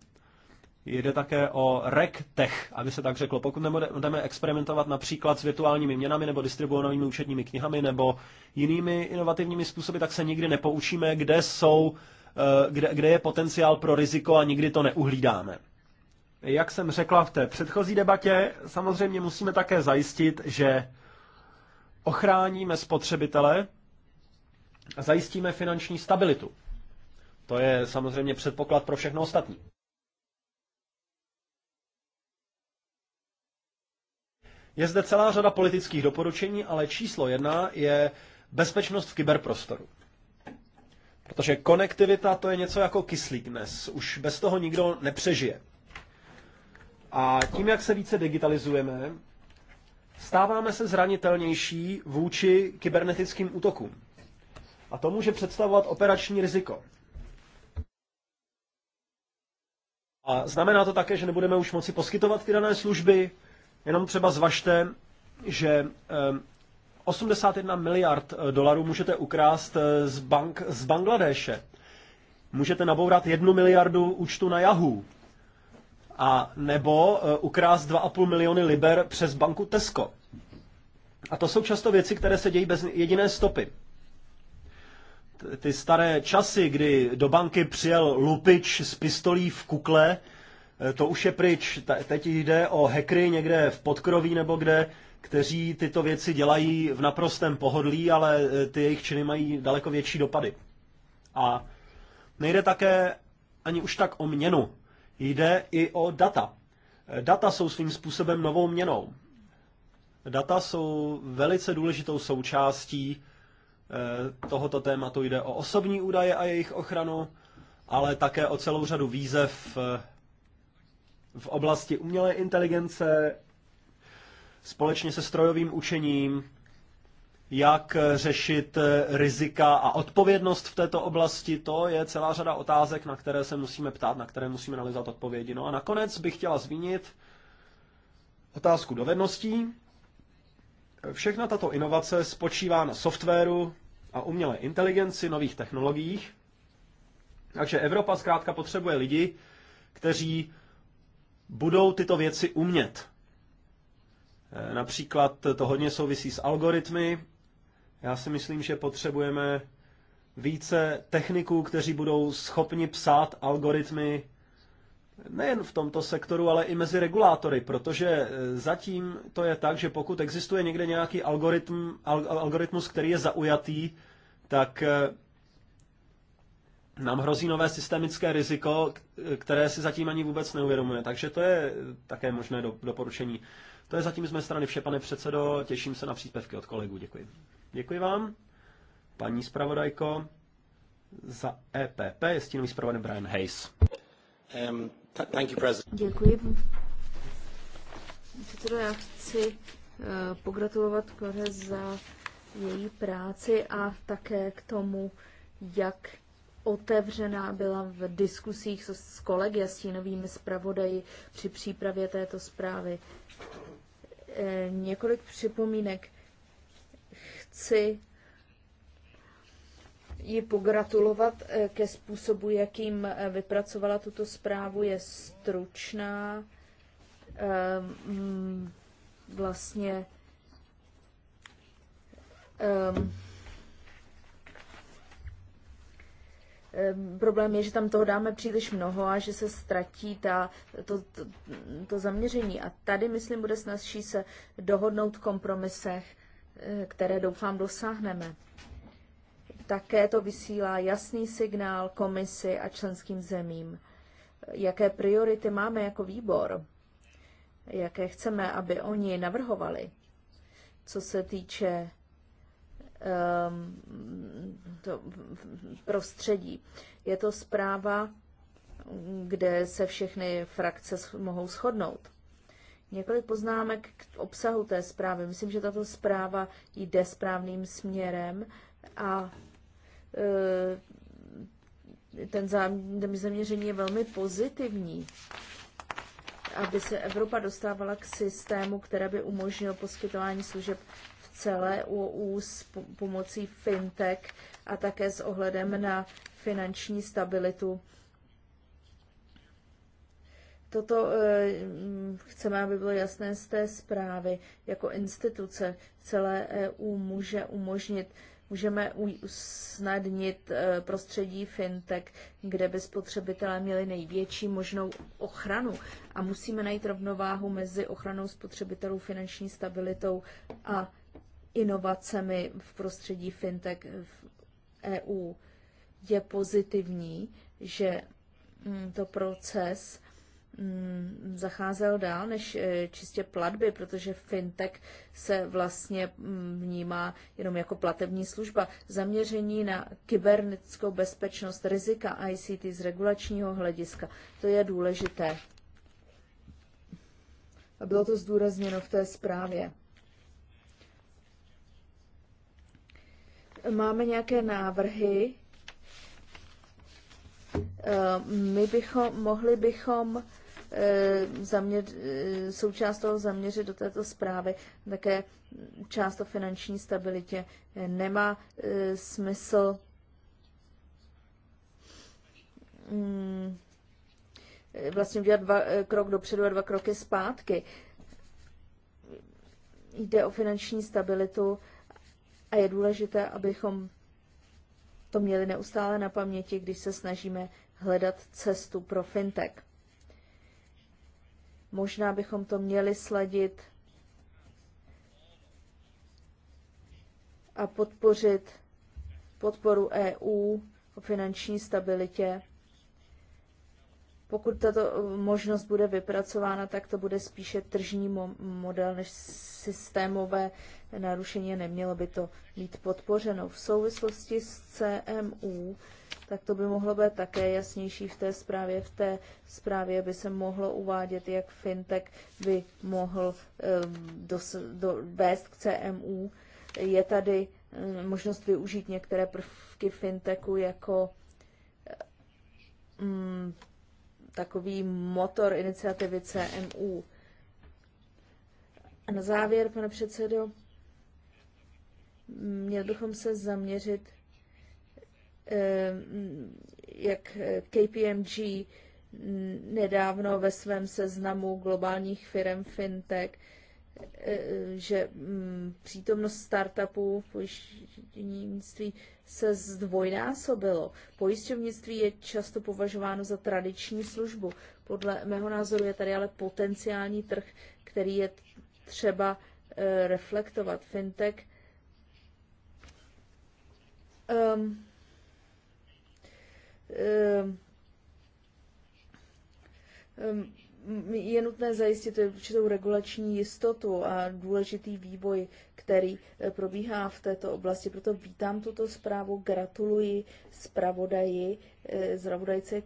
Jde také o RegTech, aby se tak řeklo. Pokud nebudeme experimentovat například s virtuálními měnami nebo distribuovanými účetními knihami nebo jinými inovativními způsoby, tak se nikdy nepoučíme, kde, jsou, eh, kde, kde je potenciál pro riziko a nikdy to neuhlídáme. Jak jsem řekla v té předchozí debatě, samozřejmě musíme také zajistit, že ochráníme spotřebitele a zajistíme finanční stabilitu. To je samozřejmě předpoklad pro všechno ostatní. Je zde celá řada politických doporučení, ale číslo jedna je bezpečnost v kyberprostoru. Protože konektivita to je něco jako kyslík dnes. Už bez toho nikdo nepřežije. A tím, jak se více digitalizujeme, stáváme se zranitelnější vůči kybernetickým útokům. A to může představovat operační riziko. A znamená to také, že nebudeme už moci poskytovat ty dané služby, Jenom třeba zvažte, že 81 eh, miliard eh, dolarů můžete ukrást eh, z, bank, z Bangladeše. Můžete nabourat jednu miliardu účtu na Yahoo. A nebo ukrást 2,5 miliony liber přes banku Tesco. A to jsou často věci, které se dějí bez jediné stopy. Ty staré časy, kdy do banky přijel lupič s pistolí v kukle, Eh, to už je pryč. Teď jde o hekry někde v podkroví nebo kde, kteří tyto věci dělají v naprostém pohodlí, ale eh, ty jejich činy mají daleko větší dopady. A nejde také ani už tak o měnu. Jde i o data. Eh, data jsou svým způsobem novou měnou. Data jsou velice důležitou součástí tohoto tématu. Jde o osobní údaje a jejich ochranu, ale také o celou řadu výzev v oblasti umělé inteligence společně se strojovým učením, jak řešit rizika a odpovědnost v této oblasti, to je celá řada otázek, na které se musíme ptát, na které musíme nalizat odpovědi. No a nakonec bych chtěla zmínit otázku dovedností. Všechna tato inovace spočívá na softwaru a umělé inteligenci, nových technologiích. Takže Evropa zkrátka potřebuje lidi, kteří budou tyto věci umět. Eh, například to hodně souvisí s algoritmy. Já si myslím, že potřebujeme více techniků, kteří budou schopni psát algoritmy nejen v tomto sektoru, ale i mezi regulátory, protože eh, zatím to je tak, že pokud existuje někde nějaký algoritm, algoritmus, který je zaujatý, tak eh, nám hrozí nové systemické riziko, které si zatím ani vůbec neuvědomuje. Takže to je také možné doporučení. To je zatím z mé strany vše, pane předsedo. Těším se na příspěvky od kolegů. Děkuji. Děkuji vám, paní zpravodajko, za EPP. Je stínový zpravodaj Brian Hayes. Um, thank you, president.
Děkuji. Předsedo, já chci uh, pogratulovat Kore za její práci a také k tomu, jak otevřená byla v diskusích s, kolegy a stínovými zpravodaji při přípravě této zprávy. E, několik připomínek. Chci ji pogratulovat e, ke způsobu, jakým e, vypracovala tuto zprávu. Je stručná, vlastně Ehm, problém je, že tam toho dáme příliš mnoho a že se ztratí ta, to, to, to zaměření. A tady, myslím, bude snazší se dohodnout v kompromisech, eh, které doufám dosáhneme. Také to vysílá jasný signál komisi a členským zemím, jaké priority máme jako výbor, jaké chceme, aby oni navrhovali, co se týče Ehm, to prostředí. Je to zpráva, kde se všechny frakce mohou shodnout. Několik poznámek k obsahu té zprávy. Myslím, že tato zpráva jde správným směrem a eh, ten zaměření je velmi pozitivní, aby se Evropa dostávala k systému, které by umožnil poskytování služeb celé EU s pomocí fintech a také s ohledem na finanční stabilitu. Toto eh, chceme, aby bylo jasné z té zprávy. Jako instituce celé EU může umožnit, můžeme usnadnit eh, prostředí fintech, kde by spotřebitelé měli největší možnou ochranu. A musíme najít rovnováhu mezi ochranou spotřebitelů, finanční stabilitou a inovacemi v prostředí fintech v EU. Je pozitivní, že mm, to proces mm, zacházel dál než e, čistě platby, protože fintech se vlastně mm, vnímá jenom jako platební služba. Zaměření na kybernetickou bezpečnost rizika ICT z regulačního hlediska, to je důležité. A bylo to zdůrazněno v té zprávě. máme nějaké návrhy. Eh, my bychom, mohli bychom eh, zaměř, eh, součást toho zaměřit do této zprávy, také část o finanční stabilitě. Nemá smysl mm, vlastně udělat dva, krok dopředu a dva kroky zpátky. Jde o finanční stabilitu a je důležité, abychom to měli neustále na paměti, když se snažíme hledat cestu pro fintech. Možná bychom to měli sladit a podpořit podporu EU o finanční stabilitě pokud tato možnost bude vypracována, tak to bude spíše tržní model než systémové narušení. Nemělo by to být podpořeno. V souvislosti s CMU, tak to by mohlo být také jasnější v té zprávě. V té zprávě by se mohlo uvádět, jak fintech by mohl ehm, dos, do, vést k CMU. Je tady ehm, možnost využít některé prvky fintechu jako ehm, takový motor iniciativy CMU. A na závěr, pane předsedo, měl bychom se zaměřit, eh, jak KPMG nedávno ve svém seznamu globálních firm fintech E, že mm, přítomnost startupů v pojišťovnictví se zdvojnásobilo. Pojišťovnictví je často považováno za tradiční službu. Podle mého názoru je tady ale potenciální trh, který je třeba e, reflektovat. Fintech um, um, um je nutné zajistit určitou regulační jistotu a důležitý vývoj, který eh, probíhá v této oblasti. Proto vítám tuto zprávu, gratuluji zpravodaji, eh, zpravodajce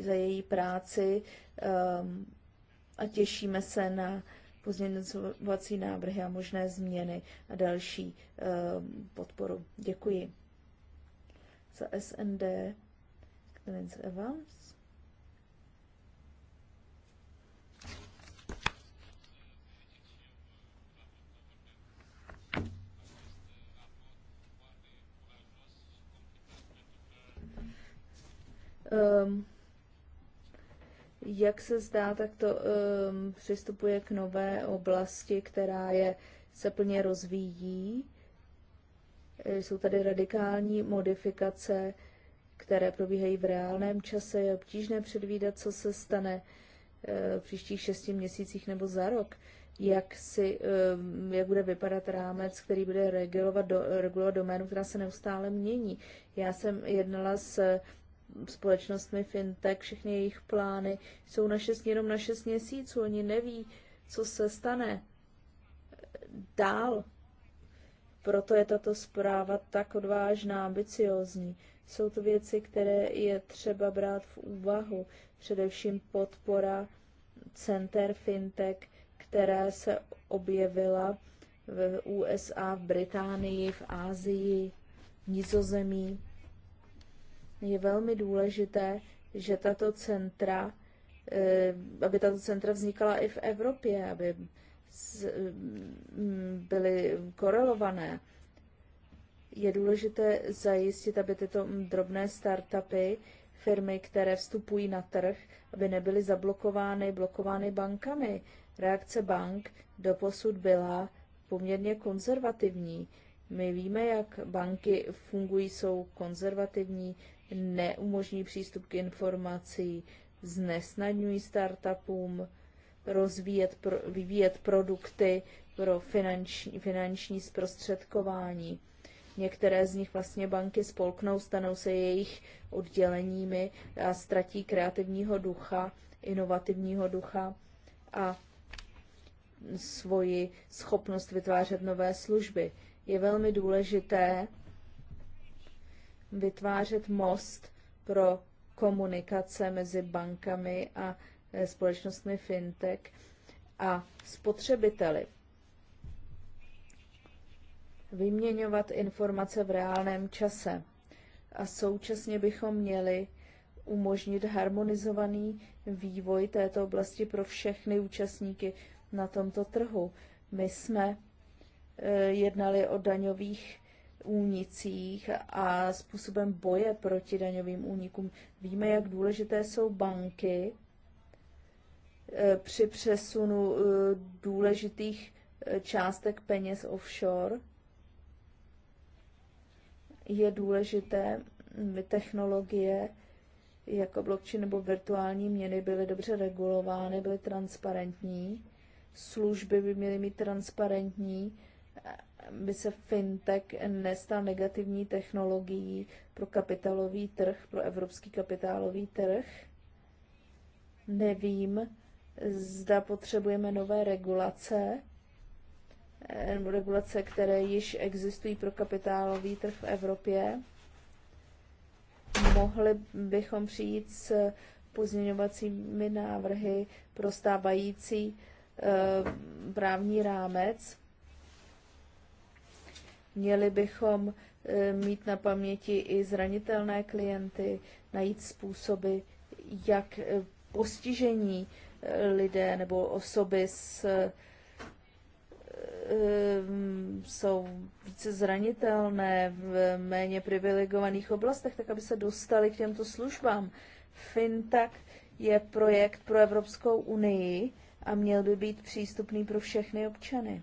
za její práci ehm, a těšíme se na pozměňovací návrhy a možné změny a další ehm, podporu. Děkuji. Za SND, Clarence Evans. um, jak se zdá, tak to um, přistupuje k nové oblasti, která je se plně rozvíjí. E, jsou tady radikální modifikace, které probíhají v reálném čase. Je obtížné předvídat, co se stane e, v příštích šesti měsících nebo za rok. Jak, si, ehm, jak bude vypadat rámec, který bude regulovat, do, regulovat doménu, která se neustále mění. Já jsem jednala s společnostmi fintech, všechny jejich plány jsou na šest, jenom na 6 měsíců, oni neví, co se stane dál. Proto je tato zpráva tak odvážná, ambiciozní. Jsou to věci, které je třeba brát v úvahu, především podpora center fintech, které se objevila v USA, v Británii, v Ázii, v Nizozemí je velmi důležité, že tato centra, eh, aby tato centra vznikala i v Evropě, aby mm, byly korelované. Je důležité zajistit, aby tyto drobné startupy, firmy, které vstupují na trh, aby nebyly zablokovány, blokovány bankami. Reakce bank do posud byla poměrně konzervativní. My víme, jak banky fungují, jsou konzervativní, neumožní přístup k informací, znesnadňují startupům rozvíjet, pro, vyvíjet produkty pro finanční, finanční zprostředkování. Některé z nich vlastně banky spolknou, stanou se jejich odděleními a ztratí kreativního ducha, inovativního ducha a svoji schopnost vytvářet nové služby. Je velmi důležité vytvářet most pro komunikace mezi bankami a eh, společnostmi fintech a spotřebiteli. Vyměňovat informace v reálném čase. A současně bychom měli umožnit harmonizovaný vývoj této oblasti pro všechny účastníky na tomto trhu. My jsme eh, jednali o daňových únicích a způsobem boje proti daňovým únikům. Víme, jak důležité jsou banky e, při přesunu e, důležitých e, částek peněz offshore. Je důležité, technologie jako blockchain nebo virtuální měny byly dobře regulovány, byly transparentní, služby by měly mít transparentní by se fintech nestal negativní technologií pro kapitálový trh, pro evropský kapitálový trh. Nevím, zda potřebujeme nové regulace, eh, regulace, které již existují pro kapitálový trh v Evropě. Mohli bychom přijít s pozměňovacími návrhy pro stávající eh, právní rámec, Měli bychom eh, mít na paměti i zranitelné klienty, najít způsoby, jak eh, postižení eh, lidé nebo osoby s, jsou více zranitelné v méně privilegovaných oblastech, tak aby se dostali k těmto službám. FinTech je projekt pro Evropskou unii a měl by být přístupný pro všechny občany.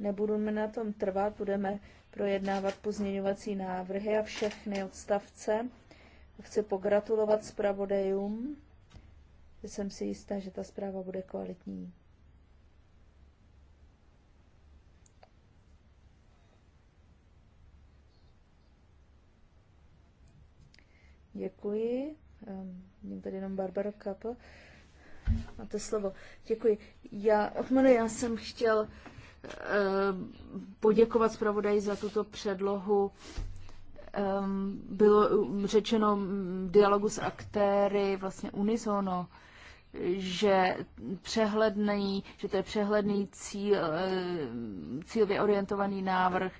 Nebudeme na tom trvat, budeme projednávat pozměňovací návrhy a všechny odstavce. Chci pogratulovat zpravodajům. Jsem si jistá, že ta zpráva bude kvalitní. Děkuji. Měl ehm, tady jenom Barbara Kapl. Máte slovo. Děkuji. Já, Otmane, já jsem chtěl Eh, poděkovat zpravodaji za tuto předlohu. Bylo um, řečeno v mm, dialogu s aktéry vlastně unisono, že přehledný, že to je přehledný cíl, eh, cílově orientovaný návrh,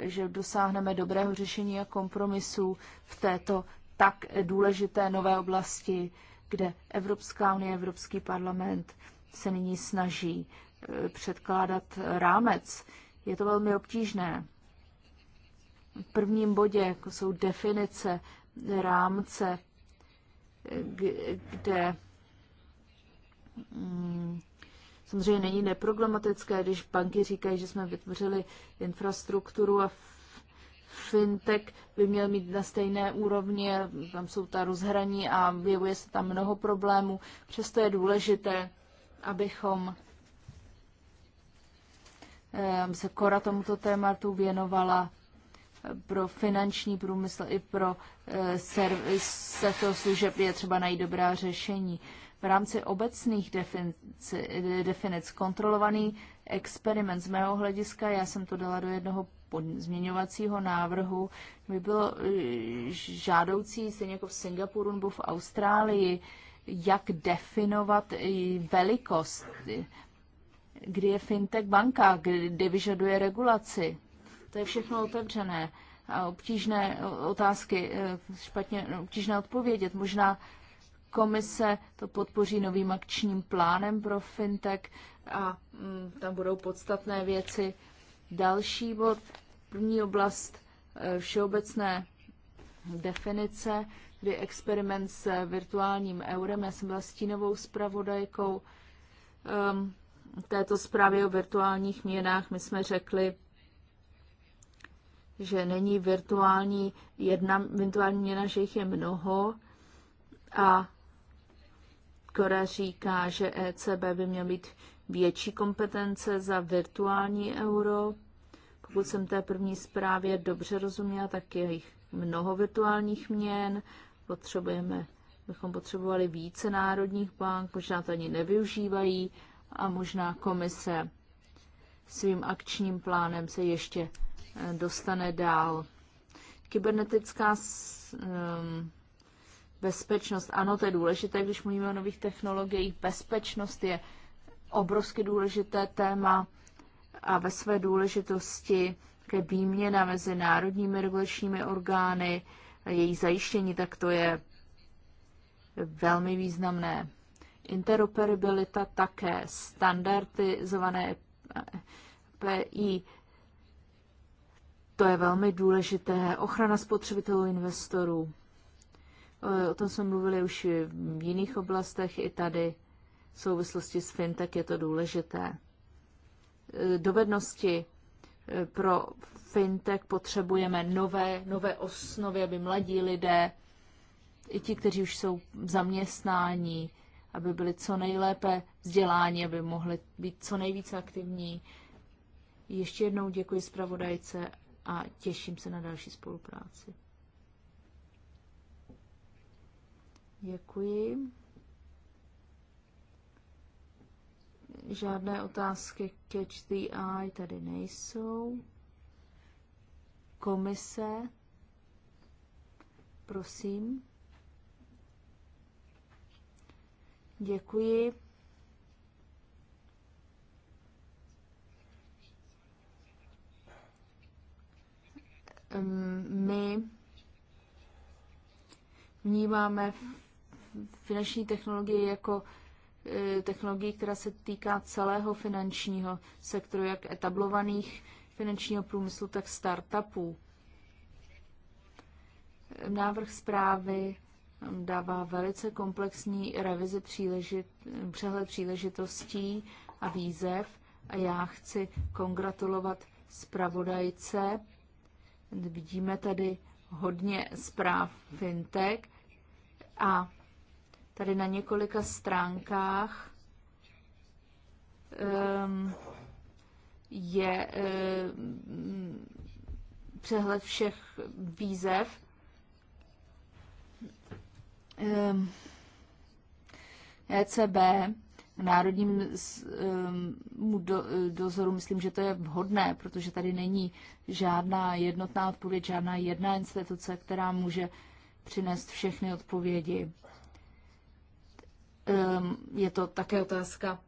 že dosáhneme dobrého řešení a kompromisu v této tak důležité nové oblasti, kde Evropská unie, Evropský parlament se nyní snaží předkládat rámec. Je to velmi obtížné. V prvním bodě jako jsou definice rámce, kde mm, samozřejmě není neproblematické, když banky říkají, že jsme vytvořili infrastrukturu a fintech by měl mít na stejné úrovni, tam jsou ta rozhraní a vyjevuje se tam mnoho problémů. Přesto je důležité, abychom se Kora tomuto tématu věnovala pro finanční průmysl i pro eh, servis sektor služeb je třeba najít dobrá řešení. V rámci obecných definic, definic kontrolovaný experiment z mého hlediska, já jsem to dala do jednoho změňovacího návrhu, by bylo eh, žádoucí, stejně jako v Singapuru nebo v Austrálii, jak definovat velikost kdy je fintech banka, kdy vyžaduje regulaci. To je všechno otevřené a obtížné otázky, e, špatně no, obtížné odpovědět. Možná komise to podpoří novým akčním plánem pro fintech a mm, tam budou podstatné věci. Další bod, první oblast e, všeobecné definice, kdy experiment s virtuálním eurem, já jsem byla stínovou zpravodajkou, um, v této zprávě o virtuálních měnách my jsme řekli, že není virtuální jedna virtuální měna, že jich je mnoho a Kora říká, že ECB by měl být větší kompetence za virtuální euro. Pokud jsem té první zprávě dobře rozuměla, tak je jich mnoho virtuálních měn. Potřebujeme, bychom potřebovali více národních bank, možná to ani nevyužívají a možná komise svým akčním plánem se ještě eh, dostane dál. Kybernetická ehm, bezpečnost, ano, to je důležité, když mluvíme o nových technologiích. Bezpečnost je obrovsky důležité téma a ve své důležitosti ke výměna mezi národními regulačními orgány, jejich zajištění, tak to je velmi významné interoperabilita, také standardy zvané PI. To je velmi důležité. Ochrana spotřebitelů investorů. O tom jsme mluvili už v jiných oblastech, i tady v souvislosti s fintech je to důležité. Dovednosti pro fintech potřebujeme nové, nové osnovy, aby mladí lidé, i ti, kteří už jsou v zaměstnání, aby byli co nejlépe vzděláni, aby mohli být co nejvíce aktivní. Ještě jednou děkuji zpravodajce a těším se na další spolupráci. Děkuji. Žádné otázky catch the eye tady nejsou. Komise, prosím. Děkuji. My vnímáme finanční technologii jako e, technologii, která se týká celého finančního sektoru, jak etablovaných finančního průmyslu, tak startupů. Návrh zprávy dává velice komplexní revizi příležit, přehled příležitostí a výzev a já chci kongratulovat zpravodajce. Vidíme tady hodně zpráv fintech a tady na několika stránkách um, je um, přehled všech výzev ECB eh, e k národním ehm, dozoru, myslím, že to je vhodné, protože tady není žádná jednotná odpověď, žádná jedna instituce, která může přinést všechny odpovědi. Ehm, je to také otázka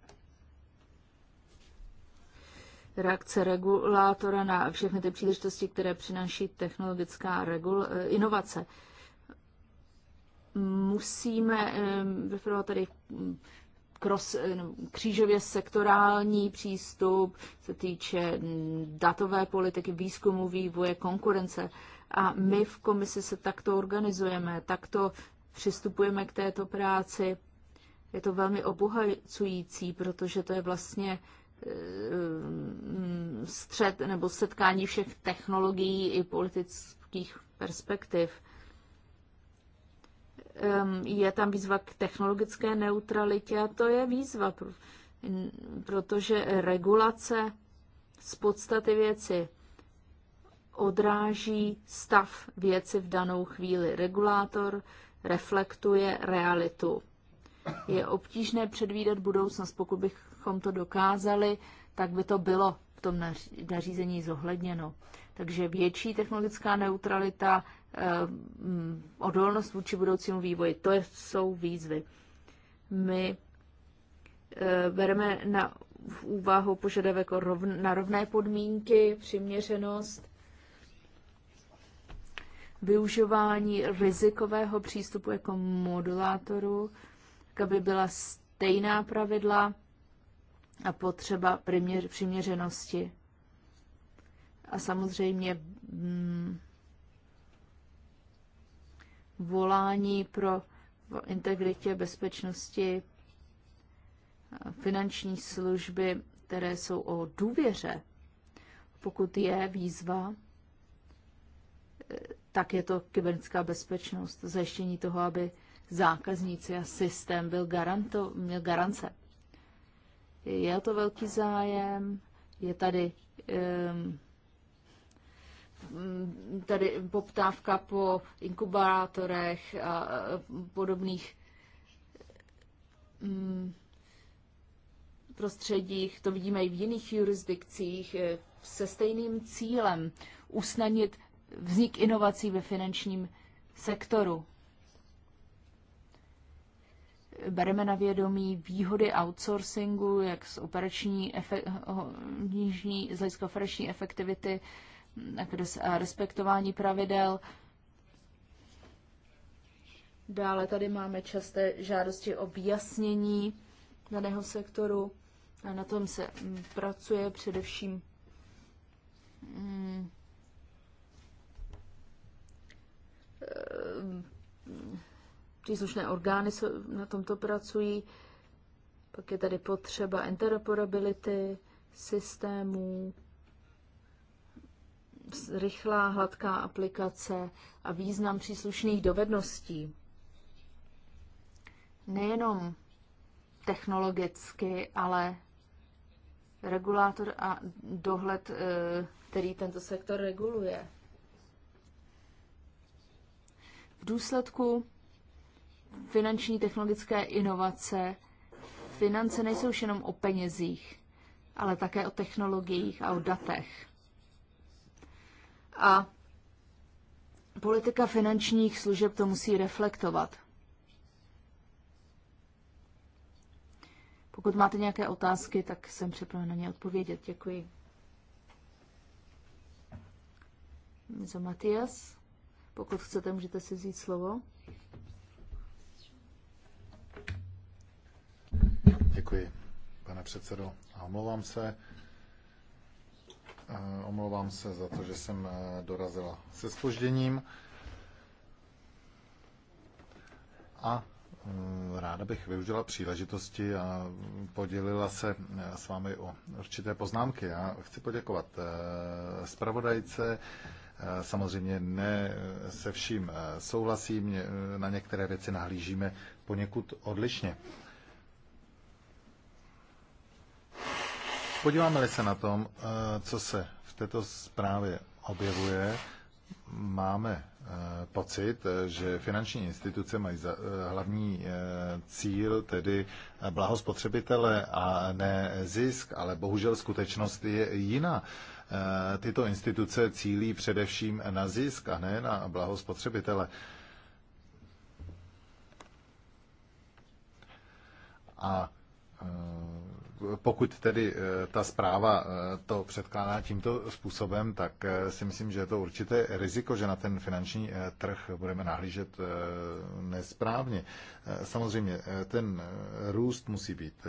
reakce regulátora na všechny ty příležitosti, které přináší technologická regul- eh, inovace musíme vyfilovat tady mm, cross, křížově sektorální přístup, se týče mm, datové politiky, výzkumu, vývoje, konkurence. A my v komisi se takto organizujeme, takto přistupujeme k této práci. Je to velmi obohacující, protože to je vlastně střed nebo setkání všech technologií i politických perspektiv je tam výzva k technologické neutralitě a to je výzva, protože regulace z podstaty věci odráží stav věci v danou chvíli. Regulátor reflektuje realitu. Je obtížné předvídat budoucnost. Pokud bychom to dokázali, tak by to bylo v tom nařízení zohledněno. Takže větší technologická neutralita Eh, odolnost vůči budoucímu vývoji. To jsou výzvy. My eh, bereme na, v úvahu požadavek na rovné podmínky, přiměřenost, využívání rizikového přístupu jako modulátoru, aby byla stejná pravidla a potřeba přiměřenosti. A samozřejmě mm, volání pro integritě, bezpečnosti, finanční služby, které jsou o důvěře. Pokud je výzva, tak je to kybernetická bezpečnost, zajištění toho, aby zákazníci a systém byl garanto, měl garance. Je to velký zájem, je tady um, Mm, tady poptávka po inkubátorech a podobných mm, prostředích, to vidíme i v jiných jurisdikcích, eh, se stejným cílem usnadnit vznik inovací ve finančním sektoru. Bereme na vědomí výhody outsourcingu, jak z operační, efe, z hlediska operační efektivity, jako a respektování pravidel. Dále tady máme časté žádosti o vyjasnění daného sektoru. A na tom se mm, pracuje především mm, eh, příslušné orgány na tomto pracují. Pak je tady potřeba interoperability systémů, rychlá, hladká aplikace a význam příslušných dovedností. Nejenom technologicky, ale regulátor a dohled, eh, který tento sektor reguluje. V důsledku finanční technologické inovace finance nejsou už jenom o penězích, ale také o technologiích a o datech. A politika finančních služeb to musí reflektovat. Pokud máte nějaké otázky, tak jsem připraven na ně odpovědět. Děkuji. Za Matias. Pokud chcete, můžete si vzít slovo.
Děkuji, pane předsedo. A omlouvám se, Eh, omlouvám se za to, že jsem eh, dorazila se spožděním. A mm, ráda bych využila příležitosti a podělila se eh, s vámi o určité poznámky. Já chci poděkovat zpravodajce. Samozřejmě ne se vším souhlasím, na některé věci nahlížíme poněkud odlišně. Podíváme-li se na tom, eh, co se v této zprávě objevuje, máme eh, pocit, že finanční instituce mají za, eh, hlavní cíl, tedy blaho spotřebitele a ne zisk, ale bohužel skutečnost je jiná. Tyto instituce cílí především na zisk a ne na blaho spotřebitele. A pokud tedy eh, ta zpráva eh, to předkládá tímto způsobem, tak eh, si myslím, že je to určité riziko, že na ten finanční trh budeme nahlížet nesprávně. Samozřejmě ten růst musí být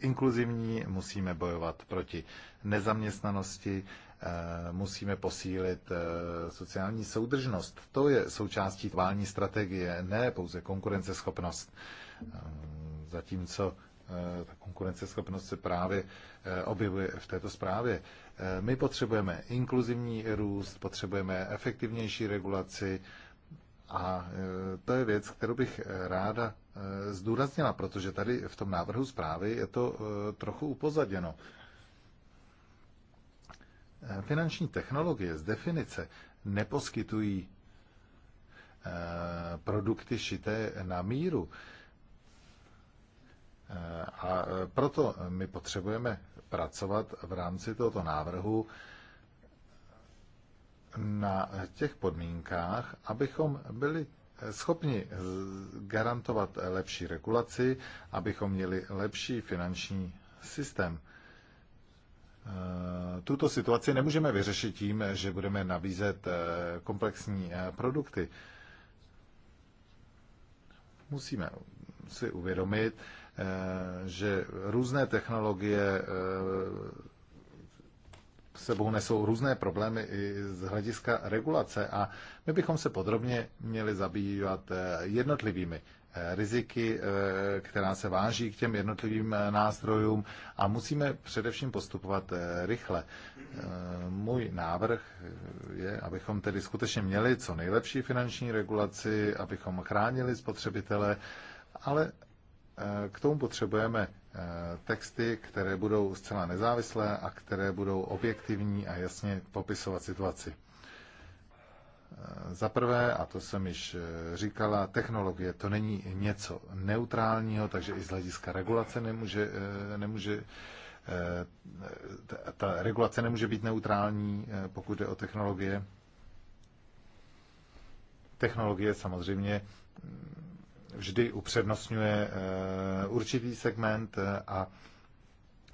inkluzivní, musíme bojovat proti nezaměstnanosti, musíme posílit sociální soudržnost. To je součástí tvální strategie, ne pouze konkurenceschopnost. Zatímco Eh, ta konkurenceschopnost se právě eh, objevuje v této zprávě. Eh, my potřebujeme inkluzivní růst, potřebujeme efektivnější regulaci a to je věc, kterou bych ráda zdůraznila, protože tady v tom návrhu zprávy je to trochu upozaděno. Finanční technologie z definice neposkytují produkty šité na míru. A e, proto my potřebujeme pracovat v rámci tohoto návrhu na těch podmínkách, abychom byli schopni garantovat lepší regulaci, abychom měli lepší finanční systém. E, tuto situaci nemůžeme vyřešit tím, že budeme nabízet e, komplexní produkty. Musíme si uvědomit, Eh, že různé technologie eh, sebou nesou různé problémy i z hlediska regulace a my bychom se podrobně měli zabývat eh, jednotlivými riziky, která se váží k těm jednotlivým nástrojům a musíme především postupovat rychle. Můj návrh je, abychom tedy skutečně měli co nejlepší finanční regulaci, abychom chránili spotřebitele, ale Eh, k tomu potřebujeme eh, texty, které budou zcela nezávislé a které budou objektivní a jasně popisovat situaci. Eh, za prvé, a to jsem již říkala, technologie to není něco neutrálního, takže i z hlediska regulace nemůže, nemůže ta regulace nemůže být neutrální, pokud jde o technologie. Technologie samozřejmě vždy upřednostňuje eh, určitý segment eh, a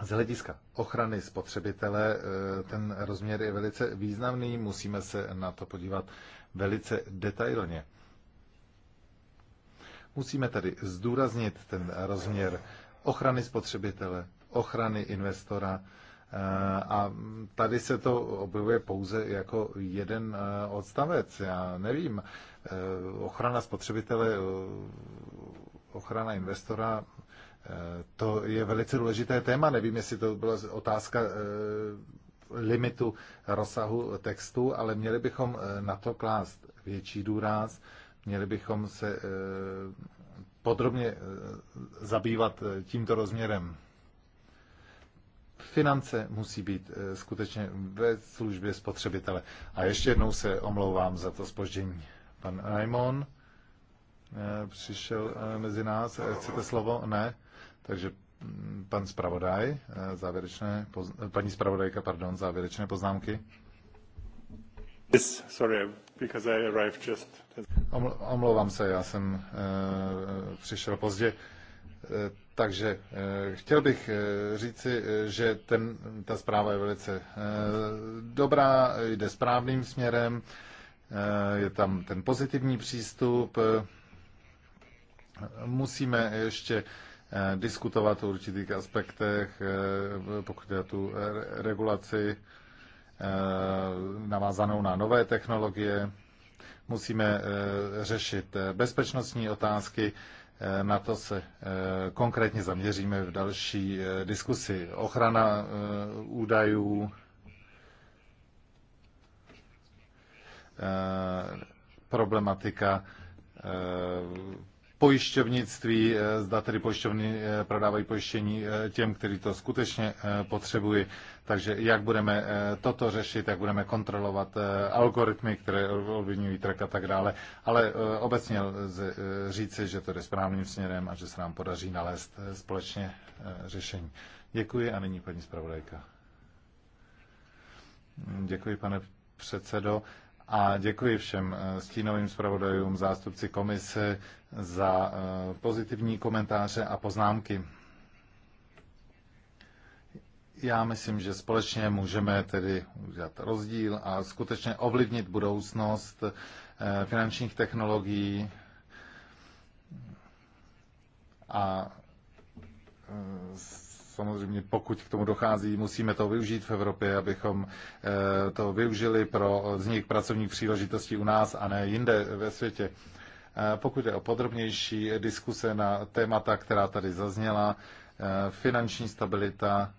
z hlediska ochrany spotřebitele eh, ten rozměr je velice významný, musíme se na to podívat velice detailně. Musíme tedy zdůraznit ten rozměr ochrany spotřebitele, ochrany investora a tady se to objevuje pouze jako jeden odstavec. Já nevím, Eh, ochrana spotřebitele, eh, ochrana investora, eh, to je velice důležité téma. Nevím, jestli to byla otázka limitu rozsahu textu, ale měli bychom na to klást větší důraz, měli bychom se podrobně zabývat tímto rozměrem. Finance musí být skutečně ve službě spotřebitele. A ještě jednou se omlouvám za to spoždění. Pan Raimon eh, přišel eh, mezi nás. Eh, chcete slovo? Ne. Takže mm, pan zpravodaj, závěrečné, paní zpravodajka, pardon, závěrečné poznámky. Yes, sorry, because I arrived just... Omlouvám se, já jsem přišel pozdě. Takže chtěl bych říci, že ten, ta zpráva je velice dobrá, jde správným směrem. Eh, je tam ten pozitivní přístup. Eh, musíme ještě eh, diskutovat o určitých aspektech, pokud je tu regulaci navázanou na nové technologie. Musíme řešit bezpečnostní otázky, na to se konkrétně zaměříme v další diskusi. Ochrana údajů, Eh, problematika eh, pojišťovnictví, eh, zda tedy pojišťovny prodávají pojištění těm, kteří to skutečně potřebují. Takže jak budeme toto řešit, jak budeme kontrolovat algoritmy, které ovlivňují trh a tak dále. Ale obecně lze říci, že to jde správným směrem a že se nám podaří nalézt společně řešení. Děkuji a nyní paní zpravodajka. Děkuji, pane předsedo. A děkuji všem eh, stínovým zpravodajům, zástupci komise za eh, pozitivní komentáře a poznámky. Já myslím, že společně můžeme tedy udělat rozdíl a skutečně ovlivnit budoucnost eh, finančních technologií a samozřejmě pokud k tomu dochází, musíme to využít v Evropě, abychom eh, to využili pro vznik pracovních příležitostí u nás a ne jinde ve světě. Eh, pokud je o podrobnější diskuse na témata, která tady zazněla, eh, finanční stabilita,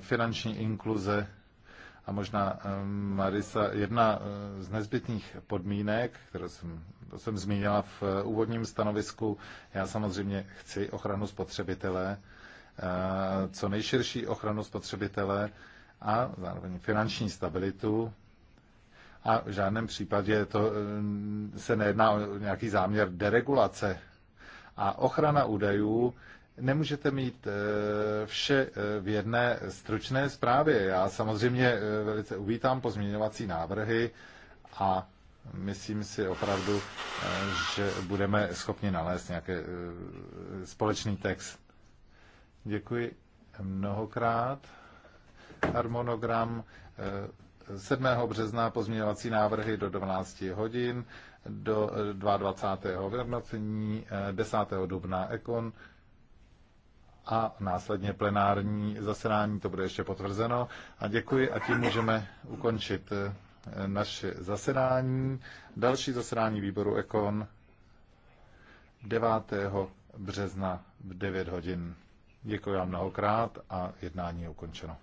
finanční inkluze a možná Marisa, jedna z nezbytných podmínek, kterou jsem, to jsem zmínila v úvodním stanovisku, já samozřejmě chci ochranu spotřebitele, co nejširší ochranu spotřebitele a zároveň finanční stabilitu. A v žádném případě to e, se nejedná o nějaký záměr deregulace. A ochrana údajů nemůžete mít e, vše e, v jedné stručné zprávě. Já samozřejmě velice uvítám pozměňovací návrhy a myslím si opravdu, že budeme schopni nalézt nějaký společný text. Děkuji mnohokrát. Harmonogram 7. Eh, března pozměňovací návrhy do 12 hodin, do 22. Eh, vyhodnocení, 10. Eh, dubna ekon a následně plenární zasedání, to bude ještě potvrzeno. A děkuji a tím můžeme ukončit naše zasedání. Další zasedání výboru Ekon 9. března v 9 hodin. Děkuji vám mnohokrát a jednání je ukončeno.